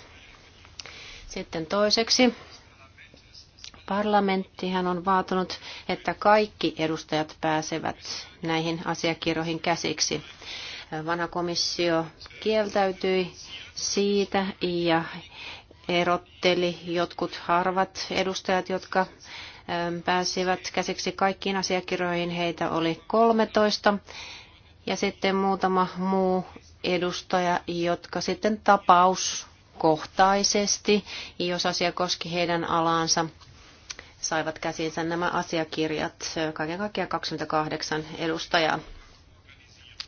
Sitten toiseksi, parlamenttihan on vaatunut, että kaikki edustajat pääsevät näihin asiakirjoihin käsiksi. Vanha komissio kieltäytyi siitä ja erotteli jotkut harvat edustajat, jotka pääsivät käsiksi kaikkiin asiakirjoihin. Heitä oli 13 ja sitten muutama muu edustaja, jotka sitten tapauskohtaisesti, jos asia koski heidän alaansa, saivat käsiinsä nämä asiakirjat, kaiken kaikkiaan 28 edustajaa.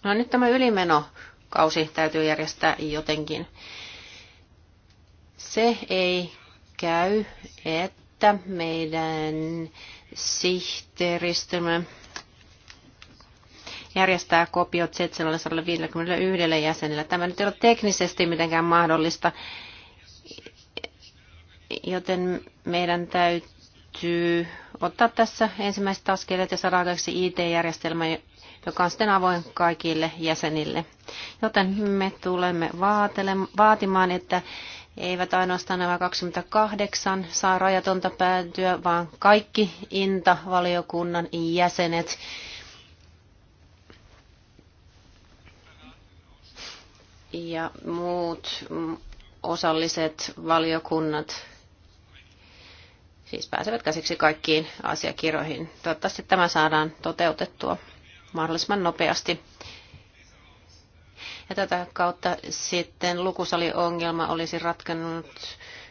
No nyt tämä ylimenokausi täytyy järjestää jotenkin. Se ei käy, et että meidän sihteeristömme järjestää kopiot 751 jäsenellä. Tämä nyt ei ole teknisesti mitenkään mahdollista, joten meidän täytyy ottaa tässä ensimmäiset askeleet ja saada aikaiseksi IT-järjestelmä, joka on sitten avoin kaikille jäsenille. Joten me tulemme vaatimaan, että eivät ainoastaan nämä 28 saa rajatonta päätyä, vaan kaikki INTA-valiokunnan jäsenet. Ja muut osalliset valiokunnat siis pääsevät käsiksi kaikkiin asiakirjoihin. Toivottavasti tämä saadaan toteutettua mahdollisimman nopeasti. Ja tätä kautta sitten lukusaliongelma olisi ratkennut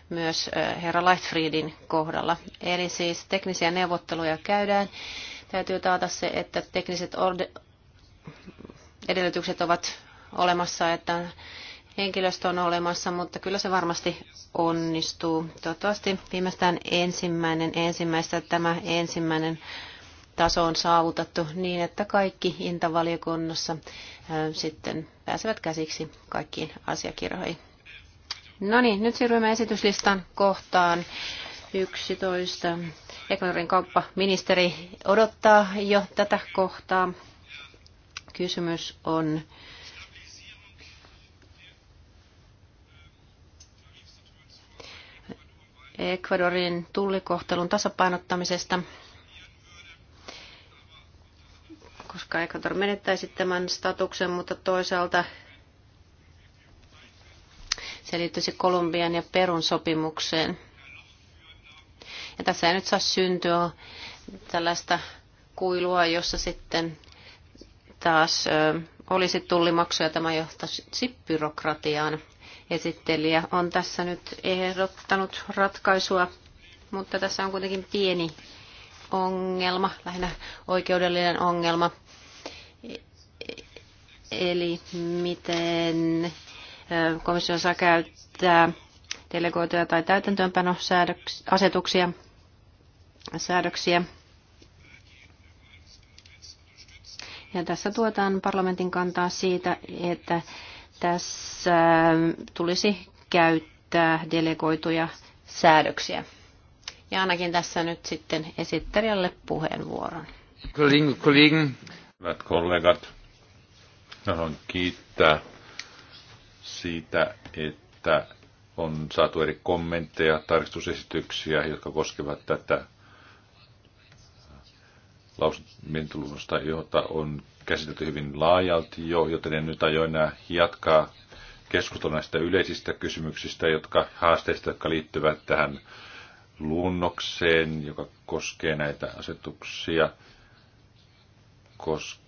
myös herra Lightfriedin kohdalla. Eli siis teknisiä neuvotteluja käydään. Täytyy taata se, että tekniset edellytykset ovat olemassa, että henkilöstö on olemassa, mutta kyllä se varmasti onnistuu. Toivottavasti viimeistään ensimmäinen ensimmäistä tämä ensimmäinen taso on saavutettu niin, että kaikki intavaliokunnassa sitten pääsevät käsiksi kaikkiin asiakirjoihin. No niin, nyt siirrymme esityslistan kohtaan 11. Ekvanorin kauppaministeri odottaa jo tätä kohtaa. Kysymys on Ecuadorin tullikohtelun tasapainottamisesta koska Ekvator menettäisi tämän statuksen, mutta toisaalta se liittyisi Kolumbian ja Perun sopimukseen. Ja tässä ei nyt saa syntyä tällaista kuilua, jossa sitten taas ö, olisi tullimaksuja. Tämä johtaisi byrokratiaan. Esittelijä on tässä nyt ehdottanut ratkaisua, mutta tässä on kuitenkin pieni ongelma, lähinnä oikeudellinen ongelma. Eli miten komissio saa käyttää delegoituja tai täytäntöönpanoasetuksia säädöksiä. Ja tässä tuetaan parlamentin kantaa siitä, että tässä tulisi käyttää delegoituja säädöksiä. Ja ainakin tässä nyt sitten esittelijälle puheenvuoron. Kollegen, Hyvät kollegat, haluan kiittää siitä, että on saatu eri kommentteja, tarkistusesityksiä, jotka koskevat tätä lausuntoluonnosta, jota on käsitelty hyvin laajalti jo, joten en nyt aio enää jatkaa keskustelua näistä yleisistä kysymyksistä, jotka haasteista, jotka liittyvät tähän luonnokseen, joka koskee näitä asetuksia, koska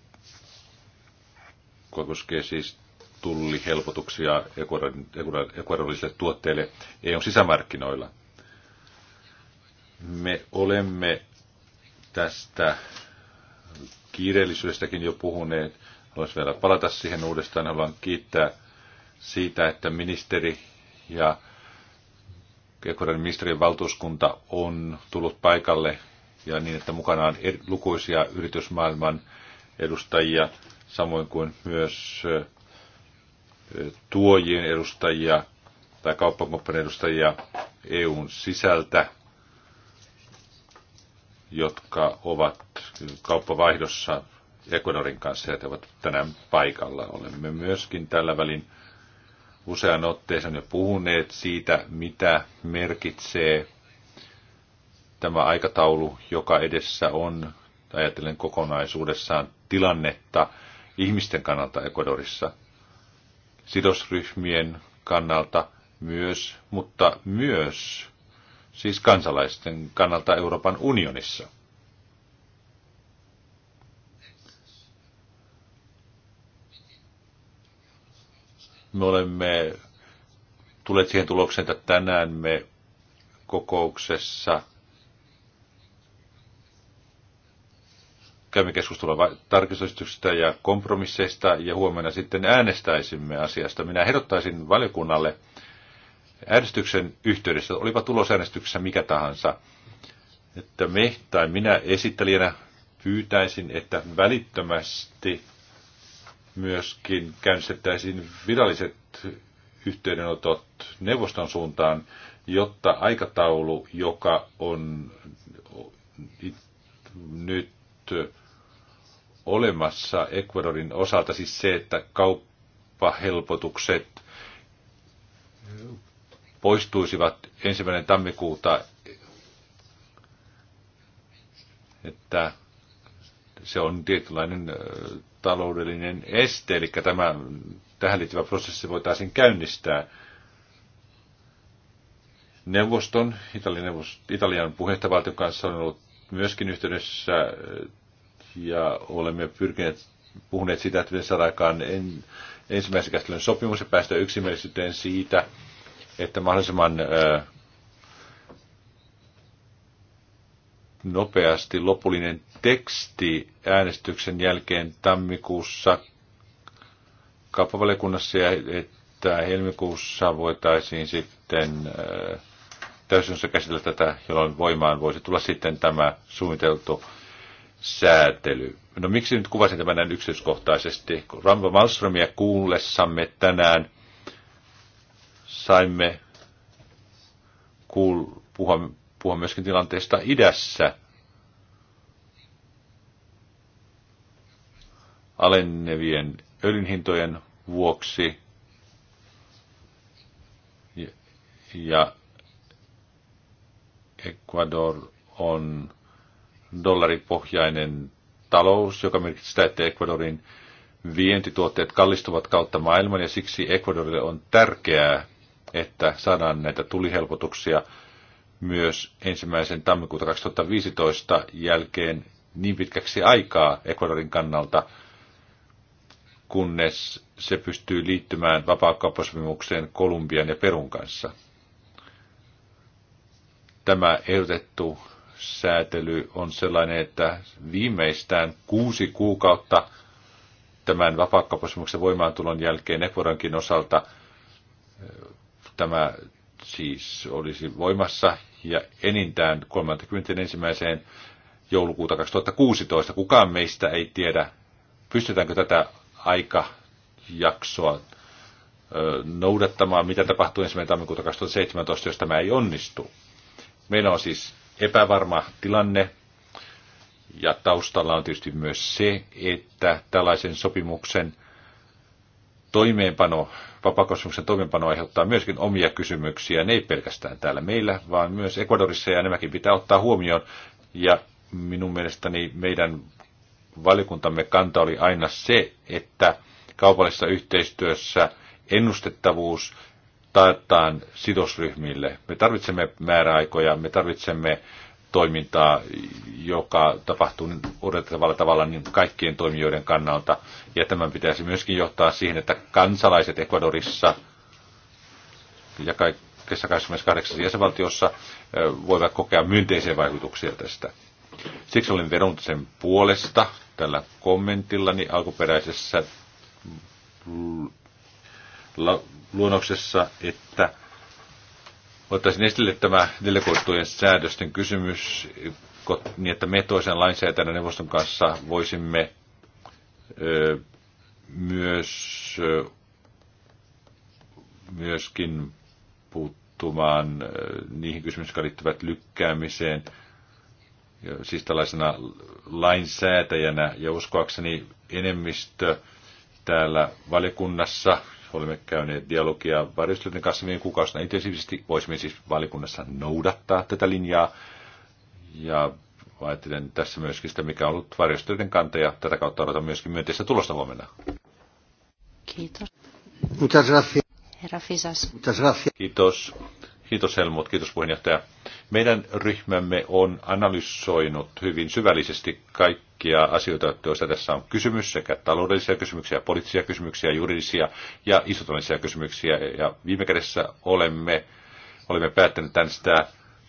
koskee siis tullihelpotuksia ecuadorisille tuotteille EUn sisämarkkinoilla. Me olemme tästä kiireellisyydestäkin jo puhuneet. Haluaisin vielä palata siihen uudestaan. Haluan kiittää siitä, että ministeri ja Korean ministeriön valtuuskunta on tullut paikalle ja niin, että mukana on lukuisia yritysmaailman edustajia, samoin kuin myös tuojien edustajia tai kauppakumppanin edustajia EUn sisältä, jotka ovat kauppavaihdossa Ecuadorin kanssa ja ovat tänään paikalla. Olemme myöskin tällä välin usean otteeseen jo puhuneet siitä, mitä merkitsee tämä aikataulu, joka edessä on, ajatellen kokonaisuudessaan tilannetta ihmisten kannalta Ecuadorissa, sidosryhmien kannalta myös, mutta myös siis kansalaisten kannalta Euroopan unionissa – Me olemme tulleet siihen tulokseen, että tänään me kokouksessa käymme keskustelua tarkistuksista ja kompromisseista ja huomenna sitten äänestäisimme asiasta. Minä ehdottaisin valiokunnalle äänestyksen yhteydessä, olipa tulosäänestyksessä mikä tahansa, että me tai minä esittelijänä pyytäisin, että välittömästi myöskin käynnistettäisiin viralliset yhteydenotot neuvoston suuntaan, jotta aikataulu, joka on nyt olemassa Ecuadorin osalta, siis se, että kauppahelpotukset poistuisivat ensimmäinen tammikuuta, että se on tietynlainen taloudellinen este, eli tämä tähän liittyvä prosessi voitaisiin käynnistää. Neuvoston, Italian, neuvost, Italian puheenjohtajavaltion kanssa on ollut myöskin yhteydessä ja olemme pyrkineet puhuneet siitä, että saadaan aikaan en, ensimmäisen käsittelyn sopimus ja päästä yksimielisyyteen siitä, että mahdollisimman nopeasti lopullinen teksti äänestyksen jälkeen tammikuussa kauppavaliokunnassa ja että helmikuussa voitaisiin sitten äh, täysin käsitellä tätä, jolloin voimaan voisi tulla sitten tämä suunniteltu säätely. No miksi nyt kuvasin tämän näin yksityiskohtaisesti? Kun Rambo Malmströmiä kuullessamme tänään saimme kuul- puhua puhua myöskin tilanteesta idässä. Alennevien öljynhintojen vuoksi ja Ecuador on dollaripohjainen talous, joka merkitsee sitä, että Ecuadorin vientituotteet kallistuvat kautta maailman ja siksi Ecuadorille on tärkeää, että saadaan näitä tulihelpotuksia myös ensimmäisen tammikuuta 2015 jälkeen niin pitkäksi aikaa Ecuadorin kannalta, kunnes se pystyy liittymään vapaakauppasopimukseen Kolumbian ja Perun kanssa. Tämä ehdotettu säätely on sellainen, että viimeistään kuusi kuukautta tämän vapaakauppasopimuksen voimaantulon jälkeen Ecuadorinkin osalta eh, tämä siis olisi voimassa ja enintään 31. joulukuuta 2016. Kukaan meistä ei tiedä, pystytäänkö tätä aikajaksoa noudattamaan, mitä tapahtuu ensimmäinen tammikuuta 2017, jos tämä ei onnistu. Meillä on siis epävarma tilanne, ja taustalla on tietysti myös se, että tällaisen sopimuksen – toimeenpano, vapaakosmuksen toimeenpano aiheuttaa myöskin omia kysymyksiä, ne ei pelkästään täällä meillä, vaan myös Ecuadorissa, ja nämäkin pitää ottaa huomioon. Ja minun mielestäni meidän valikuntamme kanta oli aina se, että kaupallisessa yhteistyössä ennustettavuus taetaan sidosryhmille. Me tarvitsemme määräaikoja, me tarvitsemme toimintaa, joka tapahtuu niin odotettavalla tavalla niin kaikkien toimijoiden kannalta. Ja tämän pitäisi myöskin johtaa siihen, että kansalaiset Ecuadorissa ja kaikissa 28 jäsenvaltiossa voivat kokea myönteisiä vaikutuksia tästä. Siksi olin vedonnut sen puolesta tällä kommentillani alkuperäisessä luonnoksessa, että Ottaisin esille tämä delegoittujen säädösten kysymys, niin että me toisen lainsäätäjän neuvoston kanssa voisimme ö, myös ö, myöskin puuttumaan ö, niihin kysymyksiin, jotka liittyvät lykkäämiseen, siis tällaisena lainsäätäjänä, ja uskoakseni enemmistö täällä valiokunnassa olemme käyneet dialogia varjostelijoiden kanssa meidän kuukausina intensiivisesti. Voisimme siis valikunnassa noudattaa tätä linjaa. Ja ajattelen tässä myöskin sitä, mikä on ollut varjostelijoiden kanta, ja tätä kautta odotan myöskin myönteistä tulosta huomenna. Kiitos. Muchas gracias. Herra Fisas. Muchas gracias. Kiitos. Kiitos Helmut, kiitos puheenjohtaja. Meidän ryhmämme on analysoinut hyvin syvällisesti kaikkia asioita, joista tässä on kysymys, sekä taloudellisia kysymyksiä, poliittisia kysymyksiä, juridisia ja isotunnellisia kysymyksiä. Ja viime kädessä olemme, olemme päättäneet sitä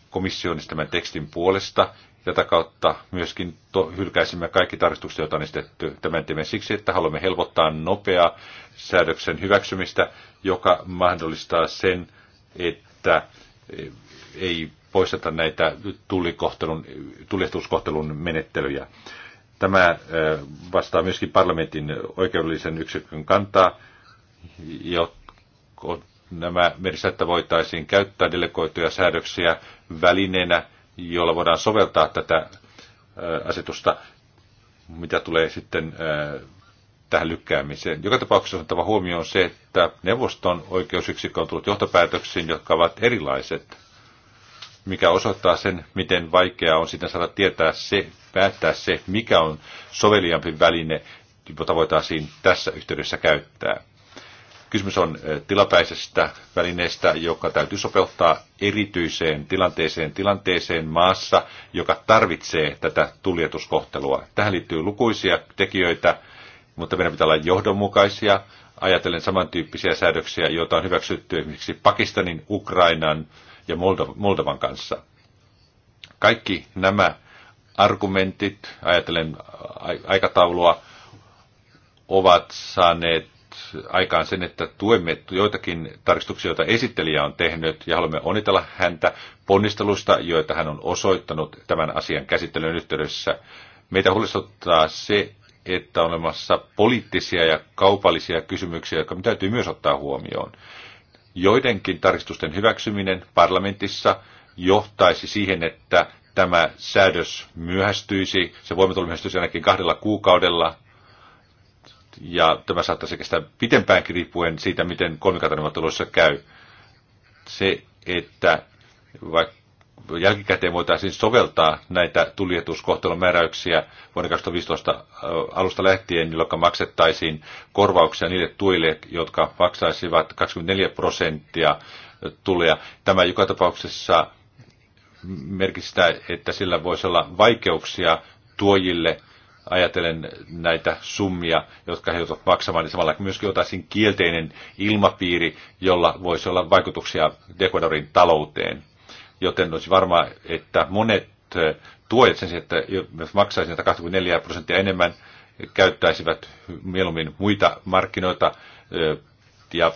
komissionista tämän tekstin puolesta. Tätä kautta myöskin to, hylkäisimme kaikki tarkistukset, joita on esitetty. Tämän teemme siksi, että haluamme helpottaa nopeaa säädöksen hyväksymistä, joka mahdollistaa sen, että että ei poisteta näitä tullikohtelun, tullistuskohtelun menettelyjä. Tämä äh, vastaa myöskin parlamentin oikeudellisen yksikön kantaa, jotka nämä merisättä voitaisiin käyttää delegoituja säädöksiä välineenä, jolla voidaan soveltaa tätä äh, asetusta, mitä tulee sitten äh, tähän lykkäämiseen. Joka tapauksessa on otettava huomioon se, että neuvoston oikeusyksikkö on tullut johtopäätöksiin, jotka ovat erilaiset, mikä osoittaa sen, miten vaikeaa on sitten saada tietää se, päättää se, mikä on soveliampi väline, jota voitaisiin tässä yhteydessä käyttää. Kysymys on eh, tilapäisestä välineestä, joka täytyy sopeuttaa erityiseen tilanteeseen, tilanteeseen maassa, joka tarvitsee tätä tuljetuskohtelua. Tähän liittyy lukuisia tekijöitä, mutta meidän pitää olla johdonmukaisia, ajatellen samantyyppisiä säädöksiä, joita on hyväksytty esimerkiksi Pakistanin, Ukrainan ja Moldovan kanssa. Kaikki nämä argumentit, ajatellen aikataulua, ovat saaneet aikaan sen, että tuemme joitakin tarkistuksia, joita esittelijä on tehnyt, ja haluamme onnitella häntä ponnistelusta, joita hän on osoittanut tämän asian käsittelyn yhteydessä. Meitä huolestuttaa se, että on olemassa poliittisia ja kaupallisia kysymyksiä, jotka täytyy myös ottaa huomioon. Joidenkin tarkistusten hyväksyminen parlamentissa johtaisi siihen, että tämä säädös myöhästyisi, se voimatulo myöhästyisi ainakin kahdella kuukaudella, ja tämä saattaisi kestää pitempäänkin riippuen siitä, miten kolmikantaneuvotteluissa käy. Se, että vaikka jälkikäteen voitaisiin soveltaa näitä tuljetuskohtelun määräyksiä vuoden 2015 alusta lähtien, jolloin maksettaisiin korvauksia niille tuille, jotka maksaisivat 24 prosenttia tulia. Tämä joka tapauksessa merkitsee että sillä voisi olla vaikeuksia tuojille ajatellen näitä summia, jotka he joutuvat maksamaan, niin samalla myöskin jotain kielteinen ilmapiiri, jolla voisi olla vaikutuksia Ecuadorin talouteen joten olisi varma, että monet eh, tuojat sen että jos maksaisivat 24 prosenttia enemmän, käyttäisivät mieluummin muita markkinoita eh, ja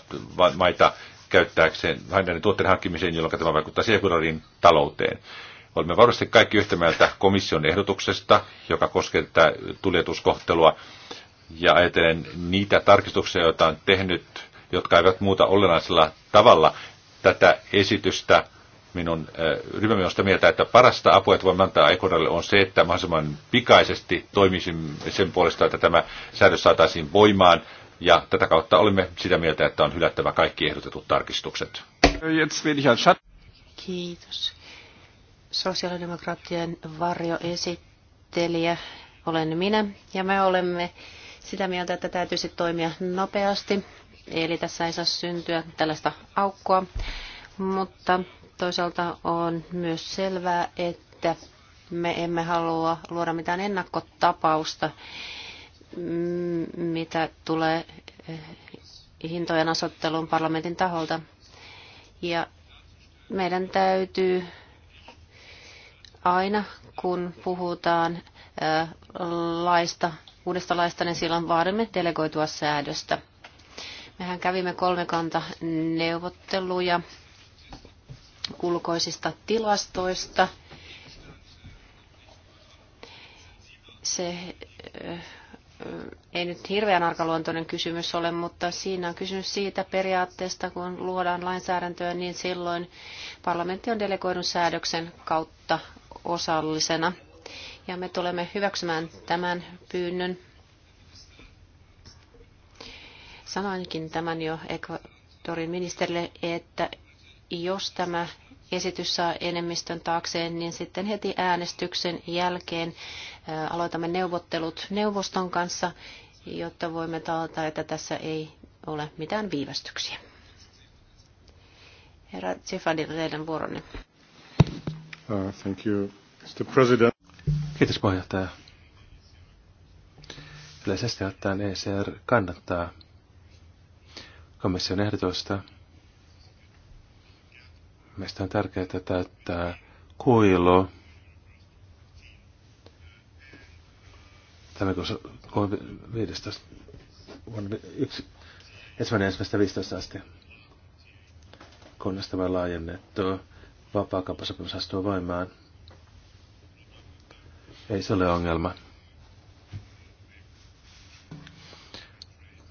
maita käyttääkseen näiden tuotteiden hankkimiseen, jolloin tämä vaikuttaa Ecuadorin talouteen. Olemme varmasti kaikki yhtä mieltä komission ehdotuksesta, joka koskee tätä tuljetuskohtelua, ja ajatellen niitä tarkistuksia, joita on tehnyt, jotka eivät muuta olennaisella tavalla tätä esitystä minun äh, ryhmämme on sitä mieltä, että parasta apua, että voimme antaa Ecuadorille, on se, että mahdollisimman pikaisesti toimisimme sen puolesta, että tämä säädös saataisiin voimaan. Ja tätä kautta olemme sitä mieltä, että on hylättävä kaikki ehdotetut tarkistukset. Kiitos. Sosiaalidemokraattien varjoesittelijä olen minä, ja me olemme sitä mieltä, että täytyisi toimia nopeasti, eli tässä ei saa syntyä tällaista aukkoa mutta Toisaalta on myös selvää, että me emme halua luoda mitään ennakkotapausta, mitä tulee eh, hintojen asotteluun parlamentin taholta. Ja meidän täytyy aina, kun puhutaan eh, laista, uudesta laista, niin silloin vaadimme delegoitua säädöstä. Mehän kävimme kolmekanta neuvotteluja ulkoisista tilastoista. Se eh, ei nyt hirveän arkaluontoinen kysymys ole, mutta siinä on kysymys siitä periaatteesta, kun luodaan lainsäädäntöä, niin silloin parlamentti on delegoidun säädöksen kautta osallisena. Ja me tulemme hyväksymään tämän pyynnön. Sanoinkin tämän jo Ecuadorin ministerille, että jos tämä esitys saa enemmistön taakseen, niin sitten heti äänestyksen jälkeen aloitamme neuvottelut neuvoston kanssa, jotta voimme taata, että tässä ei ole mitään viivästyksiä. Herra Tsefadi, teidän vuoronne. Uh, thank you, Mr. President. Kiitos puheenjohtaja. Yleisesti ottaen ECR kannattaa komission ehdotusta – Meistä on tärkeää täyttää kuilu. Tammikuussa 15. Vuonna 1. Ensimmäinen ensimmäistä 15 asti. Kunnes tämä laajennettu vapaakauppasopimus astuu voimaan. Ei se ole ongelma.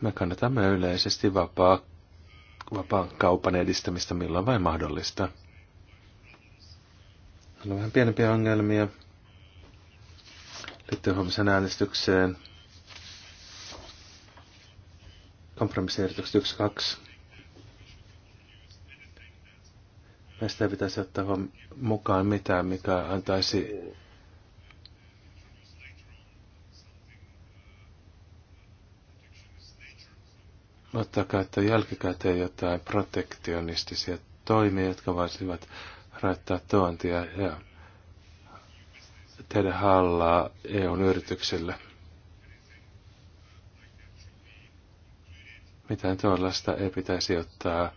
Me kannatamme yleisesti vapaa vapaan kaupan edistämistä milloin vain mahdollista. On vähän pienempiä ongelmia liittyen huomisen äänestykseen. Kompromissiehdotukset 1 2. Meistä ei pitäisi ottaa mukaan mitään, mikä antaisi ottaa käyttöön jälkikäteen jotain protektionistisia toimia, jotka voisivat rajoittaa tuontia ja tehdä hallaa EUn yrityksille. Mitään tuollaista ei pitäisi ottaa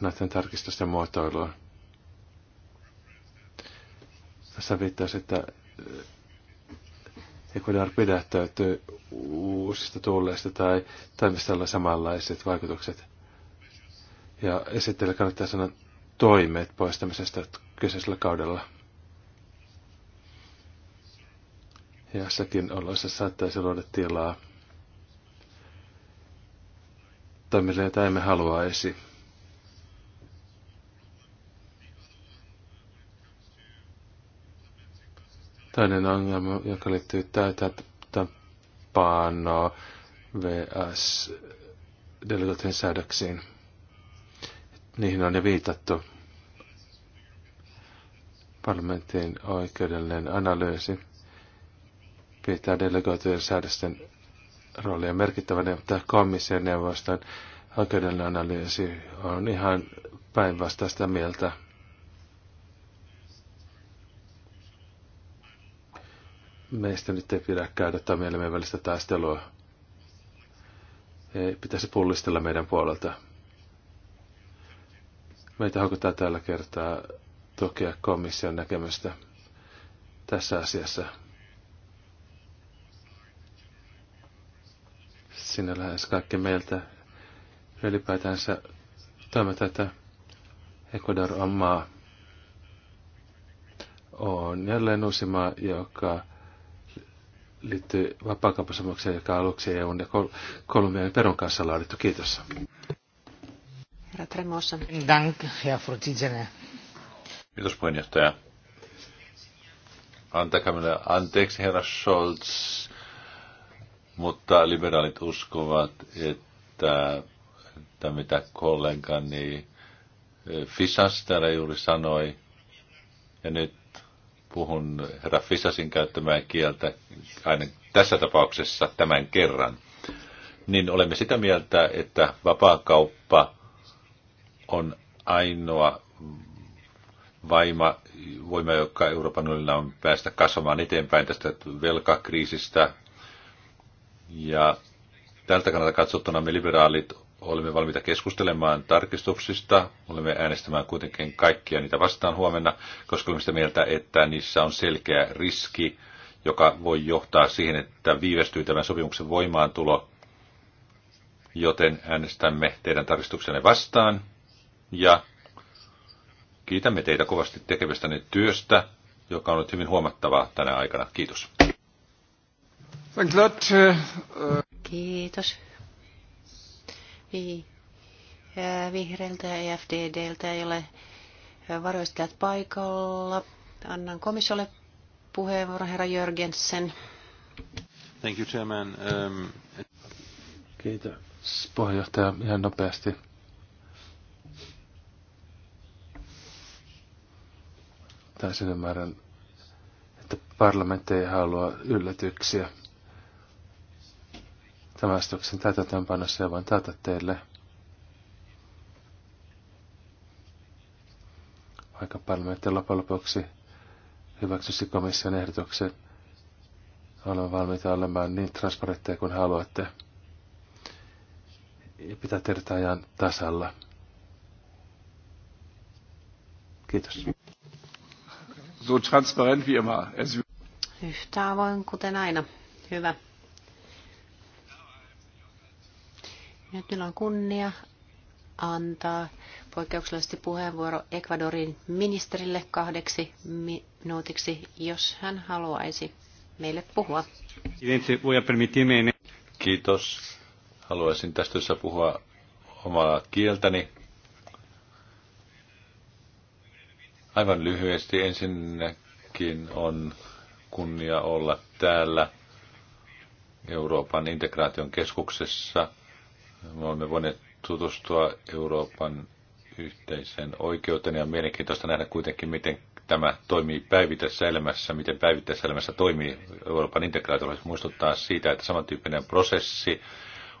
näiden tarkistusten muotoiluun. Tässä viittaisi, että Ecuador pidättäytyy uusista tulleista tai toimistolla samanlaiset vaikutukset. Ja esittelyllä kannattaa sanoa toimet poistamisesta kyseisellä kaudella. Jossakin oloissa saattaisi luoda tilaa toimille, jota emme haluaisi. Toinen ongelma, joka liittyy täytäntöpaanoon vs. delegatin säädöksiin. Niihin on jo viitattu. Parlamentin oikeudellinen analyysi pitää delegoitujen säädösten roolia merkittävänä, mutta komission neuvoston oikeudellinen analyysi on ihan päinvastaista mieltä. meistä nyt ei pidä käydä tai mielemme välistä taistelua. Ei pitäisi pullistella meidän puolelta. Meitä haukutaan tällä kertaa tukea komission näkemystä tässä asiassa. Sinä lähes kaikki meiltä ylipäätänsä toimme tätä. Ecuador on maa. On jälleen uusi maa, joka liittyy vapaakauppasopimukseen, joka on aluksi EUn ja kol- Kolumbian peron kanssa laadittu. Kiitos. Herra Tremossa. Dank, herra Frutizene. Kiitos puheenjohtaja. Antakaa minulle anteeksi, herra Scholz, mutta liberaalit uskovat, että, että mitä kollegani eh, Fisas täällä juuri sanoi, ja nyt puhun herra Fisasin käyttämään kieltä aina tässä tapauksessa tämän kerran, niin olemme sitä mieltä, että vapaakauppa on ainoa vaima, voima, joka Euroopan unionilla on päästä kasvamaan eteenpäin tästä velkakriisistä. Ja tältä kannalta katsottuna me liberaalit Olemme valmiita keskustelemaan tarkistuksista. Olemme äänestämään kuitenkin kaikkia niitä vastaan huomenna, koska olemme sitä mieltä, että niissä on selkeä riski, joka voi johtaa siihen, että viivästyy tämän sopimuksen voimaantulo. Joten äänestämme teidän tarkistuksenne vastaan ja kiitämme teitä kovasti tekemästänne työstä, joka on ollut hyvin huomattavaa tänä aikana. Kiitos. Uh, uh, Kiitos vihreiltä ja FDDltä ei ole varoistajat paikalla. Annan komissiolle puheenvuoron herra Jörgensen. Thank you, Chairman. Um... Kiitos puheenjohtaja ihan nopeasti. Täysin ymmärrän, että parlamentti ei halua yllätyksiä tämän astuksen täytäntöönpanossa ja voin taata teille, vaikka että loppujen lopuksi hyväksyisi komission ehdotuksen, olemme valmiita olemaan niin transparentteja kuin haluatte. Ja pitää tehdä ajan tasalla. Kiitos. So transparent wie immer. Yhtä avoin kuten aina. Hyvä. Nyt meillä on kunnia antaa poikkeuksellisesti puheenvuoro Ecuadorin ministerille kahdeksi minuutiksi, jos hän haluaisi meille puhua. Kiitos. Haluaisin tästä puhua omaa kieltäni. Aivan lyhyesti ensinnäkin on kunnia olla täällä Euroopan integraation keskuksessa – me olemme voineet tutustua Euroopan yhteiseen oikeuteen ja on mielenkiintoista nähdä kuitenkin, miten tämä toimii päivittäisessä elämässä, miten päivittäisessä elämässä toimii Euroopan integraatio. Haluaisin muistuttaa siitä, että samantyyppinen prosessi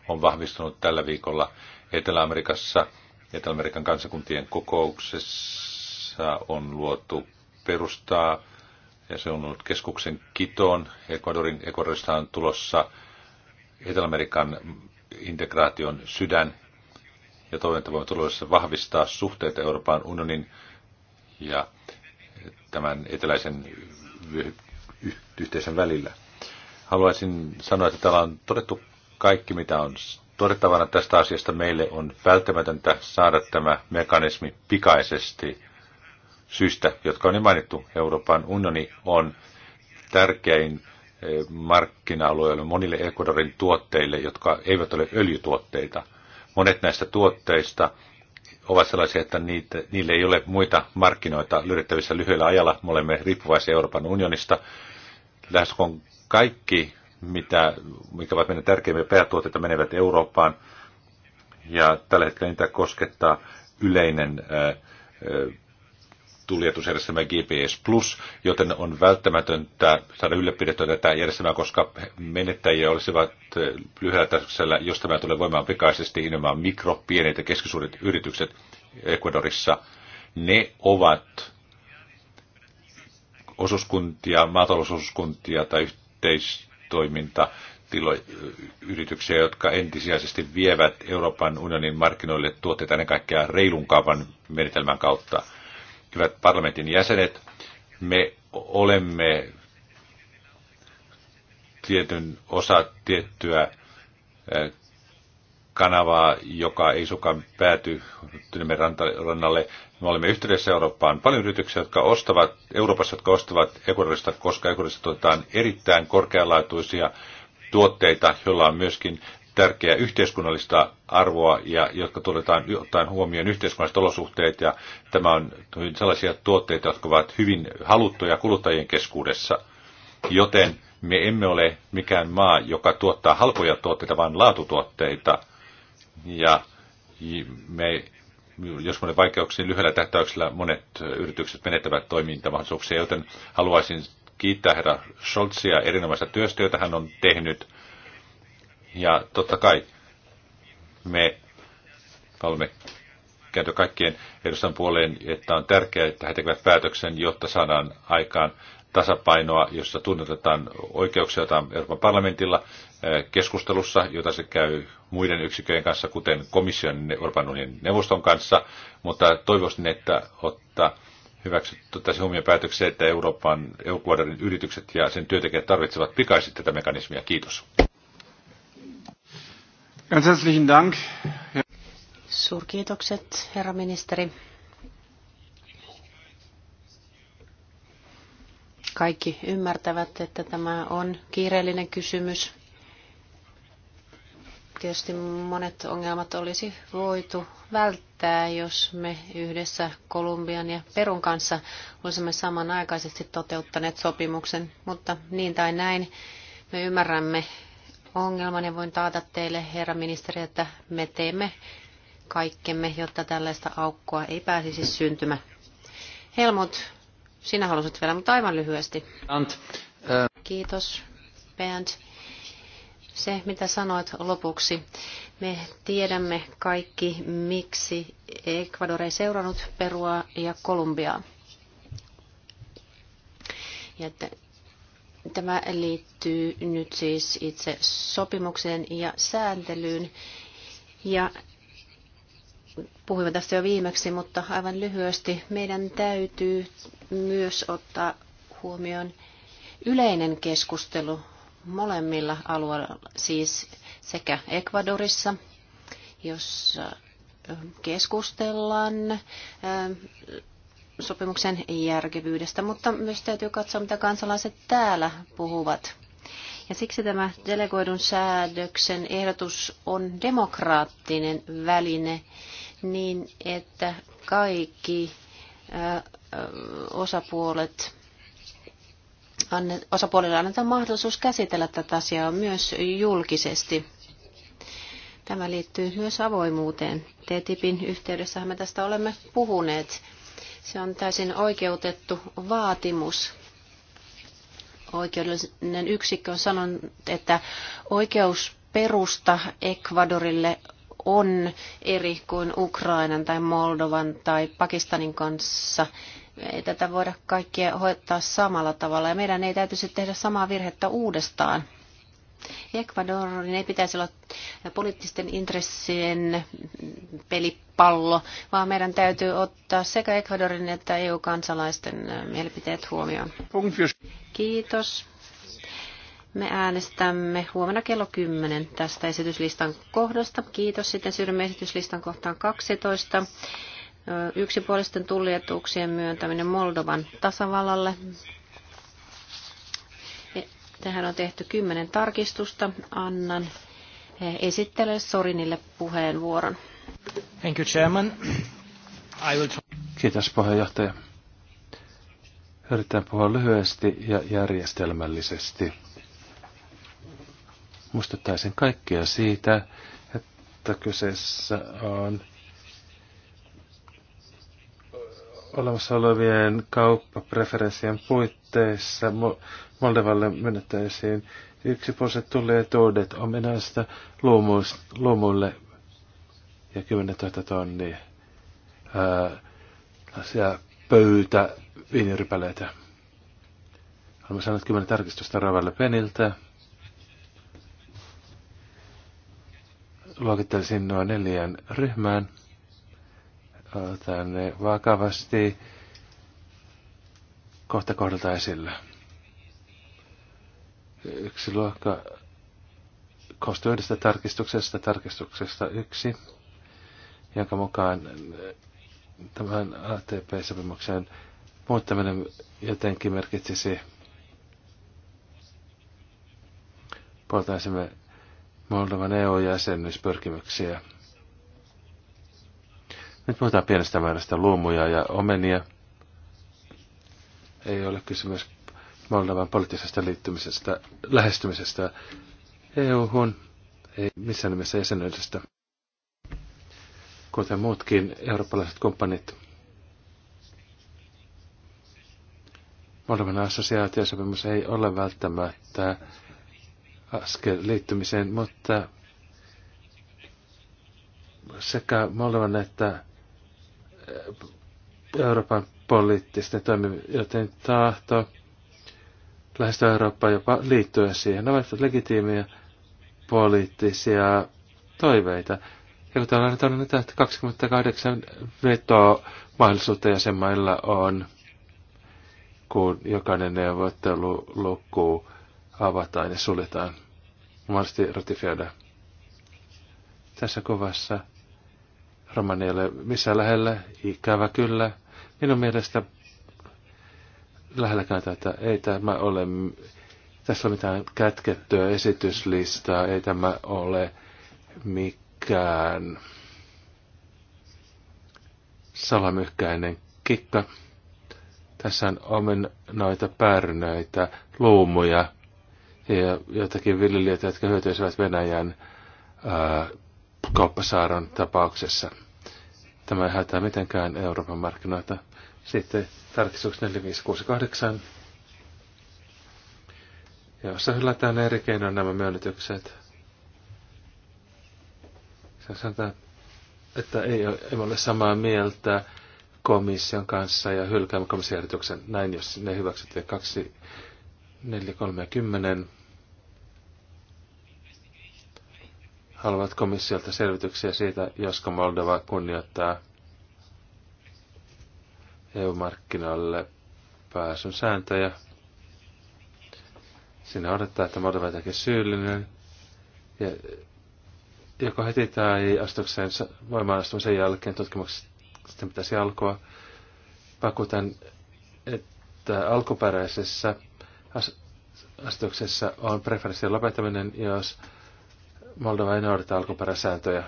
on vahvistunut tällä viikolla Etelä-Amerikassa. Etelä-Amerikan kansakuntien kokouksessa on luotu perustaa ja se on ollut keskuksen kitoon. Ecuadorin Ecuadorista on tulossa Etelä-Amerikan integraation sydän. Ja toivon, että voimme tulevaisuudessa vahvistaa suhteet Euroopan unionin ja tämän eteläisen yhteisön välillä. Haluaisin sanoa, että täällä on todettu kaikki, mitä on todettavana tästä asiasta. Meille on välttämätöntä saada tämä mekanismi pikaisesti syistä, jotka on jo mainittu. Euroopan unioni on tärkein markkina-alueelle monille Ecuadorin tuotteille, jotka eivät ole öljytuotteita. Monet näistä tuotteista ovat sellaisia, että niitä, niille ei ole muita markkinoita löydettävissä lyhyellä ajalla. Me olemme riippuvaisia Euroopan unionista. Lähes kun kaikki, mitä, mikä ovat meidän tärkeimpiä päätuotteita, menevät Eurooppaan. Ja tällä hetkellä niitä koskettaa yleinen Tuljetusjärjestelmä GPS Plus, joten on välttämätöntä saada ylläpidettyä tätä järjestelmää, koska menettäjiä olisivat eh, lyhyellä tarkoituksella, jos tämä tulee voimaan pikaisesti, nimenomaan mikro, pienet ja keskisuuret yritykset Ecuadorissa. Ne ovat osuuskuntia, maatalousosuuskuntia tai yhteistoiminta yrityksiä, jotka entisijaisesti vievät Euroopan unionin markkinoille tuotteita ennen kaikkea reilun kaavan menetelmän kautta hyvät parlamentin jäsenet, me olemme tietyn osa tiettyä eh, kanavaa, joka ei sukaan pääty Tynemen rannalle. Me olemme yhteydessä Eurooppaan paljon yrityksiä, jotka ostavat, Euroopassa, jotka ostavat Ecuadorista, koska Ecuadorista tuotetaan erittäin korkealaatuisia tuotteita, joilla on myöskin tärkeää yhteiskunnallista arvoa ja jotka tuotetaan ottaen huomioon yhteiskunnalliset olosuhteet ja tämä on sellaisia tuotteita, jotka ovat hyvin haluttuja kuluttajien keskuudessa. Joten me emme ole mikään maa, joka tuottaa halpoja tuotteita, vaan laatutuotteita. Ja me, jos monen vaikeuksien lyhyellä tähtäyksellä monet yritykset menettävät toimintamahdollisuuksia, joten haluaisin kiittää herra Scholzia erinomaista työstä, jota hän on tehnyt – ja totta kai me olemme käyty kaikkien edustan puoleen, että on tärkeää, että he tekevät päätöksen, jotta saadaan aikaan tasapainoa, jossa tunnetetaan oikeuksia, joita Euroopan parlamentilla eh, keskustelussa, jota se käy muiden yksiköjen kanssa, kuten komission Euroopan unionin neuvoston kanssa, mutta toivoisin, että ottaa hyväksyttäisiin huomioon päätöksiä, että Euroopan eu yritykset ja sen työntekijät tarvitsevat pikaisesti tätä mekanismia. Kiitos. Ganz herzlichen Dank. Suurkiitokset, herra ministeri. Kaikki ymmärtävät, että tämä on kiireellinen kysymys. Tietysti monet ongelmat olisi voitu välttää, jos me yhdessä Kolumbian ja Perun kanssa olisimme samanaikaisesti toteuttaneet sopimuksen, mutta niin tai näin me ymmärrämme ongelman ja voin taata teille, herra ministeri, että me teemme kaikkemme, jotta tällaista aukkoa ei pääsisi syntymä. Helmut, sinä halusit vielä, mutta aivan lyhyesti. Ant, ää... Äh. Kiitos, Bernd. Se, mitä sanoit lopuksi, me tiedämme kaikki, miksi Ecuador ei seurannut Perua ja Kolumbiaa. Ja että Tämä liittyy nyt siis itse sopimukseen ja sääntelyyn. Ja puhuimme tästä jo viimeksi, mutta aivan lyhyesti meidän täytyy myös ottaa huomioon yleinen keskustelu molemmilla alueilla, siis sekä Ecuadorissa, jossa keskustellaan sopimuksen järkevyydestä, mutta myös täytyy katsoa, mitä kansalaiset täällä puhuvat. Ja siksi tämä delegoidun säädöksen ehdotus on demokraattinen väline niin, että kaikki osapuolet osapuolille annetaan mahdollisuus käsitellä tätä asiaa myös julkisesti. Tämä liittyy myös avoimuuteen. TTIPin yhteydessä me tästä olemme puhuneet. Se on täysin oikeutettu vaatimus. Oikeudellinen yksikkö on sanonut, että oikeusperusta Ecuadorille on eri kuin Ukrainan tai Moldovan tai Pakistanin kanssa. Ei tätä voida kaikkia hoitaa samalla tavalla ja meidän ei täytyisi tehdä samaa virhettä uudestaan. Ecuadorin ei pitäisi olla poliittisten intressien pelipallo, vaan meidän täytyy ottaa sekä Ecuadorin että EU-kansalaisten äh, mielipiteet huomioon. Kiitos. Me äänestämme huomenna kello 10 tästä esityslistan kohdasta. Kiitos. Sitten siirrymme esityslistan kohtaan 12. Yksipuolisten tullietuuksien myöntäminen Moldovan tasavallalle. Tähän on tehty kymmenen tarkistusta. Annan eh, esittelylle Sorinille puheenvuoron. Thank you, Chairman. I will... Kiitos puheenjohtaja. Yritän puhua lyhyesti ja järjestelmällisesti. Muistuttaisin kaikkia siitä, että kyseessä on olemassa olevien kauppapreferenssien puitteissa Moldovalle menettäisiin tulee tullietuudet ominaista luomuille ja 10 000 tonnia ää, pöytä viinirypäleitä. Olemme saaneet kymmenen tarkistusta Ravalle Peniltä. Luokittelisin noin neljän ryhmään. Otan ne vakavasti kohta kohdalta esille. Yksi luokka koostuu yhdestä tarkistuksesta, tarkistuksesta yksi, jonka mukaan eh, tämän ATP-sopimuksen muuttaminen jotenkin merkitsisi puoltaisimme Moldovan eu jäsennyspyrkimyksiä Nyt puhutaan pienestä määrästä luomuja ja omenia. Ei ole kysymys Moldovan poliittisesta liittymisestä, lähestymisestä EU-hun, ei missään nimessä jäsenyydestä. Kuten muutkin eurooppalaiset kumppanit, Moldovan assosiaatiosopimus ei ole välttämättä askel liittymiseen, mutta sekä Moldovan että eh, Euroopan poliittisten toimijoiden tahto lähestyä Eurooppaa, jopa liittyä siihen. Ne ovat legitiimiä poliittisia toiveita. Ja kun täällä on että 28 vetoa mahdollisuutta jäsenmailla on, kun jokainen neuvottelu lukkuu avataan ja suljetaan. Mahdollisesti ratifioida. Tässä kuvassa Romania ei ole missään lähellä, ikävä kyllä. Minun mielestä lähelläkään tätä. Ei tämä ole, tässä on mitään kätkettyä esityslistaa, ei tämä ole mikään salamyhkäinen kikka. Tässä on omen, noita päärynöitä, luumuja ja jotakin viljelijöitä, jotka hyötyisivät Venäjän ää, kauppasaaron tapauksessa. Tämä ei haittaa mitenkään Euroopan markkinoita. Sitten tarkistus 4568, jossa hylätään eri keinoin nämä myönnytykset. Se sanotaan, että ei, ei ole samaa mieltä komission kanssa ja hylkäämme komissiojärjestyksen. Näin, jos ne hyväksytte 2, 4, 3 ja 10. Haluavat komissiolta selvityksiä siitä, josko Moldova kunnioittaa EU-markkinoille pääsyn sääntöjä. Siinä odottaa, että Moldova jotenkin syyllinen. Ja joko heti tai astukseen voimaan astumisen jälkeen tutkimuksen pitäisi alkoa. Pakutan, että alkuperäisessä astuksessa on preferenssien lopettaminen, jos Moldova ei noudata alkuperäisääntöjä.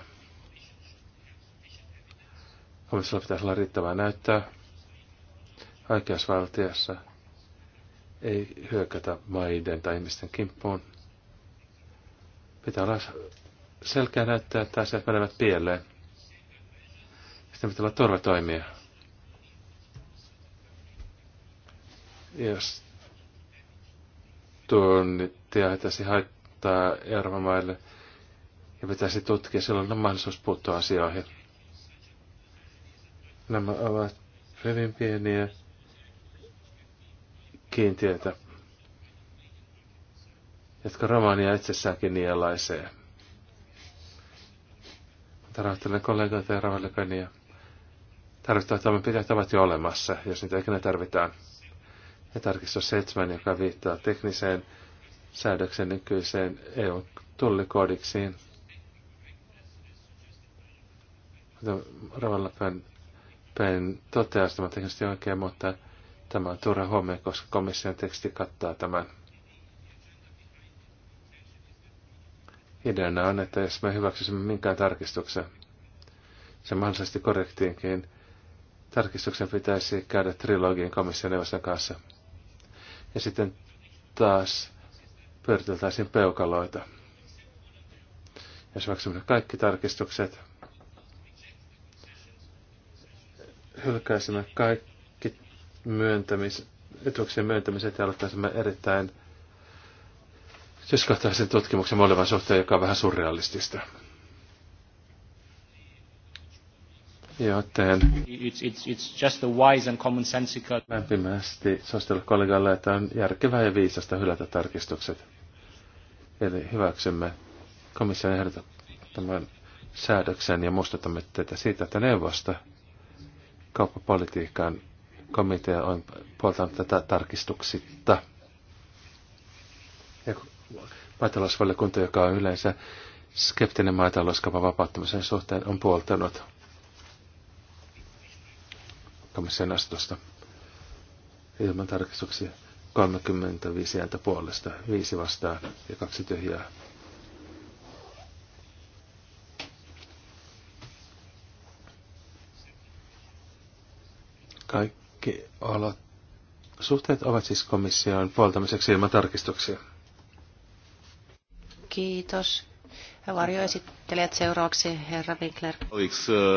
Komissiolla pitäisi olla riittävää näyttöä oikeusvaltiossa ei hyökätä maiden tai ihmisten kimppuun. Pitää olla selkeä näyttää, että asiat menevät pieleen. Sitten pitää olla turvatoimia. Jos tuontia pitäisi haittaa ervamaille ja pitäisi tutkia, silloin on mahdollisuus puuttua asioihin. Nämä ovat hyvin pieniä kiintiötä, jotka romaania itsessäänkin nielaisee. Tarvittelen kollegoita ja ravallikania. Tarvittavat toimenpiteet ovat jo olemassa, jos niitä ikinä tarvitaan. Ja tarkistus 7, joka viittaa tekniseen säädöksen nykyiseen EU-tullikoodiksiin. Ravallikan toteaa, että teknisesti oikein, mutta Tämä on turha huomio, koska komission teksti kattaa tämän. Ideana on, että jos me hyväksyisimme minkään tarkistuksen, se mahdollisesti korrektiinkin, tarkistuksen pitäisi käydä trilogiin komissioneuvoston kanssa. Ja sitten taas pyöriteltäisiin peukaloita. Jos hyväksymme kaikki tarkistukset, hylkäisimme kaikki myöntämis, etuuksien myöntämiset ja aloittaisimme erittäin syskohtaisen tutkimuksen molemman suhteen, joka on vähän surrealistista. Joten it's, it's, it's just the wise and commonsensical. Lämpimästi suosittelen kollegalle, että on järkevää ja viisasta hylätä tarkistukset. Eli hyväksymme komission ehdottaman säädöksen ja muistutamme teitä siitä, että neuvosta kauppapolitiikan komitea on puoltanut tätä tarkistuksitta. Ja maatalousvaliokunta, joka on yleensä skeptinen maatalouskaupan vapauttamisen suhteen, on puoltanut komission asetusta ilman tarkistuksia. 35 ääntä puolesta, 5 vastaan ja kaksi tyhjää. Kaikki kaikki olot, suhteet ovat siis komission puoltamiseksi ilman tarkistuksia. Kiitos. Varjoesittelijät seuraavaksi, herra Winkler.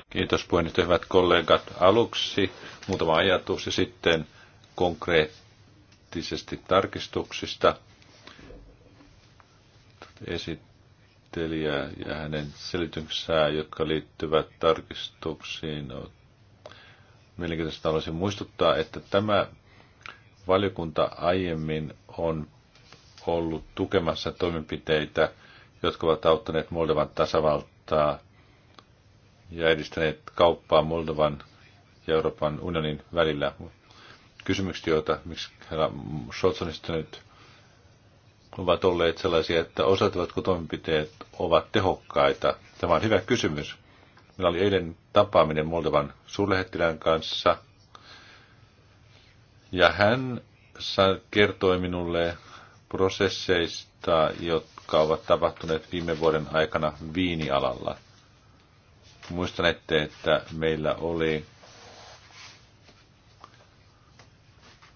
Kiitos puheenjohtaja, hyvät kollegat. Aluksi muutama ajatus ja sitten konkreettisesti tarkistuksista esittelijä ja hänen selityksensä, jotka liittyvät tarkistuksiin, mielenkiintoista haluaisin muistuttaa, että tämä valiokunta aiemmin on ollut tukemassa toimenpiteitä, jotka ovat auttaneet Moldovan tasavaltaa ja edistäneet kauppaa Moldovan ja Euroopan unionin välillä. Kysymykset, joita miksi herra Scholz on esittänyt, ovat olleet sellaisia, että osatavatko toimenpiteet ovat tehokkaita. Tämä on hyvä kysymys. Meillä oli eilen tapaaminen Moldovan suurlähettilään kanssa. Ja hän kertoi minulle prosesseista, jotka ovat tapahtuneet viime vuoden aikana viinialalla. Muistan, että meillä oli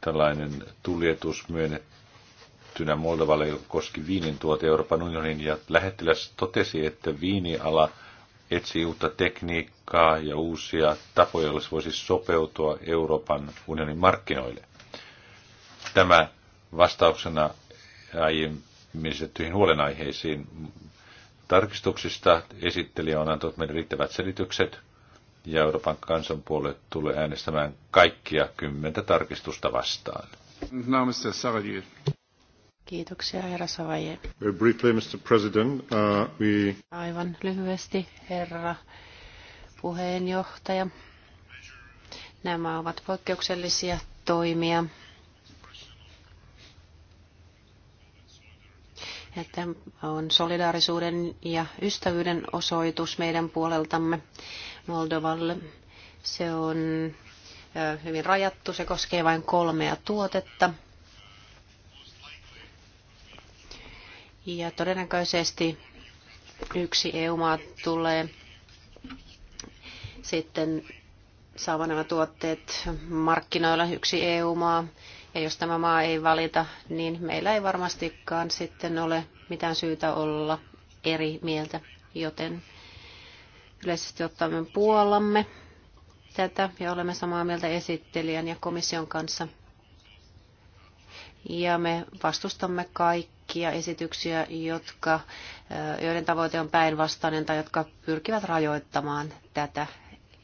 tällainen tuljetus myönnettynä Moldovalle, joka koski viinin tuote Euroopan unionin, ja lähettiläs totesi, että viiniala – etsii uutta tekniikkaa ja uusia tapoja, joilla se voisi sopeutua Euroopan unionin markkinoille. Tämä vastauksena aiemmin esitettyihin huolenaiheisiin tarkistuksista esittelijä on antanut meille riittävät selitykset, ja Euroopan kansanpuolelle tulee äänestämään kaikkia kymmentä tarkistusta vastaan. Now, Kiitoksia, herra Savaje. Very briefly, Mr. President, uh, we... Aivan lyhyesti, herra puheenjohtaja. Nämä ovat poikkeuksellisia toimia. Tämä on solidaarisuuden ja ystävyyden osoitus meidän puoleltamme Moldovalle. Se on hyvin rajattu, se koskee vain kolmea tuotetta Ja todennäköisesti yksi EU-maa tulee sitten saamaan nämä tuotteet markkinoilla yksi EU-maa. Ja jos tämä maa ei valita, niin meillä ei varmastikaan sitten ole mitään syytä olla eri mieltä, joten yleisesti ottaen puolamme tätä ja olemme samaa mieltä esittelijän ja komission kanssa. Ja me vastustamme kaikki kaikkia esityksiä, jotka, joiden tavoite on päinvastainen tai jotka pyrkivät rajoittamaan tätä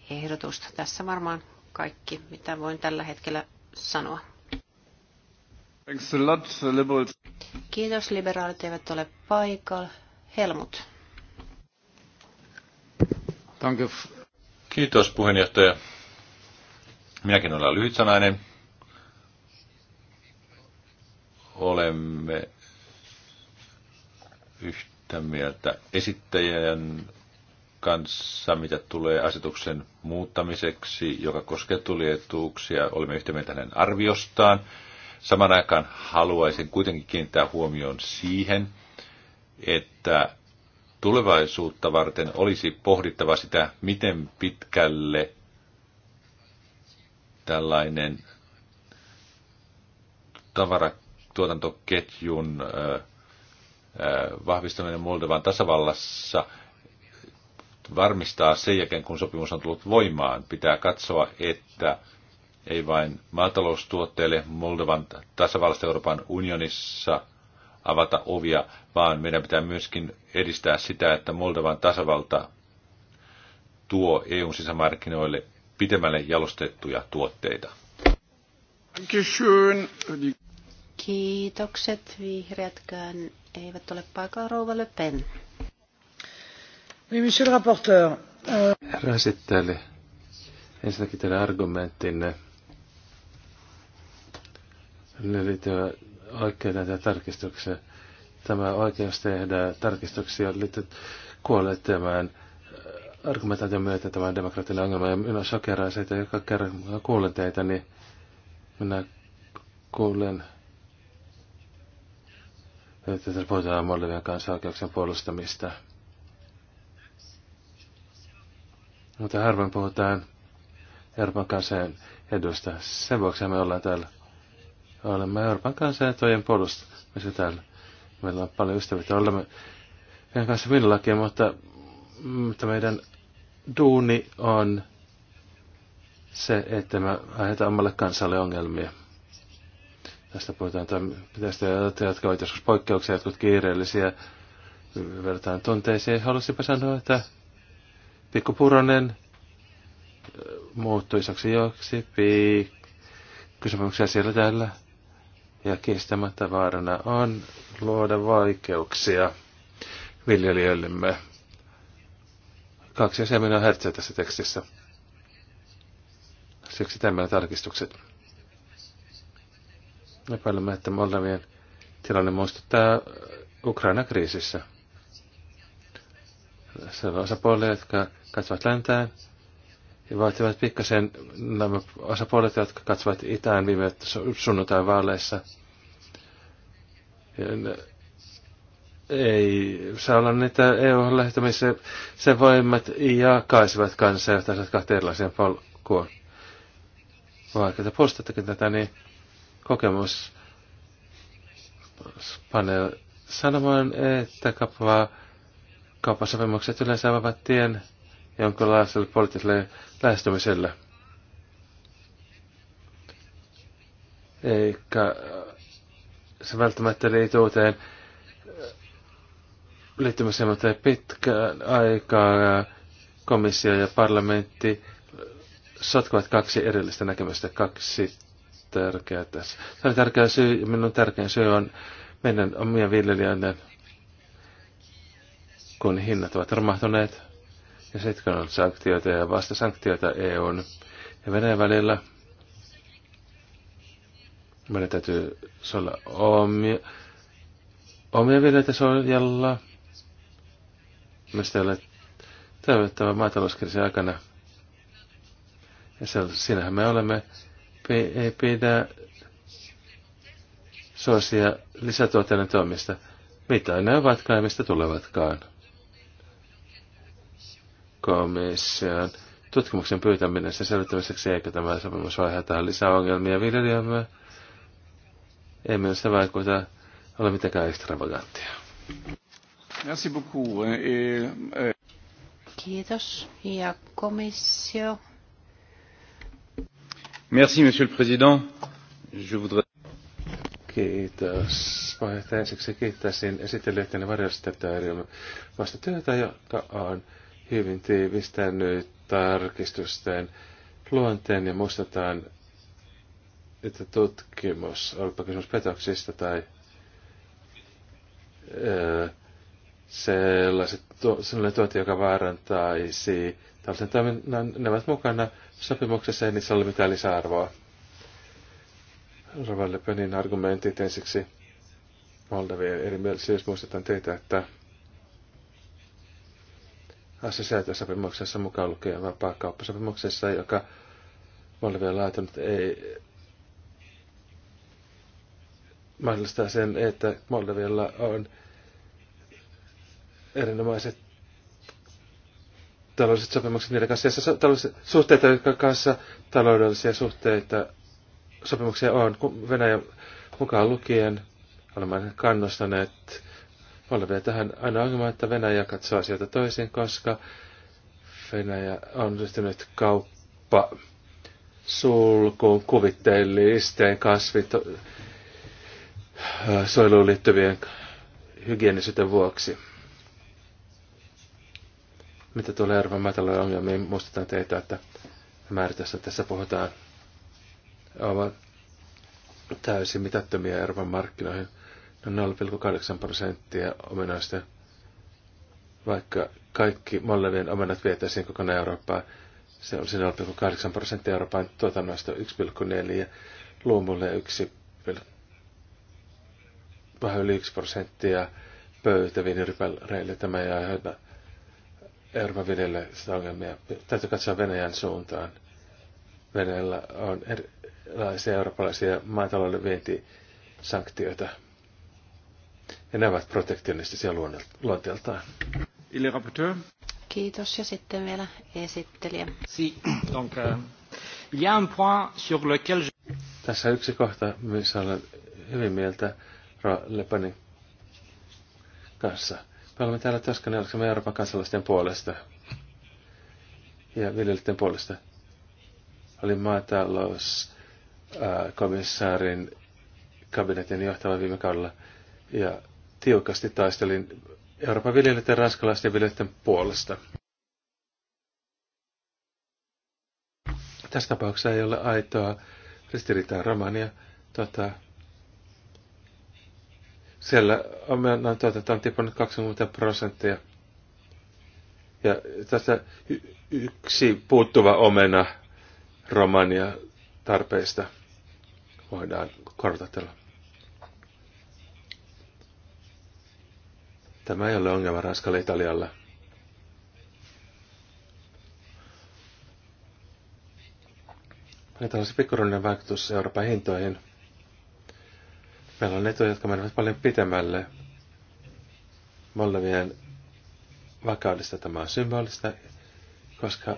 ehdotusta. Tässä varmaan kaikki, mitä voin tällä hetkellä sanoa. Kiitos, liberaalit eivät ole paikalla. Helmut. Kiitos puheenjohtaja. Minäkin olen lyhytsanainen. Olemme yhtä mieltä esittäjän kanssa, mitä tulee asetuksen muuttamiseksi, joka koskee tulietuuksia. Olemme yhtä mieltä hänen arviostaan. Saman aikaan haluaisin kuitenkin kiinnittää huomioon siihen, että tulevaisuutta varten olisi pohdittava sitä, miten pitkälle tällainen tavaratuotantoketjun äh, vahvistaminen Moldovan tasavallassa varmistaa sen jälkeen, kun sopimus on tullut voimaan. Pitää katsoa, että ei vain maataloustuotteille Moldovan tasavallasta Euroopan unionissa avata ovia, vaan meidän pitää myöskin edistää sitä, että Moldovan tasavalta tuo EUn sisämarkkinoille pitemmälle jalostettuja tuotteita. Kiitokset vihreätkään eivät ole paikalla rouva Le Pen. Oui, monsieur le rapporteur. Euh, Herra esittäjälle, ensinnäkin teidän argumenttinne liittyvä oikeuteen ja tarkistukseen. Tämä oikeus tehdä tarkistuksia liittyy tämän äh, argumentaation myötä tämän demokratian ongelman. Ja minä shokeraan siitä, joka kerran kuulen teitä, niin minä kuulen tässä puhutaan Moldovian kansa-oikeuksien puolustamista. Mutta harvoin puhutaan Euroopan kansan edusta. Sen vuoksi me ollaan täällä. Olemme Euroopan kansan etujen puolustamista täällä. Meillä on paljon ystäviä. Olemme meidän kanssa minullakin, mutta, mutta meidän duuni on se, että me aiheutamme omalle kansalle ongelmia. Tästä puhutaan tästä, jotka ovat joskus poikkeuksia, jotkut kiireellisiä. Vertaan tunteisiin. Haluaisinpa sanoa, että pikkupuronen äh, muuttui isoksi joksi. Piik. Kysymyksiä siellä täällä. Ja kiistämättä vaarana on luoda vaikeuksia viljelijöillemme. Kaksi asiaa minua tässä tekstissä. Siksi tämmöinen tarkistukset. Epäilemme, että Moldavien tilanne muistuttaa Ukraina-kriisissä. Se on osapuolia, jotka katsovat läntään ja vaativat pikkasen nämä osapuolet, jotka katsovat itään viime sunnuntain vaaleissa. Ei saa olla niitä EU-lähtömissä se voimat jakaisivat kanssa ja kahteen erilaiseen polkuun. Vaikka te postattekin tätä, niin kokemus panee sanomaan, että kauppasopimukset yleensä avaavat tien jonkinlaiselle poliittiselle lähestymiselle. Eikä se välttämättä liity uuteen liittymiseen, mutta pitkään aikaa komissio ja parlamentti sotkuvat kaksi erillistä näkemystä, kaksi tärkeää tässä. Tämä on tärkeä syy, minun tärkein syy on meidän omien viljelijöiden, kun hinnat ovat romahtuneet, ja sitten on sanktioita ja vasta sanktioita EUn ja Venäjän välillä. Meidän täytyy olla omia, omia viljelijöitä suojella. Mistä ei ole toivottava maatalouskriisin aikana. Ja siinähän me olemme ei pidä suosia lisätuotteiden toimista, mitä ne ovatkaan ja mistä tulevatkaan. Komission tutkimuksen pyytäminen sen selvittämiseksi, eikö tämä sopimus aiheuta lisää ongelmia viljelijöille, ei minusta vaikuta ole mitenkään extravaganttia. Merci beaucoup. Kiitos. Ja komissio Merci, monsieur le président. Je voudrais... Kiitos. Puheenjohtaja ensiksi kiittäisin esittelijöiden ja varjostettajien vasta työtä, joka on hyvin tiivistänyt tarkistusten luonteen ja muistetaan, että tutkimus, olipa kysymys petoksista tai sellaiset, sellainen tuote, joka vaarantaisi tällaisen toiminnan, ne ovat mukana sopimuksessa, ei niissä ole mitään lisäarvoa. Ravan Lepenin argumentit ensiksi. Moldavien jos siis muistetaan teitä, että assosiaatiosopimuksessa mukaan lukien vapaakauppasopimuksessa, joka Moldavia on laatunut, ei mahdollistaa sen, että Moldavialla on erinomaiset taloudelliset sopimukset niiden kanssa, ja taloudelliset suhteita, jotka kanssa taloudellisia suhteita, sopimuksia on, kun Venäjä mukaan lukien, olemme kannustaneet olevia tähän aina ongelma, että Venäjä katsoo asioita toisin, koska Venäjä on ryhtynyt kauppa sulkuun kuvitteellisten kasvit äh, suojeluun liittyvien hygienisyyden vuoksi. Mitä tulee Euroopan maatalouden ongelmiin, muistetaan teitä, että määritässä tässä puhutaan ovat täysin mitättömiä Euroopan markkinoihin. Noin 0,8 prosenttia omenoista, vaikka kaikki Mollevien omenat vietäisiin koko Eurooppaan. Se olisi 0,8 prosenttia Euroopan tuotannosta 1,4 luomulle 1, vähän yli 1 prosenttia pöytäviin pöytäviinirypäreille. Tämä ei aiheuta Euroopan viljelle sitä ongelmia. Täytyy katsoa Venäjän suuntaan. Venäjällä on erilaisia eurooppalaisia maatalouden vientisanktioita. Ja ne ovat protektionistisia luonteeltaan. Ili rapporteur. Kiitos. Ja sitten vielä esittelijä. Si, donc, euh, il y a un point sur lequel je... Tässä yksi kohta, missä olen hyvin mieltä Lepanin kanssa – me olemme täällä työskennelläksemme Euroopan kansalaisten puolesta ja viljelijöiden puolesta. Olin maatalouskomissaarin kabinetin johtava viime kaudella ja tiukasti taistelin Euroopan viljelijöiden ranskalaisten viljelijöiden puolesta. Tässä tapauksessa ei ole aitoa ristiriitaa Romania tota, siellä omenan tuotanto on tippunut 20 prosenttia. Ja tässä yksi puuttuva omena romania tarpeista voidaan kartoitella. Tämä ei ole ongelma raskalle Italialle. on tällaisen pikkuruinen vaikutus Euroopan hintoihin. Meillä on etuja, jotka menevät paljon pitemmälle. Moldavien vakaudesta tämä on symbolista, koska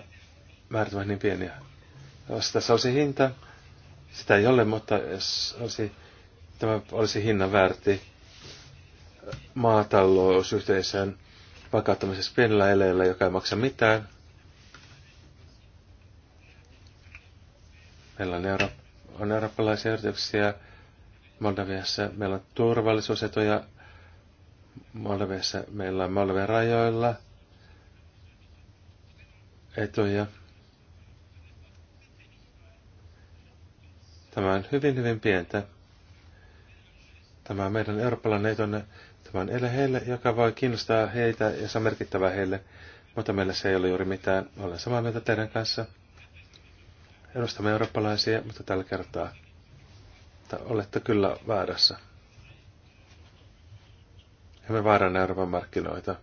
määrät ovat niin pieniä. Jos tässä olisi hinta, sitä ei ole, mutta jos olisi, tämä olisi hinnan väärti maatalousyhteisön vakauttamisessa pienellä eleellä, joka ei maksa mitään. Meillä on, euro, on eurooppalaisia yrityksiä, Moldaviassa meillä on turvallisuusetuja. Moldaviassa meillä on Moldavian rajoilla etuja. Tämä on hyvin, hyvin pientä. Tämä on meidän eurooppalainen etonne. Tämä on ele heille, joka voi kiinnostaa heitä ja se on merkittävä heille. Mutta meillä se ei ole juuri mitään. Olen samaa mieltä teidän kanssa. Edustamme eurooppalaisia, mutta tällä kertaa että olette kyllä väärässä. Emme vaaran Euroopan markkinoita,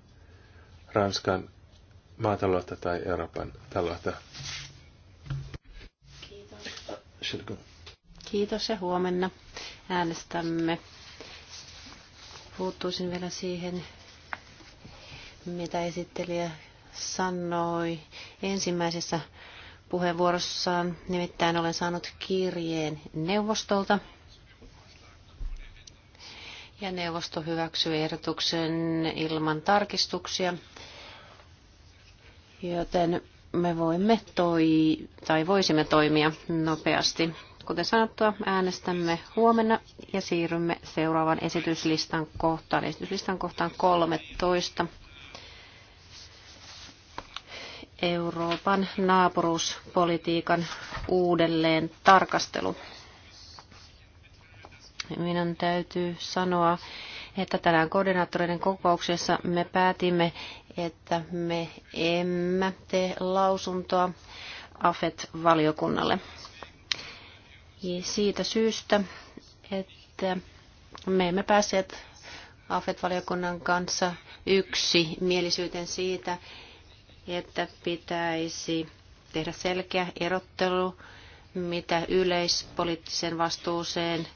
Ranskan maataloutta tai Euroopan taloutta. Kiitos. Kiitos ja huomenna äänestämme. Puuttuisin vielä siihen, mitä esittelijä sanoi ensimmäisessä puheenvuorossaan. Nimittäin olen saanut kirjeen neuvostolta ja neuvosto hyväksyy ehdotuksen ilman tarkistuksia, joten me voimme toi, tai voisimme toimia nopeasti. Kuten sanottua, äänestämme huomenna ja siirrymme seuraavan esityslistan kohtaan, esityslistan kohtaan 13. Euroopan naapuruuspolitiikan uudelleen tarkastelu. Niin minun täytyy sanoa, että tänään koordinaattoreiden kokouksessa me päätimme, että me emme tee lausuntoa AFET-valiokunnalle. Siitä syystä, että me emme päässeet AFET-valiokunnan kanssa yksi mielisyyteen siitä, että pitäisi tehdä selkeä erottelu, mitä yleispoliittiseen vastuuseen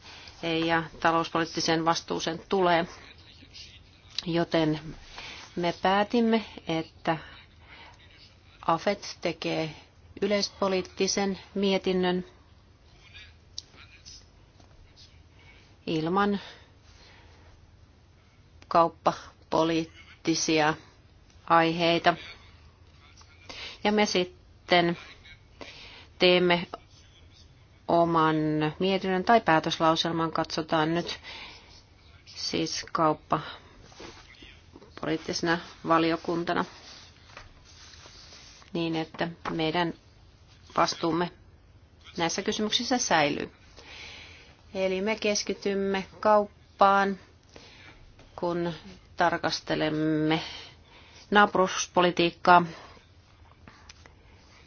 ja talouspoliittiseen vastuuseen tulee. Joten me päätimme, että AFET tekee yleispoliittisen mietinnön ilman kauppapoliittisia aiheita. Ja me sitten teemme oman mietinnön tai päätöslauselman katsotaan nyt siis kauppa poliittisena valiokuntana niin, että meidän vastuumme näissä kysymyksissä säilyy. Eli me keskitymme kauppaan, kun tarkastelemme naapuruspolitiikkaa,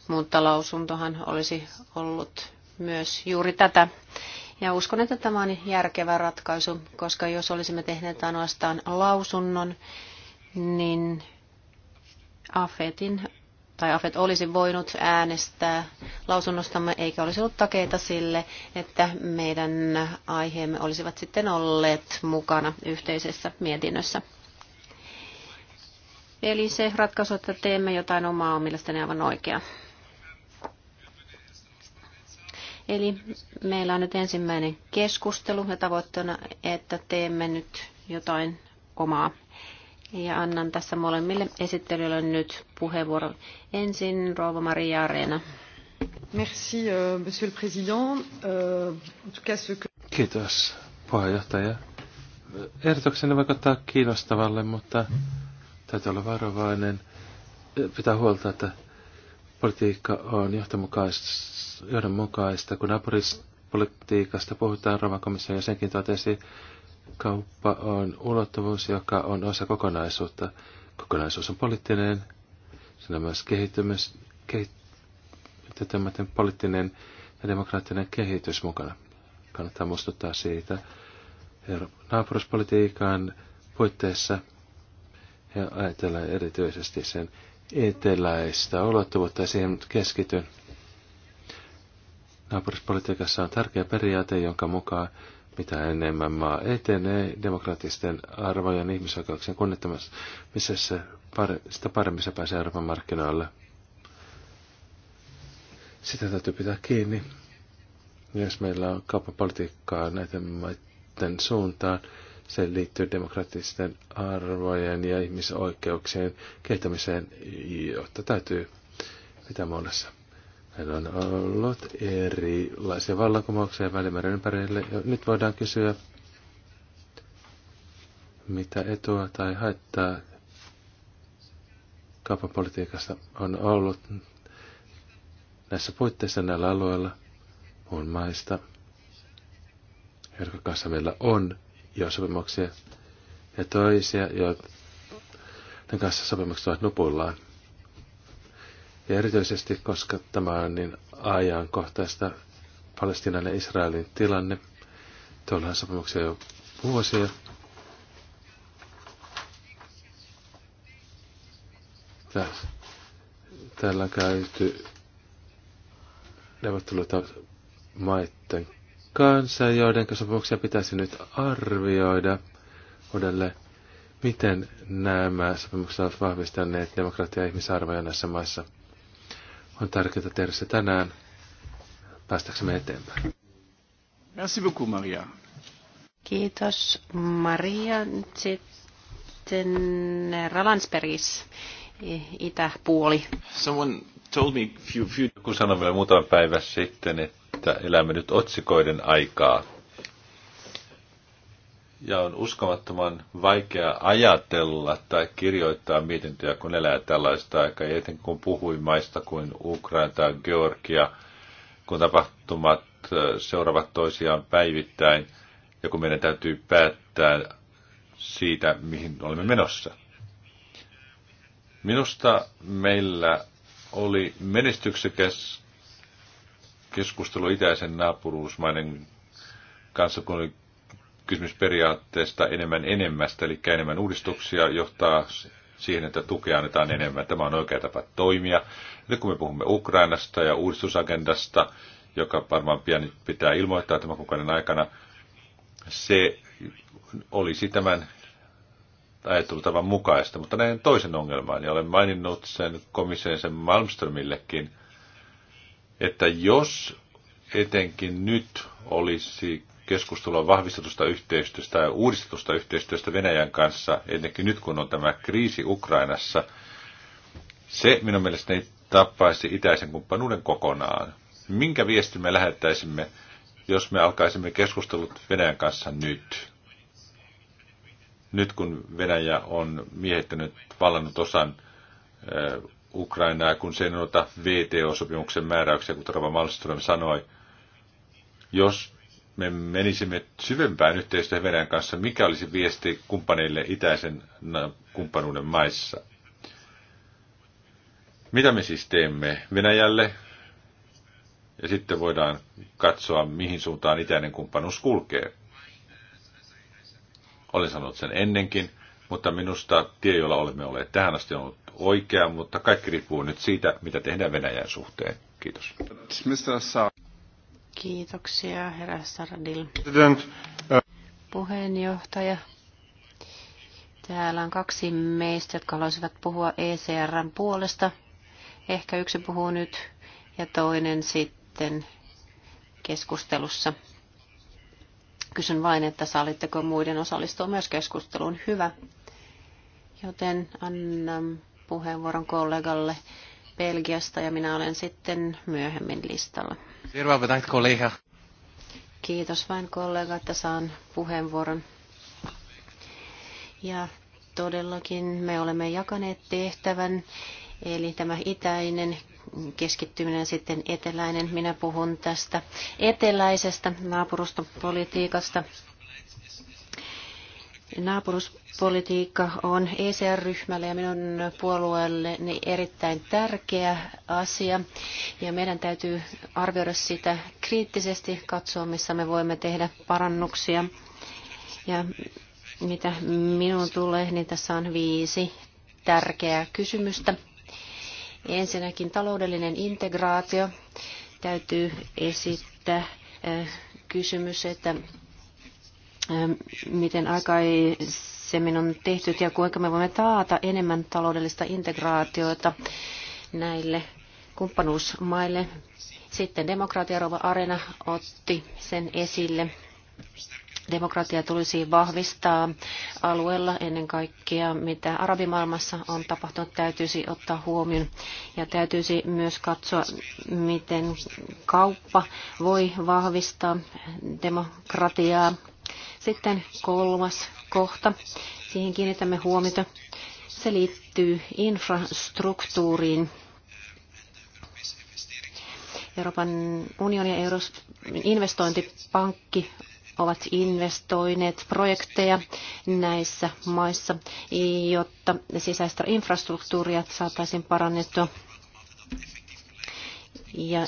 mutta lausuntohan olisi ollut myös juuri tätä. Ja uskon, että tämä on järkevä ratkaisu, koska jos olisimme tehneet ainoastaan lausunnon, niin AFETin tai AFET olisi voinut äänestää lausunnostamme, eikä olisi ollut takeita sille, että meidän aiheemme olisivat sitten olleet mukana yhteisessä mietinnössä. Eli se ratkaisu, että teemme jotain omaa, on mielestäni aivan oikea. Eli meillä on nyt ensimmäinen keskustelu ja tavoitteena, että teemme nyt jotain omaa. Ja annan tässä molemmille esittelyille nyt puheenvuoron. Ensin Rouva Maria Areena. Merci, euh, monsieur le président. Euh, Kiitos, puheenjohtaja. Ehdotuksenne vaikuttaa kiinnostavalle, mutta täytyy olla varovainen. Pitää huolta, että politiikka on johdonmukaista, kun naapurispolitiikasta puhutaan Roomakomission ja senkin totesi, kauppa on ulottuvuus, joka on osa kokonaisuutta. Kokonaisuus on poliittinen, se on myös kehittymys, kehittymätön poliittinen ja demokraattinen kehitys mukana. Kannattaa muistuttaa siitä. Naapuruspolitiikan puitteissa ja ajatellaan erityisesti sen eteläistä ulottuvuutta ja siihen keskityn. Naapurispolitiikassa on tärkeä periaate, jonka mukaan mitä enemmän maa etenee demokraattisten arvojen ihmisoikeuksien kunnittamisessa, sitä paremmin se pääsee Euroopan markkinoille. Sitä täytyy pitää kiinni. Jos meillä on kauppapolitiikkaa näiden maiden suuntaan, se liittyy demokraattisten arvojen ja ihmisoikeuksien kehittämiseen, jotta täytyy pitää monessa. Meillä on ollut erilaisia vallankumouksia välimeren ympärille. Nyt voidaan kysyä, mitä etua tai haittaa kaupapolitiikasta on ollut näissä puitteissa näillä alueilla muun maista, jotka kanssa meillä on jo sopimuksia ja toisia, joiden kanssa sopimukset ovat nupullaan. Ja erityisesti, koska tämä on niin ajankohtaista Palestiinan ja Israelin tilanne, tuollahan sopimuksia jo vuosia. Täällä on käyty neuvotteluita maiden kanssa, joiden sopimuksia pitäisi nyt arvioida uudelleen. Miten nämä sopimukset ovat vahvistaneet demokratia- ja ihmisarvoja näissä maissa? On tärkeää tehdä se tänään päästäksemme eteenpäin. Merci beaucoup, Maria. Kiitos, Maria. Sitten Ralansperis, itäpuoli. Someone told me few, few... Kun sanoin vielä muutama päivä sitten, että että elämme nyt otsikoiden aikaa. Ja on uskomattoman vaikea ajatella tai kirjoittaa mietintöjä, kun elää tällaista aikaa. Ja etenkin kun puhui maista kuin Ukraina tai Georgia, kun tapahtumat seuraavat toisiaan päivittäin ja kun meidän täytyy päättää siitä, mihin olemme menossa. Minusta meillä oli menestyksekäs keskustelu itäisen naapuruusmaiden kanssa, kun oli kysymys periaatteesta enemmän enemmästä, eli enemmän uudistuksia johtaa siihen, että tukea annetaan enemmän. Tämä on oikea tapa toimia. Nyt kun me puhumme Ukrainasta ja uudistusagendasta, joka varmaan pian pitää ilmoittaa tämän kuukauden aikana, se olisi tämän ajattelutavan mukaista. Mutta näin toisen ongelman, ja olen maininnut sen komiseen sen Malmströmillekin – että jos etenkin nyt olisi keskustelua vahvistetusta yhteistyöstä ja uudistetusta yhteistyöstä Venäjän kanssa, etenkin nyt kun on tämä kriisi Ukrainassa, se minun mielestäni tappaisi itäisen kumppanuuden kokonaan. Minkä viesti me lähettäisimme, jos me alkaisimme keskustelut Venäjän kanssa nyt? Nyt kun Venäjä on miehittänyt, vallannut osan Ukrainaa, kun se ei noita VTO-sopimuksen määräyksiä, kuten Rova Malmström sanoi. Jos me menisimme syvempään yhteistyöhön Venäjän kanssa, mikä olisi viesti kumppaneille itäisen kumppanuuden maissa? Mitä me siis teemme Venäjälle? Ja sitten voidaan katsoa, mihin suuntaan itäinen kumppanuus kulkee. Olen sanonut sen ennenkin. Mutta minusta tie, jolla olemme olleet tähän asti, on ollut oikea, mutta kaikki riippuu nyt siitä, mitä tehdään Venäjän suhteen. Kiitos. Kiitoksia, herra Saradil. Uh, Puheenjohtaja. Täällä on kaksi meistä, jotka haluaisivat puhua ECRn puolesta. Ehkä yksi puhuu nyt ja toinen sitten keskustelussa. Kysyn vain, että saalitteko muiden osallistua myös keskusteluun. Hyvä. Joten annan puheenvuoron kollegalle Belgiasta ja minä olen sitten myöhemmin listalla. Kiitos vain kollega, että saan puheenvuoron. Ja todellakin me olemme jakaneet tehtävän, eli tämä itäinen keskittyminen sitten eteläinen. Minä puhun tästä eteläisestä naapurustopolitiikasta. Naapuruspolitiikka on ECR-ryhmälle ja minun puolueelle erittäin tärkeä asia ja meidän täytyy arvioida sitä kriittisesti, katsoa missä me voimme tehdä parannuksia. Ja mitä minun tulee, niin tässä on viisi tärkeää kysymystä. Ensinnäkin taloudellinen integraatio. Täytyy esittää äh, kysymys, että äh, miten aikaisemmin on tehty ja kuinka me voimme taata enemmän taloudellista integraatiota näille kumppanuusmaille. Sitten demokratia Arena otti sen esille. Demokratia tulisi vahvistaa alueella ennen kaikkea, mitä arabimaailmassa on tapahtunut, täytyisi ottaa huomioon. Ja täytyisi myös katsoa, miten kauppa voi vahvistaa demokratiaa. Sitten kolmas kohta. Siihen kiinnitämme huomiota. Se liittyy infrastruktuuriin. Euroopan unionin ja investointipankki ovat investoineet projekteja näissä maissa, jotta sisäistä infrastruktuuria saataisiin parannettua. Ja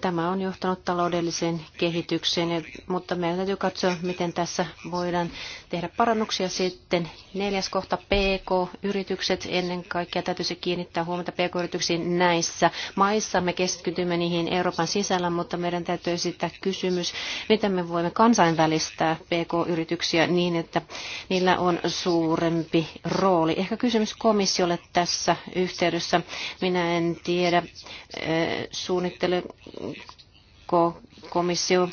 Tämä on johtanut taloudelliseen kehitykseen, mutta meidän täytyy katsoa, miten tässä voidaan tehdä parannuksia sitten. Neljäs kohta PK-yritykset. Ennen kaikkea täytyisi kiinnittää huomiota PK-yrityksiin näissä maissa. Me keskitymme niihin Euroopan sisällä, mutta meidän täytyy esittää kysymys, miten me voimme kansainvälistää PK-yrityksiä niin, että niillä on suurempi rooli. Ehkä kysymys komissiolle tässä yhteydessä. Minä en tiedä eh, suunnittele komissio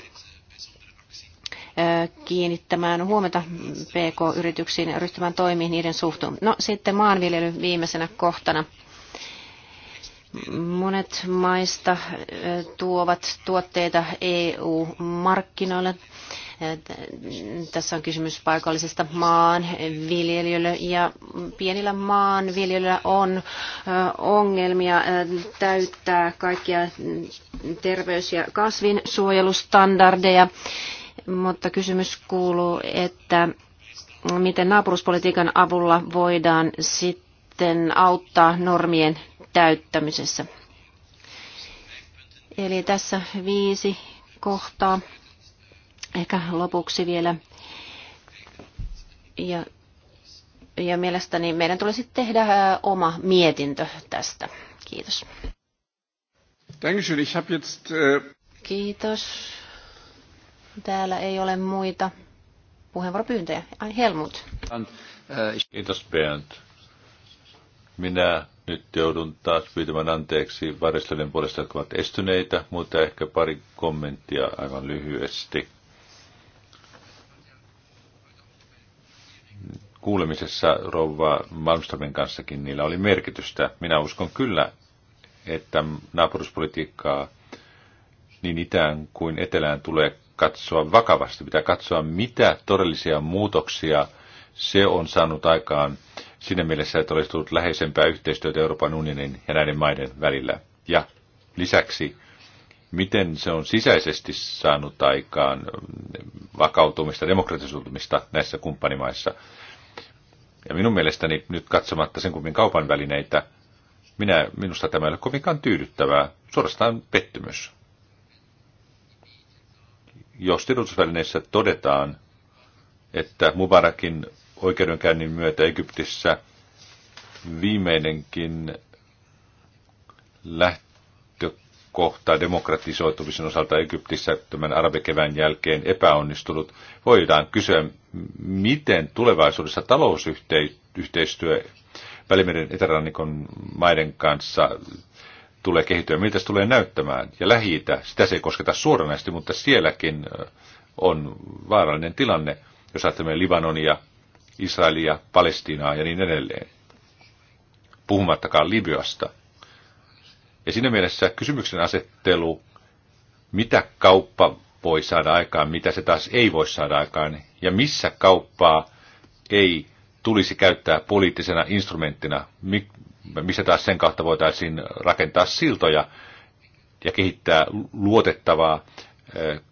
kiinnittämään huomenta PK-yrityksiin ja ryhtymään toimiin niiden suhteen. No sitten maanviljely viimeisenä kohtana. Monet maista tuovat tuotteita EU-markkinoille. Tässä on kysymys paikallisesta maanviljelijöllä ja pienillä maanviljelijöillä on ongelmia täyttää kaikkia terveys- ja kasvinsuojelustandardeja, mutta kysymys kuuluu, että miten naapuruspolitiikan avulla voidaan sitten auttaa normien täyttämisessä. Eli tässä viisi kohtaa. Ehkä lopuksi vielä. Ja, ja mielestäni meidän tulisi tehdä oma mietintö tästä. Kiitos. Äh, Kiitos. Täällä ei ole muita puheenvuoropyyntöjä. Helmut. Kiitos Bernd. Minä nyt joudun taas pyytämään anteeksi varjostelijan puolesta, jotka ovat estyneitä, mutta ehkä pari kommenttia aivan lyhyesti. Kuulemisessa rouva Malmströmin kanssakin niillä oli merkitystä. Minä uskon kyllä, että naapuruspolitiikkaa niin itään kuin etelään tulee katsoa vakavasti. Pitää katsoa, mitä todellisia muutoksia se on saanut aikaan – siinä mielessä, että olisi tullut läheisempää yhteistyötä Euroopan unionin ja näiden maiden välillä. Ja lisäksi, miten se on sisäisesti saanut aikaan vakautumista, demokratisoitumista näissä kumppanimaissa. Ja minun mielestäni nyt katsomatta sen kummin kaupan välineitä, minä, minusta tämä ei ole kovinkaan tyydyttävää, suorastaan pettymys. Jos tiedotusvälineissä todetaan, että Mubarakin oikeudenkäynnin myötä Egyptissä viimeinenkin lähtökohta demokratisoitumisen osalta Egyptissä tämän arabikevään jälkeen epäonnistunut. Voidaan kysyä, miten tulevaisuudessa talousyhteistyö Välimeren etärannikon maiden kanssa tulee kehittyä, miltä se tulee näyttämään. Ja lähi sitä se ei kosketa suoranaisesti, mutta sielläkin on vaarallinen tilanne, jos ajattelemme Libanonia, Israelia, Palestiinaa ja niin edelleen, puhumattakaan Libyasta. Ja siinä mielessä kysymyksen asettelu, mitä kauppa voi saada aikaan, mitä se taas ei voi saada aikaan, ja missä kauppaa ei tulisi käyttää poliittisena instrumenttina, missä taas sen kautta voitaisiin rakentaa siltoja ja kehittää luotettavaa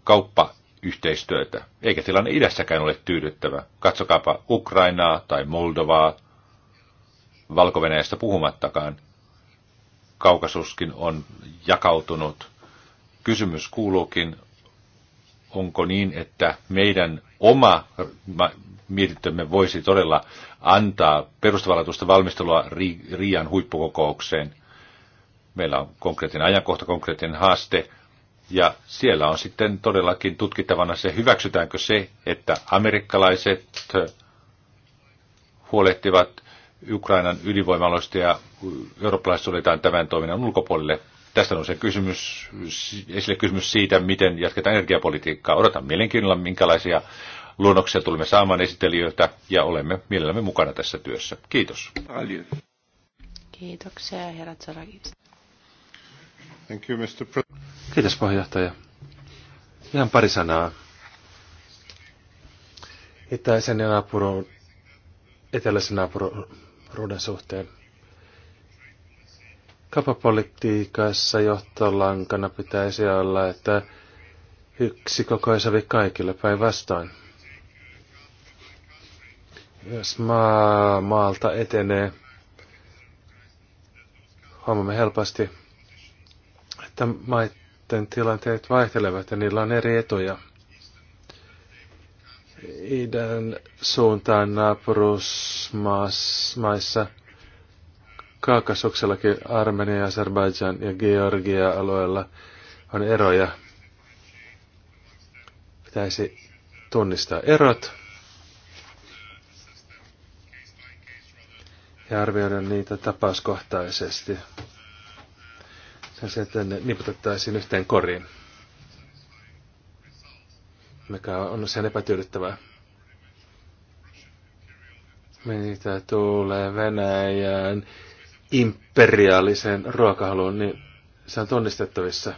kauppa yhteistyötä. Eikä tilanne idässäkään ole tyydyttävä. Katsokaapa Ukrainaa tai Moldovaa, valko puhumattakaan. Kaukasuskin on jakautunut. Kysymys kuuluukin, onko niin, että meidän oma mietintömme voisi todella antaa perustavallatusta valmistelua Riian huippukokoukseen. Meillä on konkreettinen ajankohta, konkreettinen haaste – ja siellä on sitten todellakin tutkittavana se, hyväksytäänkö se, että amerikkalaiset eh, huolehtivat Ukrainan ydinvoimaloista ja eurooppalaiset suljetaan tämän toiminnan ulkopuolelle. Tästä on se kysymys, esille kysymys siitä, miten jatketaan energiapolitiikkaa. Odotan mielenkiinnolla, minkälaisia luonnoksia tulemme saamaan esittelijöitä ja olemme mielellämme mukana tässä työssä. Kiitos. Kiitoksia herra Zorakis. Thank you, Mr. Kiitos puheenjohtaja. Ihan pari sanaa. Itäisen ja naapuruun, eteläisen naapuruuden suhteen. Kapapolitiikassa johtolankana pitäisi olla, että yksi koko sovi kaikille päinvastoin. Jos maa maalta etenee, huomaamme helposti, että maiden tilanteet vaihtelevat ja niillä on eri etuja. Idän suuntaan naapurusmaissa Kaakasuksellakin Armenia, Azerbaijan ja Georgia alueella on eroja. Pitäisi tunnistaa erot ja arvioida niitä tapauskohtaisesti sen, että ne niputettaisiin yhteen koriin, mikä on sen epätyydyttävää. Mitä tulee Venäjän imperiaalisen ruokahaluun, niin se on tunnistettavissa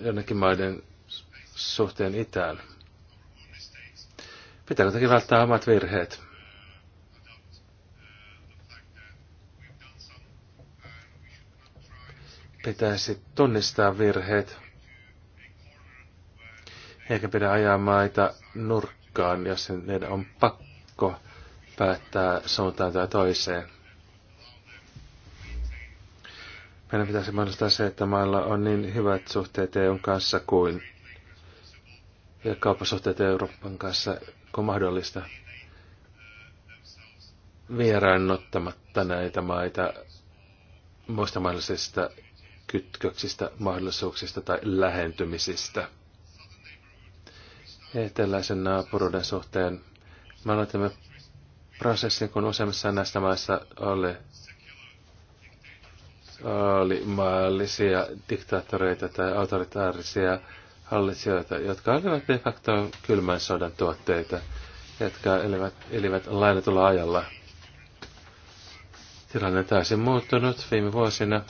jonnekin maiden suhteen itään. Pitää kuitenkin välttää omat virheet. Pitäisi tunnistaa virheet, eikä pidä ajaa maita nurkkaan, jos niiden on pakko päättää suuntaan tai toiseen. Meidän pitäisi mahdollistaa se, että mailla on niin hyvät suhteet EUn kanssa kuin ja kauppasuhteet Euroopan kanssa kuin mahdollista vieraannottamatta näitä maita muista mahdollisista kytköksistä, mahdollisuuksista tai lähentymisistä. Tällaisen naapuruuden suhteen me tämän prosessin, kun useimmissa näistä maissa oli, oli maallisia diktaattoreita tai autoritaarisia hallitsijoita, jotka olivat de facto kylmän sodan tuotteita, jotka elivät, elivät lainatulla ajalla. Tilanne on täysin muuttunut viime vuosina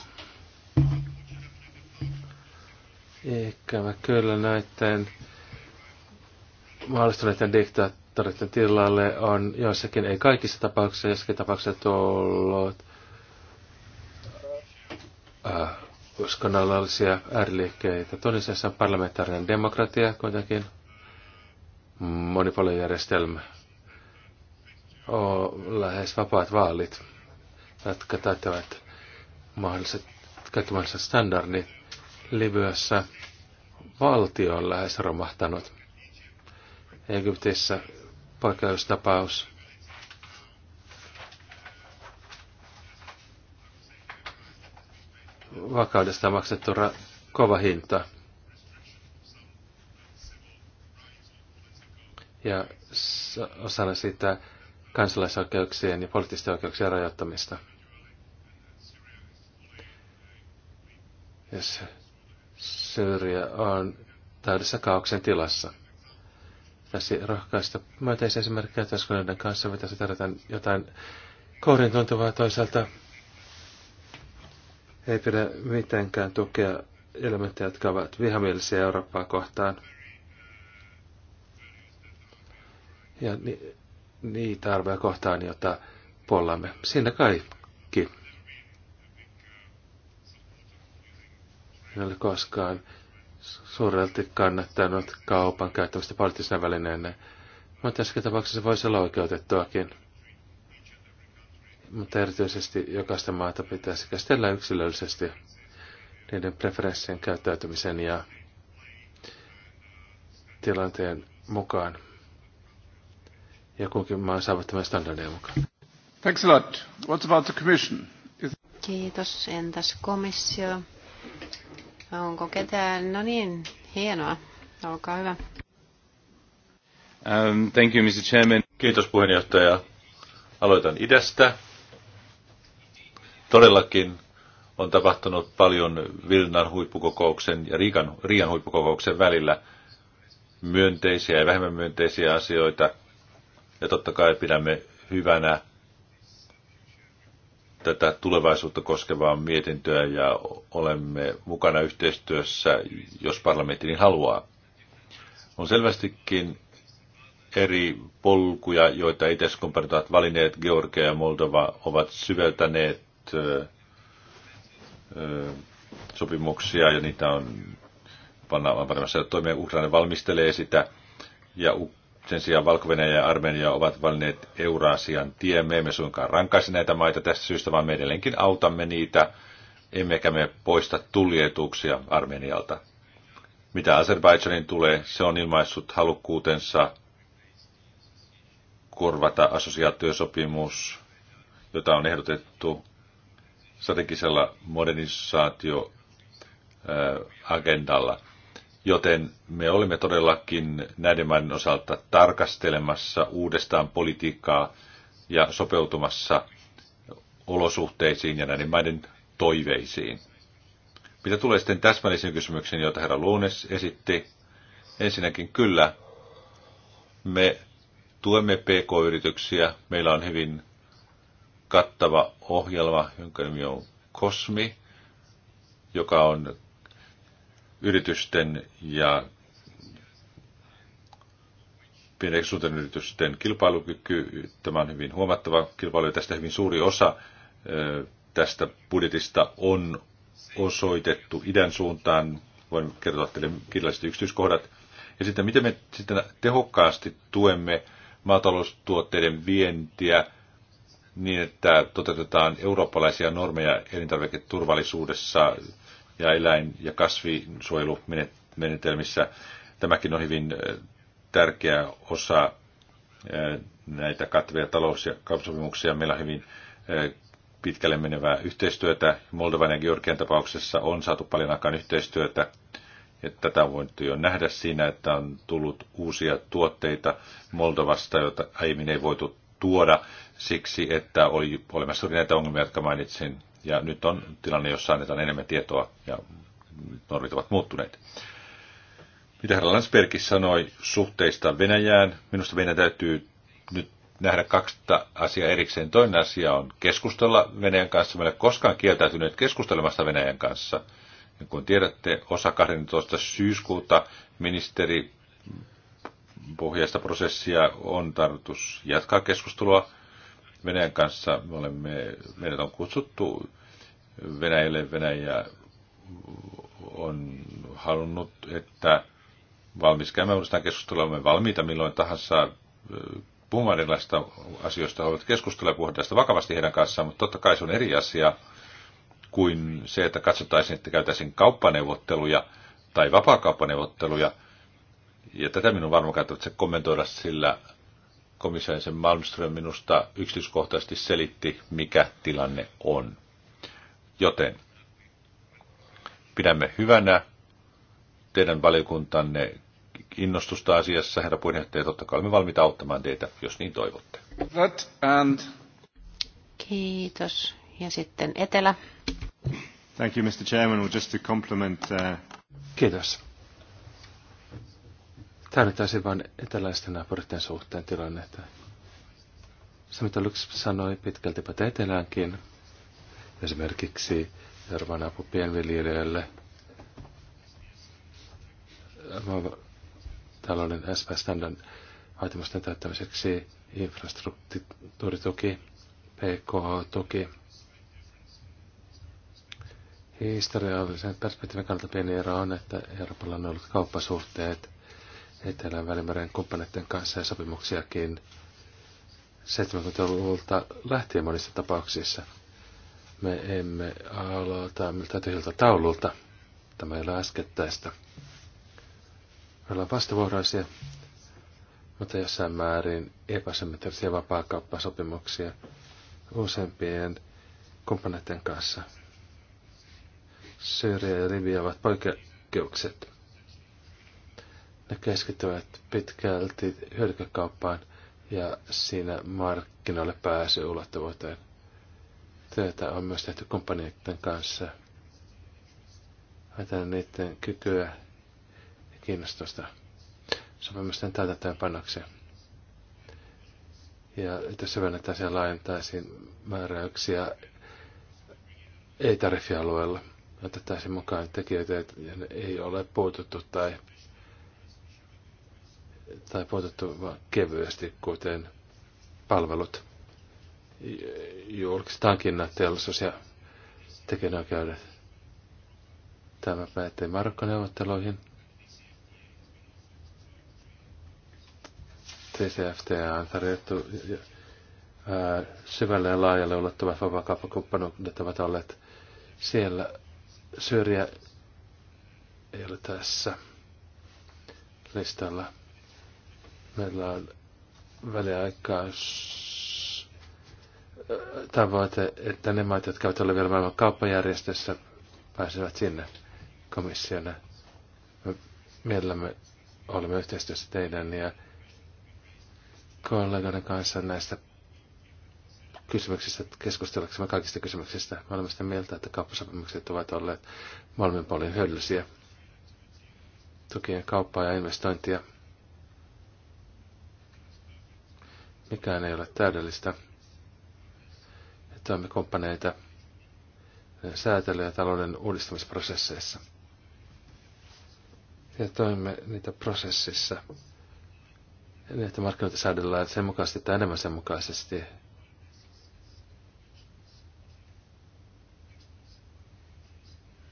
mä kyllä näiden mahdollistuneiden diktaattoreiden tilalle on joissakin, ei kaikissa tapauksissa, jossakin tapauksessa tullut äh, uskonnollisia ääriliikkeitä. Tunisessa on parlamentaarinen demokratia kuitenkin, monipuolijärjestelmä, on lähes vapaat vaalit, jotka täyttävät mahdolliset, kaikki mahdolliset standardit Libyassa valtio on lähes romahtanut. Egyptissä poikkeustapaus. Vakaudesta maksettu ra- kova hinta. Ja osana sitä kansalaisoikeuksien ja poliittisten oikeuksien rajoittamista. Yes. Syyria on täydessä kaauksen tilassa. Tässä rohkaista myönteisiä esimerkkejä yhteiskunnallinen kanssa, mitä se tarvitaan jotain kourin tuntuvaa toisaalta. Ei pidä mitenkään tukea elementtejä, jotka ovat vihamielisiä Eurooppaa kohtaan. Ja ni, niitä arvoja kohtaan, jota pollamme. Siinä kaikki. en ole koskaan suurelti kannattanut kaupan käyttämistä poliittisena välineenä. Mutta tässä tapauksessa voisi olla oikeutettuakin. Mutta erityisesti jokaista maata pitäisi käsitellä yksilöllisesti niiden preferenssien käyttäytymisen ja tilanteen mukaan. Ja kunkin maan saavuttamien standardien mukaan. Thanks a lot. What about the commission? Kiitos. Entäs komissio? Onko ketään? No niin, hienoa. Olkaa hyvä. Um, thank you, Mr. Chairman. Kiitos puheenjohtaja. Aloitan idästä. Todellakin on tapahtunut paljon Vilnan huippukokouksen ja Riikan, Riian huippukokouksen välillä myönteisiä ja vähemmän myönteisiä asioita. Ja totta kai pidämme hyvänä tätä tulevaisuutta koskevaa mietintöä ja olemme mukana yhteistyössä, jos parlamentti niin haluaa. On selvästikin eri polkuja, joita itse ovat valineet Georgia ja Moldova ovat syveltäneet sopimuksia ja niitä on pannaan panemassa toimia. Ukraina valmistelee sitä ja sen sijaan valko ja Armenia ovat valinneet Euraasian tien. Me emme suinkaan rankaisi näitä maita tästä syystä, vaan me edelleenkin autamme niitä, emmekä me poista tullietuuksia Armenialta. Mitä Azerbaidžanin tulee, se on ilmaissut halukkuutensa korvata assosiaatiosopimus, jota on ehdotettu strategisella modernisaatioagendalla. Joten me olimme todellakin näiden maiden osalta tarkastelemassa uudestaan politiikkaa ja sopeutumassa olosuhteisiin ja näiden maiden toiveisiin. Mitä tulee sitten täsmällisiin kysymyksiin, joita herra Luunes esitti? Ensinnäkin kyllä, me tuemme PK-yrityksiä. Meillä on hyvin kattava ohjelma, jonka nimi on COSMI, joka on yritysten ja suurten yritysten kilpailukyky. Tämä on hyvin huomattava kilpailu ja tästä hyvin suuri osa tästä budjetista on osoitettu idän suuntaan. Voin kertoa teille kirjalliset yksityiskohdat. Ja sitten miten me sitten tehokkaasti tuemme maataloustuotteiden vientiä niin, että toteutetaan eurooppalaisia normeja elintarviketurvallisuudessa, ja eläin- ja kasvinsuojelumenetelmissä. Tämäkin on hyvin tärkeä osa näitä katveja talous- ja kauppasopimuksia. Meillä on hyvin pitkälle menevää yhteistyötä. Moldovan ja Georgian tapauksessa on saatu paljon aikaan yhteistyötä. Että tätä on voinut jo nähdä siinä, että on tullut uusia tuotteita Moldovasta, joita aiemmin ei voitu tuoda siksi, että oli olemassa näitä ongelmia, jotka mainitsin ja nyt on tilanne, jossa annetaan enemmän tietoa ja normit ovat muuttuneet. Mitä herra Landsbergis sanoi suhteista Venäjään, minusta meidän täytyy nyt nähdä kaksi asiaa erikseen. Toinen asia on keskustella Venäjän kanssa. Meillä koskaan kieltäytyneet keskustelemasta Venäjän kanssa. Ja kun tiedätte, osa 12. syyskuuta ministeri pohjaista prosessia on tarkoitus jatkaa keskustelua Venäjän kanssa me olemme, meidät on kutsuttu Venäjälle. Venäjä on halunnut, että valmis käymään uudestaan keskustelua. Olemme valmiita milloin tahansa puhumaan erilaisista asioista, Haluat keskustella ja puhua tästä vakavasti heidän kanssaan, mutta totta kai se on eri asia kuin se, että katsottaisiin, että käytäisiin kauppaneuvotteluja tai vapaakauppaneuvotteluja. Ja tätä minun varmaan se kommentoida, sillä komissaarisen Malmström minusta yksityiskohtaisesti selitti, mikä tilanne on. Joten pidämme hyvänä teidän valiokuntanne innostusta asiassa, herra puheenjohtaja, totta kai olemme valmiita auttamaan teitä, jos niin toivotte. and... Kiitos. Ja sitten Etelä. Thank you, Mr. Chairman. just to compliment, uh... Kiitos. Tarvittaisiin vain eteläisten naapuritten suhteen tilannetta. Se, mitä Lux sanoi pitkälti eteläänkin, esimerkiksi Jorvan apu pienviljelijöille, talouden SP-standard vaatimusten täyttämiseksi infrastruktuurituki, pkh tuki Historiallisen perspektiivin kannalta pieni ero on, että Euroopalla on ollut kauppasuhteet Etelän välimeren kumppaneiden kanssa ja sopimuksiakin 70-luvulta lähtien monissa tapauksissa. Me emme aloita miltä tyhjältä taululta. Tämä ei ole äskettäistä. Me ollaan vastavuoroisia, mutta jossain määrin epäsymmetrisiä vapaakauppasopimuksia useampien kumppaneiden kanssa. Syyriä ja Libia ovat poikkeukset. Ne keskittyvät pitkälti hyödykekauppaan ja siinä markkinoille ulottuvuuteen. Työtä on myös tehty kumppaneiden kanssa. Ajatellaan niiden kykyä ja kiinnostusta sopimusten täytäntöönpanoksia. Ja että syvennetään ja laajentaisiin määräyksiä ei-tariffialueella. Otettaisiin mukaan tekijöitä, joihin ei ole puututtu tai tai puututtu vain kevyesti, kuten palvelut, julkiset hankinnat, teollisuus ja tekijänoikeudet. Tämä päättyi Marokko-neuvotteluihin. TCFTA on tarjottu ää, syvälle ja laajalle ulottuvat vapaakauppakumppanuudet ovat olleet siellä. Syyriä ei ole tässä listalla. Meillä on väliaikaus äh, tavoite, että ne maat, jotka ovat olleet vielä maailman kauppajärjestössä, pääsevät sinne komissiona. Me mielellämme olemme yhteistyössä teidän ja kollegoiden kanssa näistä kysymyksistä, keskustellaksemme kaikista kysymyksistä. Me olemme sitä mieltä, että kauppasopimukset ovat olleet molemmin puolin hyödyllisiä tukien kauppaa ja investointia – Mikään ei ole täydellistä. Ja toimme kumppaneita säätely- ja talouden uudistamisprosesseissa. Ja toimme niitä prosessissa niin, että markkinoita säädellään sen mukaisesti tai enemmän sen mukaisesti.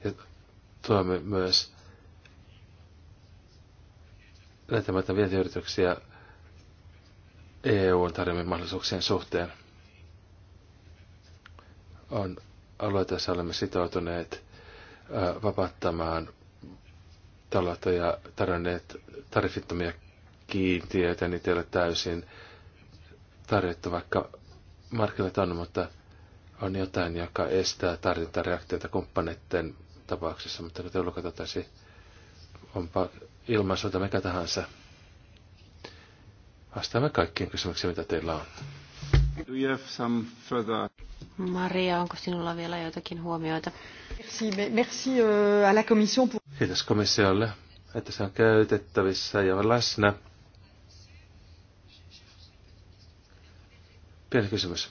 Ja toimme myös näitä vientiyrityksiä EUn tarjoamien mahdollisuuksien suhteen. On alueita, olemme sitoutuneet vapauttamaan taloutta ja tarjonneet tariffittomia kiintiöitä, niitä ei ole täysin tarjottu, vaikka markkinat on, mutta on jotain, joka estää tarjontareaktioita kumppaneiden tapauksessa, mutta nyt ei onpa ilmaisulta mikä tahansa. Vastaamme kaikkiin kysymyksiin, mitä teillä on. Do you have some further... Maria, onko sinulla vielä jotakin huomioita? Merci, merci euh, à la commission pour... Kiitos komissiolle, että se on käytettävissä ja on läsnä. Pieni kysymys.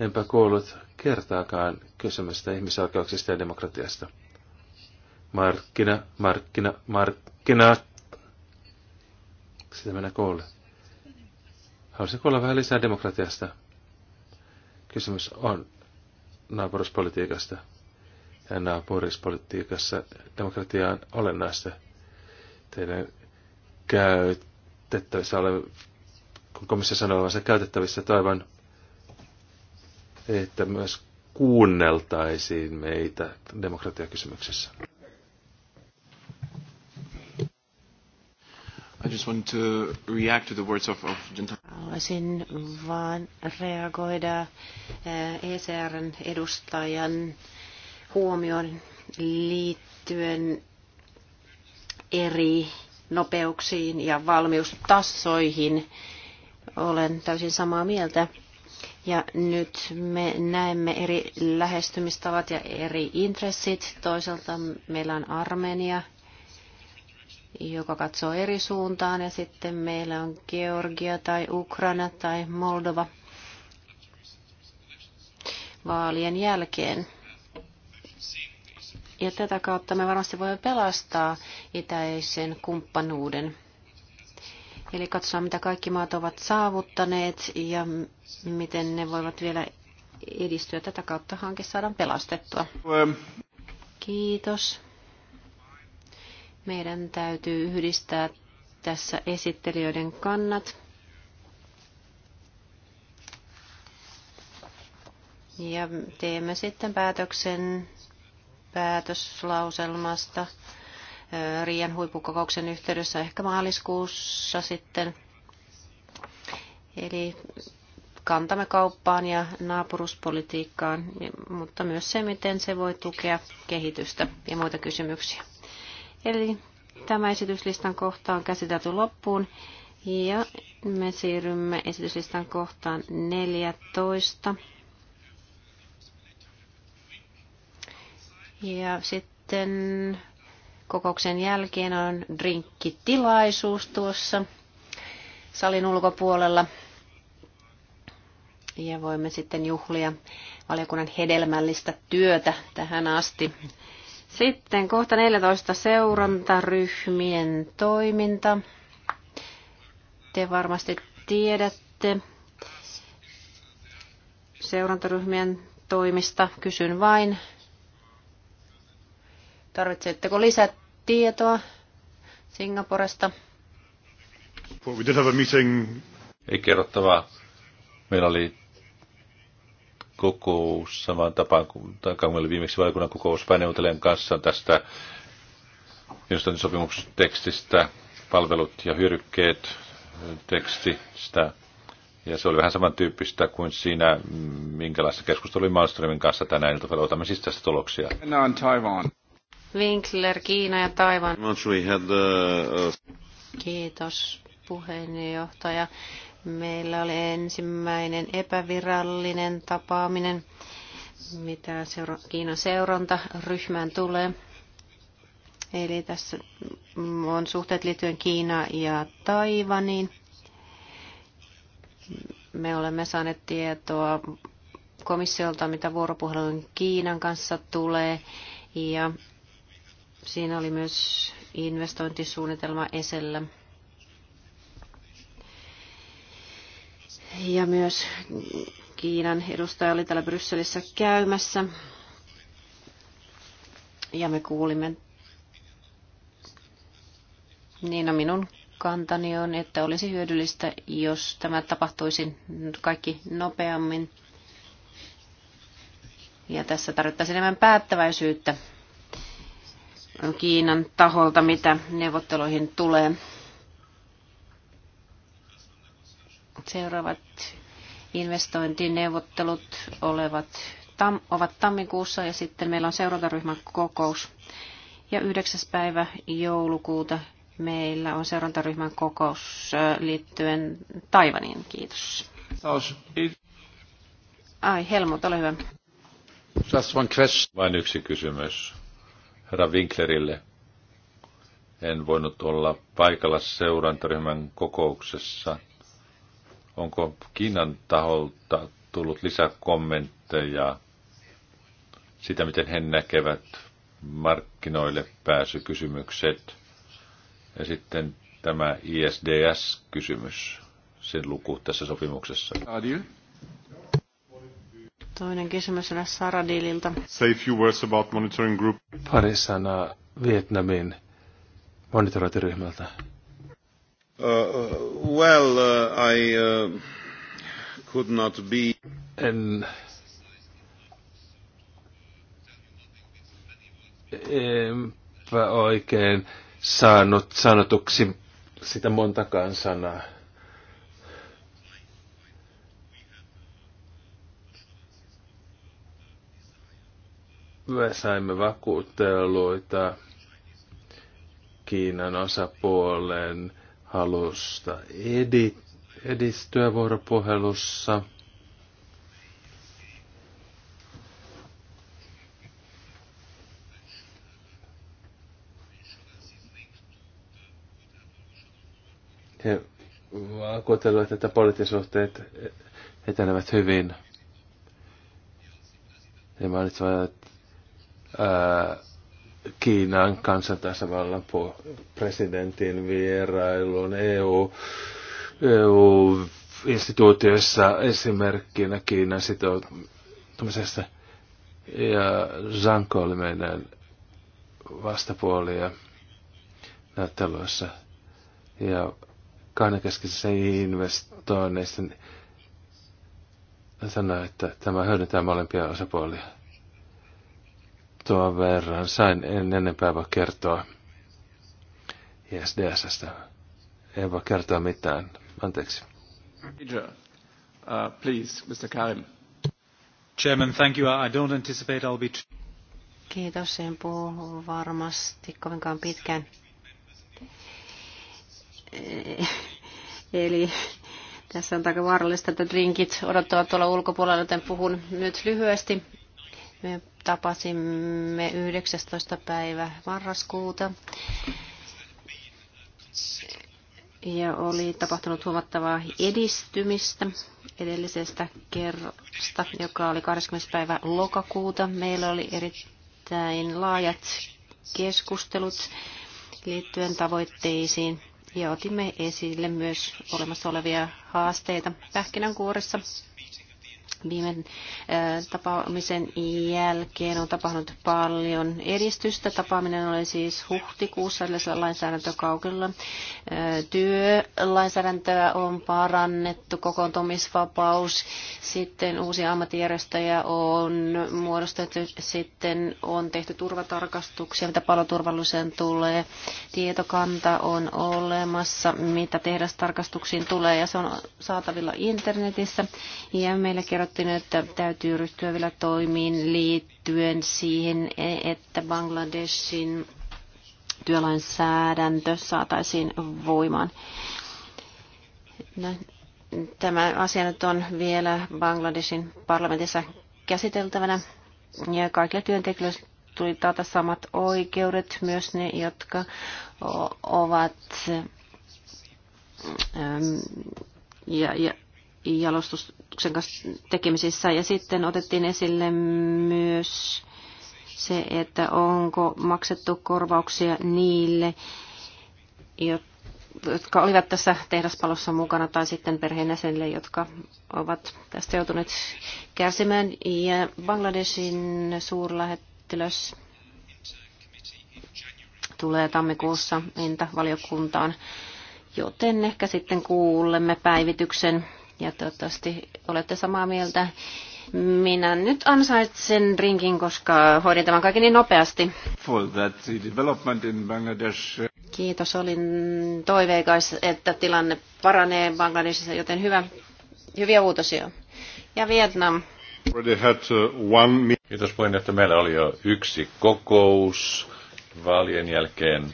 Enpä kuullut kertaakaan kysymystä ihmisoikeuksista ja demokratiasta. Markkina, markkina, markkina. Sitä mennä kouluun. Haluaisin kuulla vähän lisää demokratiasta. Kysymys on naapuruspolitiikasta. Ja naapurispolitiikassa demokratia on olennaista. Teidän käytettävissä ole, kun komissio sanoo olevansa käytettävissä, toivon, että myös kuunneltaisiin meitä demokratiakysymyksessä. I just want to react to the words of, of Haluaisin vaan reagoida ECRn eh, e edustajan huomioon liittyen eri nopeuksiin ja valmiustasoihin. Olen täysin samaa mieltä. Ja nyt me näemme eri lähestymistavat ja eri intressit. Toisaalta meillä on Armenia, joka katsoo eri suuntaan ja sitten meillä on Georgia tai Ukraina tai Moldova vaalien jälkeen. Ja tätä kautta me varmasti voimme pelastaa itäisen kumppanuuden. Eli katsotaan, mitä kaikki maat ovat saavuttaneet ja miten ne voivat vielä edistyä. Tätä kautta hanke saadaan pelastettua. Kiitos. Meidän täytyy yhdistää tässä esittelijöiden kannat. Ja teemme sitten päätöksen päätöslauselmasta Riian huippukokouksen yhteydessä ehkä maaliskuussa sitten. Eli kantamme kauppaan ja naapuruspolitiikkaan, mutta myös se, miten se voi tukea kehitystä ja muita kysymyksiä. Eli tämä esityslistan kohta on käsitelty loppuun ja me siirrymme esityslistan kohtaan 14. Ja sitten kokouksen jälkeen on drinkkitilaisuus tuossa salin ulkopuolella. Ja voimme sitten juhlia valiokunnan hedelmällistä työtä tähän asti. Sitten kohta 14 seurantaryhmien toiminta. Te varmasti tiedätte seurantaryhmien toimista. Kysyn vain, tarvitsetteko lisätietoa Singaporesta? Ei kerrottavaa. Meillä oli kokous samaan tapaan kuin, kun oli viimeksi valiokunnan kokous Päneutelen kanssa tästä Instantin sopimustekstistä, palvelut ja hyödykkeet tekstistä. Ja se oli vähän samantyyppistä kuin siinä, minkälaista keskustelua Malmströmin kanssa tänään iltapäivällä. Otamme siis tästä tuloksia. Taiwan. Winkler, Kiina ja Taiwan. Uh, uh, Kiitos puheenjohtaja. Meillä oli ensimmäinen epävirallinen tapaaminen, mitä seura- Kiinan seurantaryhmään tulee. Eli tässä on suhteet liittyen Kiina ja Taivaniin. Me olemme saaneet tietoa komissiolta, mitä vuoropuhelun Kiinan kanssa tulee. Ja siinä oli myös investointisuunnitelma esillä. ja myös Kiinan edustaja oli täällä Brysselissä käymässä. Ja me kuulimme, niin no minun kantani on, että olisi hyödyllistä, jos tämä tapahtuisi kaikki nopeammin. Ja tässä tarvittaisiin enemmän päättäväisyyttä Kiinan taholta, mitä neuvotteluihin tulee. Seuraavat investointineuvottelut olevat, tam, ovat tammikuussa ja sitten meillä on seurantaryhmän kokous. Ja 9. päivä joulukuuta meillä on seurantaryhmän kokous liittyen Taivaniin. Kiitos. Ai Helmut, ole hyvä. Just one question. Vain yksi kysymys herra Winklerille. En voinut olla paikalla seurantaryhmän kokouksessa Onko Kiinan taholta tullut lisäkommentteja sitä, miten he näkevät markkinoille pääsykysymykset ja sitten tämä ISDS-kysymys, sen luku tässä sopimuksessa. Adil. Toinen kysymys on Saradililta. Say few words about monitoring group. Pari sanaa Vietnamin monitorointiryhmältä. Uh, uh, well, uh, I could not be... En enpä oikein saanut sanotuksi sitä montakaan sanaa. Me saimme vakuutteluita Kiinan osapuolen halusta edi, edistyä vuoropuhelussa. He vakuuttelevat, että poliittisuhteet etenevät hyvin. He mainitsivat ää, Kiinan kansantasavallan presidentin vierailun EU, EU-instituutioissa esimerkkinä Kiinan sitoutumisessa. Ja Zanko oli meidän ja näyttelyissä. Ja kahdenkeskisissä investoinneissa sanoi, että tämä hyödyntää molempia osapuolia kertoa verran sain, en enempää voi kertoa ISDSstä. En voi kertoa mitään. Anteeksi. Uh, please, Mr. Karim. Chairman, thank you. I don't anticipate I'll be... Kiitos, en puhu varmasti kovinkaan pitkään. Eli tässä on aika vaarallista, että drinkit odottavat tuolla ulkopuolella, joten puhun nyt lyhyesti. Me tapasimme 19. päivä marraskuuta. Ja oli tapahtunut huomattavaa edistymistä edellisestä kerrasta, joka oli 20. päivä lokakuuta. Meillä oli erittäin laajat keskustelut liittyen tavoitteisiin ja otimme esille myös olemassa olevia haasteita pähkinänkuoressa Viime tapaamisen jälkeen on tapahtunut paljon edistystä. Tapaaminen oli siis huhtikuussa edellisellä lainsäädäntökaukella. Työlainsäädäntöä on parannettu, kokoontumisvapaus, sitten uusi ammattijärjestöjä on muodostettu, sitten on tehty turvatarkastuksia, mitä paloturvallisuuteen tulee. Tietokanta on olemassa, mitä tehdastarkastuksiin tulee ja se on saatavilla internetissä. Ja meille kerrotaan ilmoitin, että täytyy ryhtyä vielä toimiin liittyen siihen, että Bangladeshin työlainsäädäntö saataisiin voimaan. No, tämä asia nyt on vielä Bangladesin parlamentissa käsiteltävänä ja kaikille työntekijöille tuli taata samat oikeudet, myös ne, jotka ovat ja, ja jalostuksen kanssa tekemisissä. Ja sitten otettiin esille myös se, että onko maksettu korvauksia niille, jotka olivat tässä tehdaspalossa mukana tai sitten perheenjäsenille, jotka ovat tästä joutuneet kärsimään. Ja Bangladesin suurlähettilös tulee tammikuussa entä valiokuntaan, joten ehkä sitten kuulemme päivityksen ja toivottavasti olette samaa mieltä. Minä nyt ansaitsen rinkin, koska hoidin tämän kaiken niin nopeasti. Uh, Kiitos, olin toiveikas, että tilanne paranee Bangladesissa, joten hyvä, hyviä uutisia. Ja Vietnam. Uh, Kiitos että Meillä oli jo yksi kokous vaalien jälkeen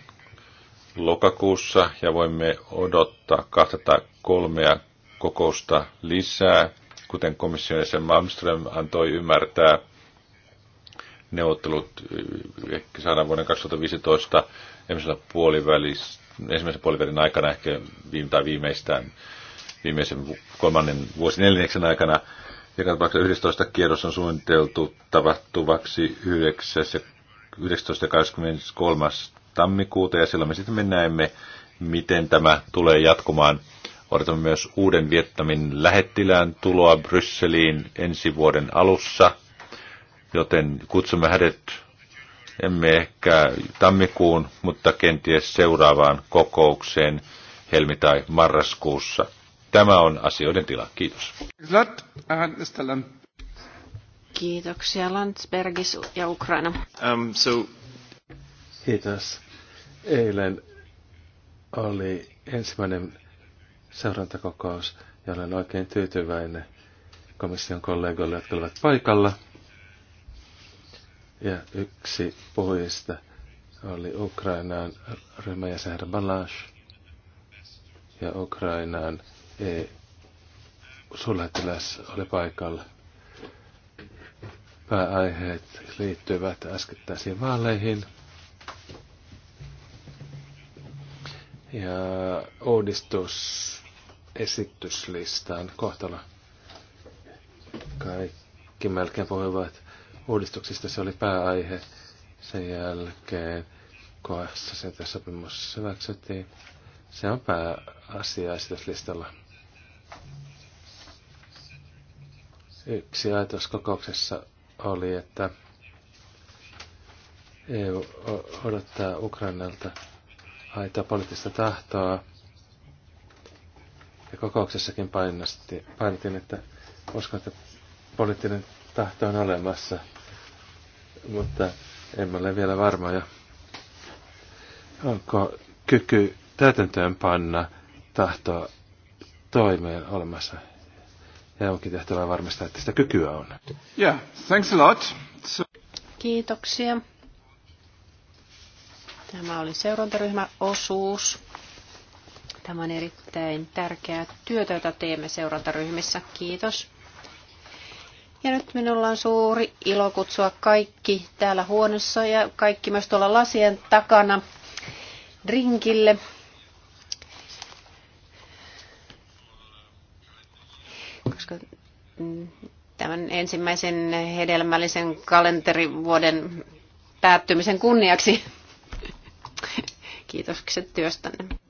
lokakuussa ja voimme odottaa 203 kokousta lisää, kuten komission jäsen Malmström antoi ymmärtää. Neuvottelut eh, ehkä saadaan vuoden 2015 ensimmäisen puolivälis, ensimmäisen puolivälin aikana ehkä viime, tai viimeistään viimeisen kolmannen neljänneksen aikana. Joka tapauksessa 11 kierros on suunniteltu tapahtuvaksi 9. ja 19. tammikuuta ja silloin me sitten me näemme, miten tämä tulee jatkumaan Odotamme myös uuden Vietnamin lähettilään tuloa Brysseliin ensi vuoden alussa, joten kutsumme hänet emme ehkä tammikuun, mutta kenties seuraavaan kokoukseen helmi- tai marraskuussa. Tämä on asioiden tila. Kiitos. Kiitoksia Landsbergis ja Ukraina. Um, so... Kiitos. Eilen oli ensimmäinen seurantakokous ja olen oikein tyytyväinen komission kollegoille, jotka olivat paikalla. Ja yksi puhujista oli Ukrainaan ryhmäjäsen herra Balash ja Ukrainaan e suurlähettiläs oli paikalla. Pääaiheet liittyvät äskettäisiin vaaleihin ja uudistus esityslistaan kohtalo. Kaikki melkein puhuivat uudistuksista, se oli pääaihe. Sen jälkeen kohdassa se tässä sopimus hyväksyttiin. Se on pääasia esityslistalla. Yksi ajatus kokouksessa oli, että EU odottaa Ukrainalta aitoa poliittista tahtoa ja kokouksessakin painosti, painotin, että uskon, että poliittinen tahto on olemassa, mutta en ole vielä varma. Ja onko kyky täytäntöön panna tahtoa toimeen olemassa? Ja onkin tehtävä varmistaa, että sitä kykyä on. Yeah, thanks a lot. So... Kiitoksia. Tämä oli seurantaryhmäosuus. osuus. Tämä on erittäin tärkeää työtä, jota teemme seurantaryhmissä. Kiitos. Ja nyt minulla on suuri ilo kutsua kaikki täällä huoneessa ja kaikki myös tuolla lasien takana drinkille. Koska mm, tämän ensimmäisen hedelmällisen kalenterivuoden päättymisen kunniaksi. Kiitokset työstänne.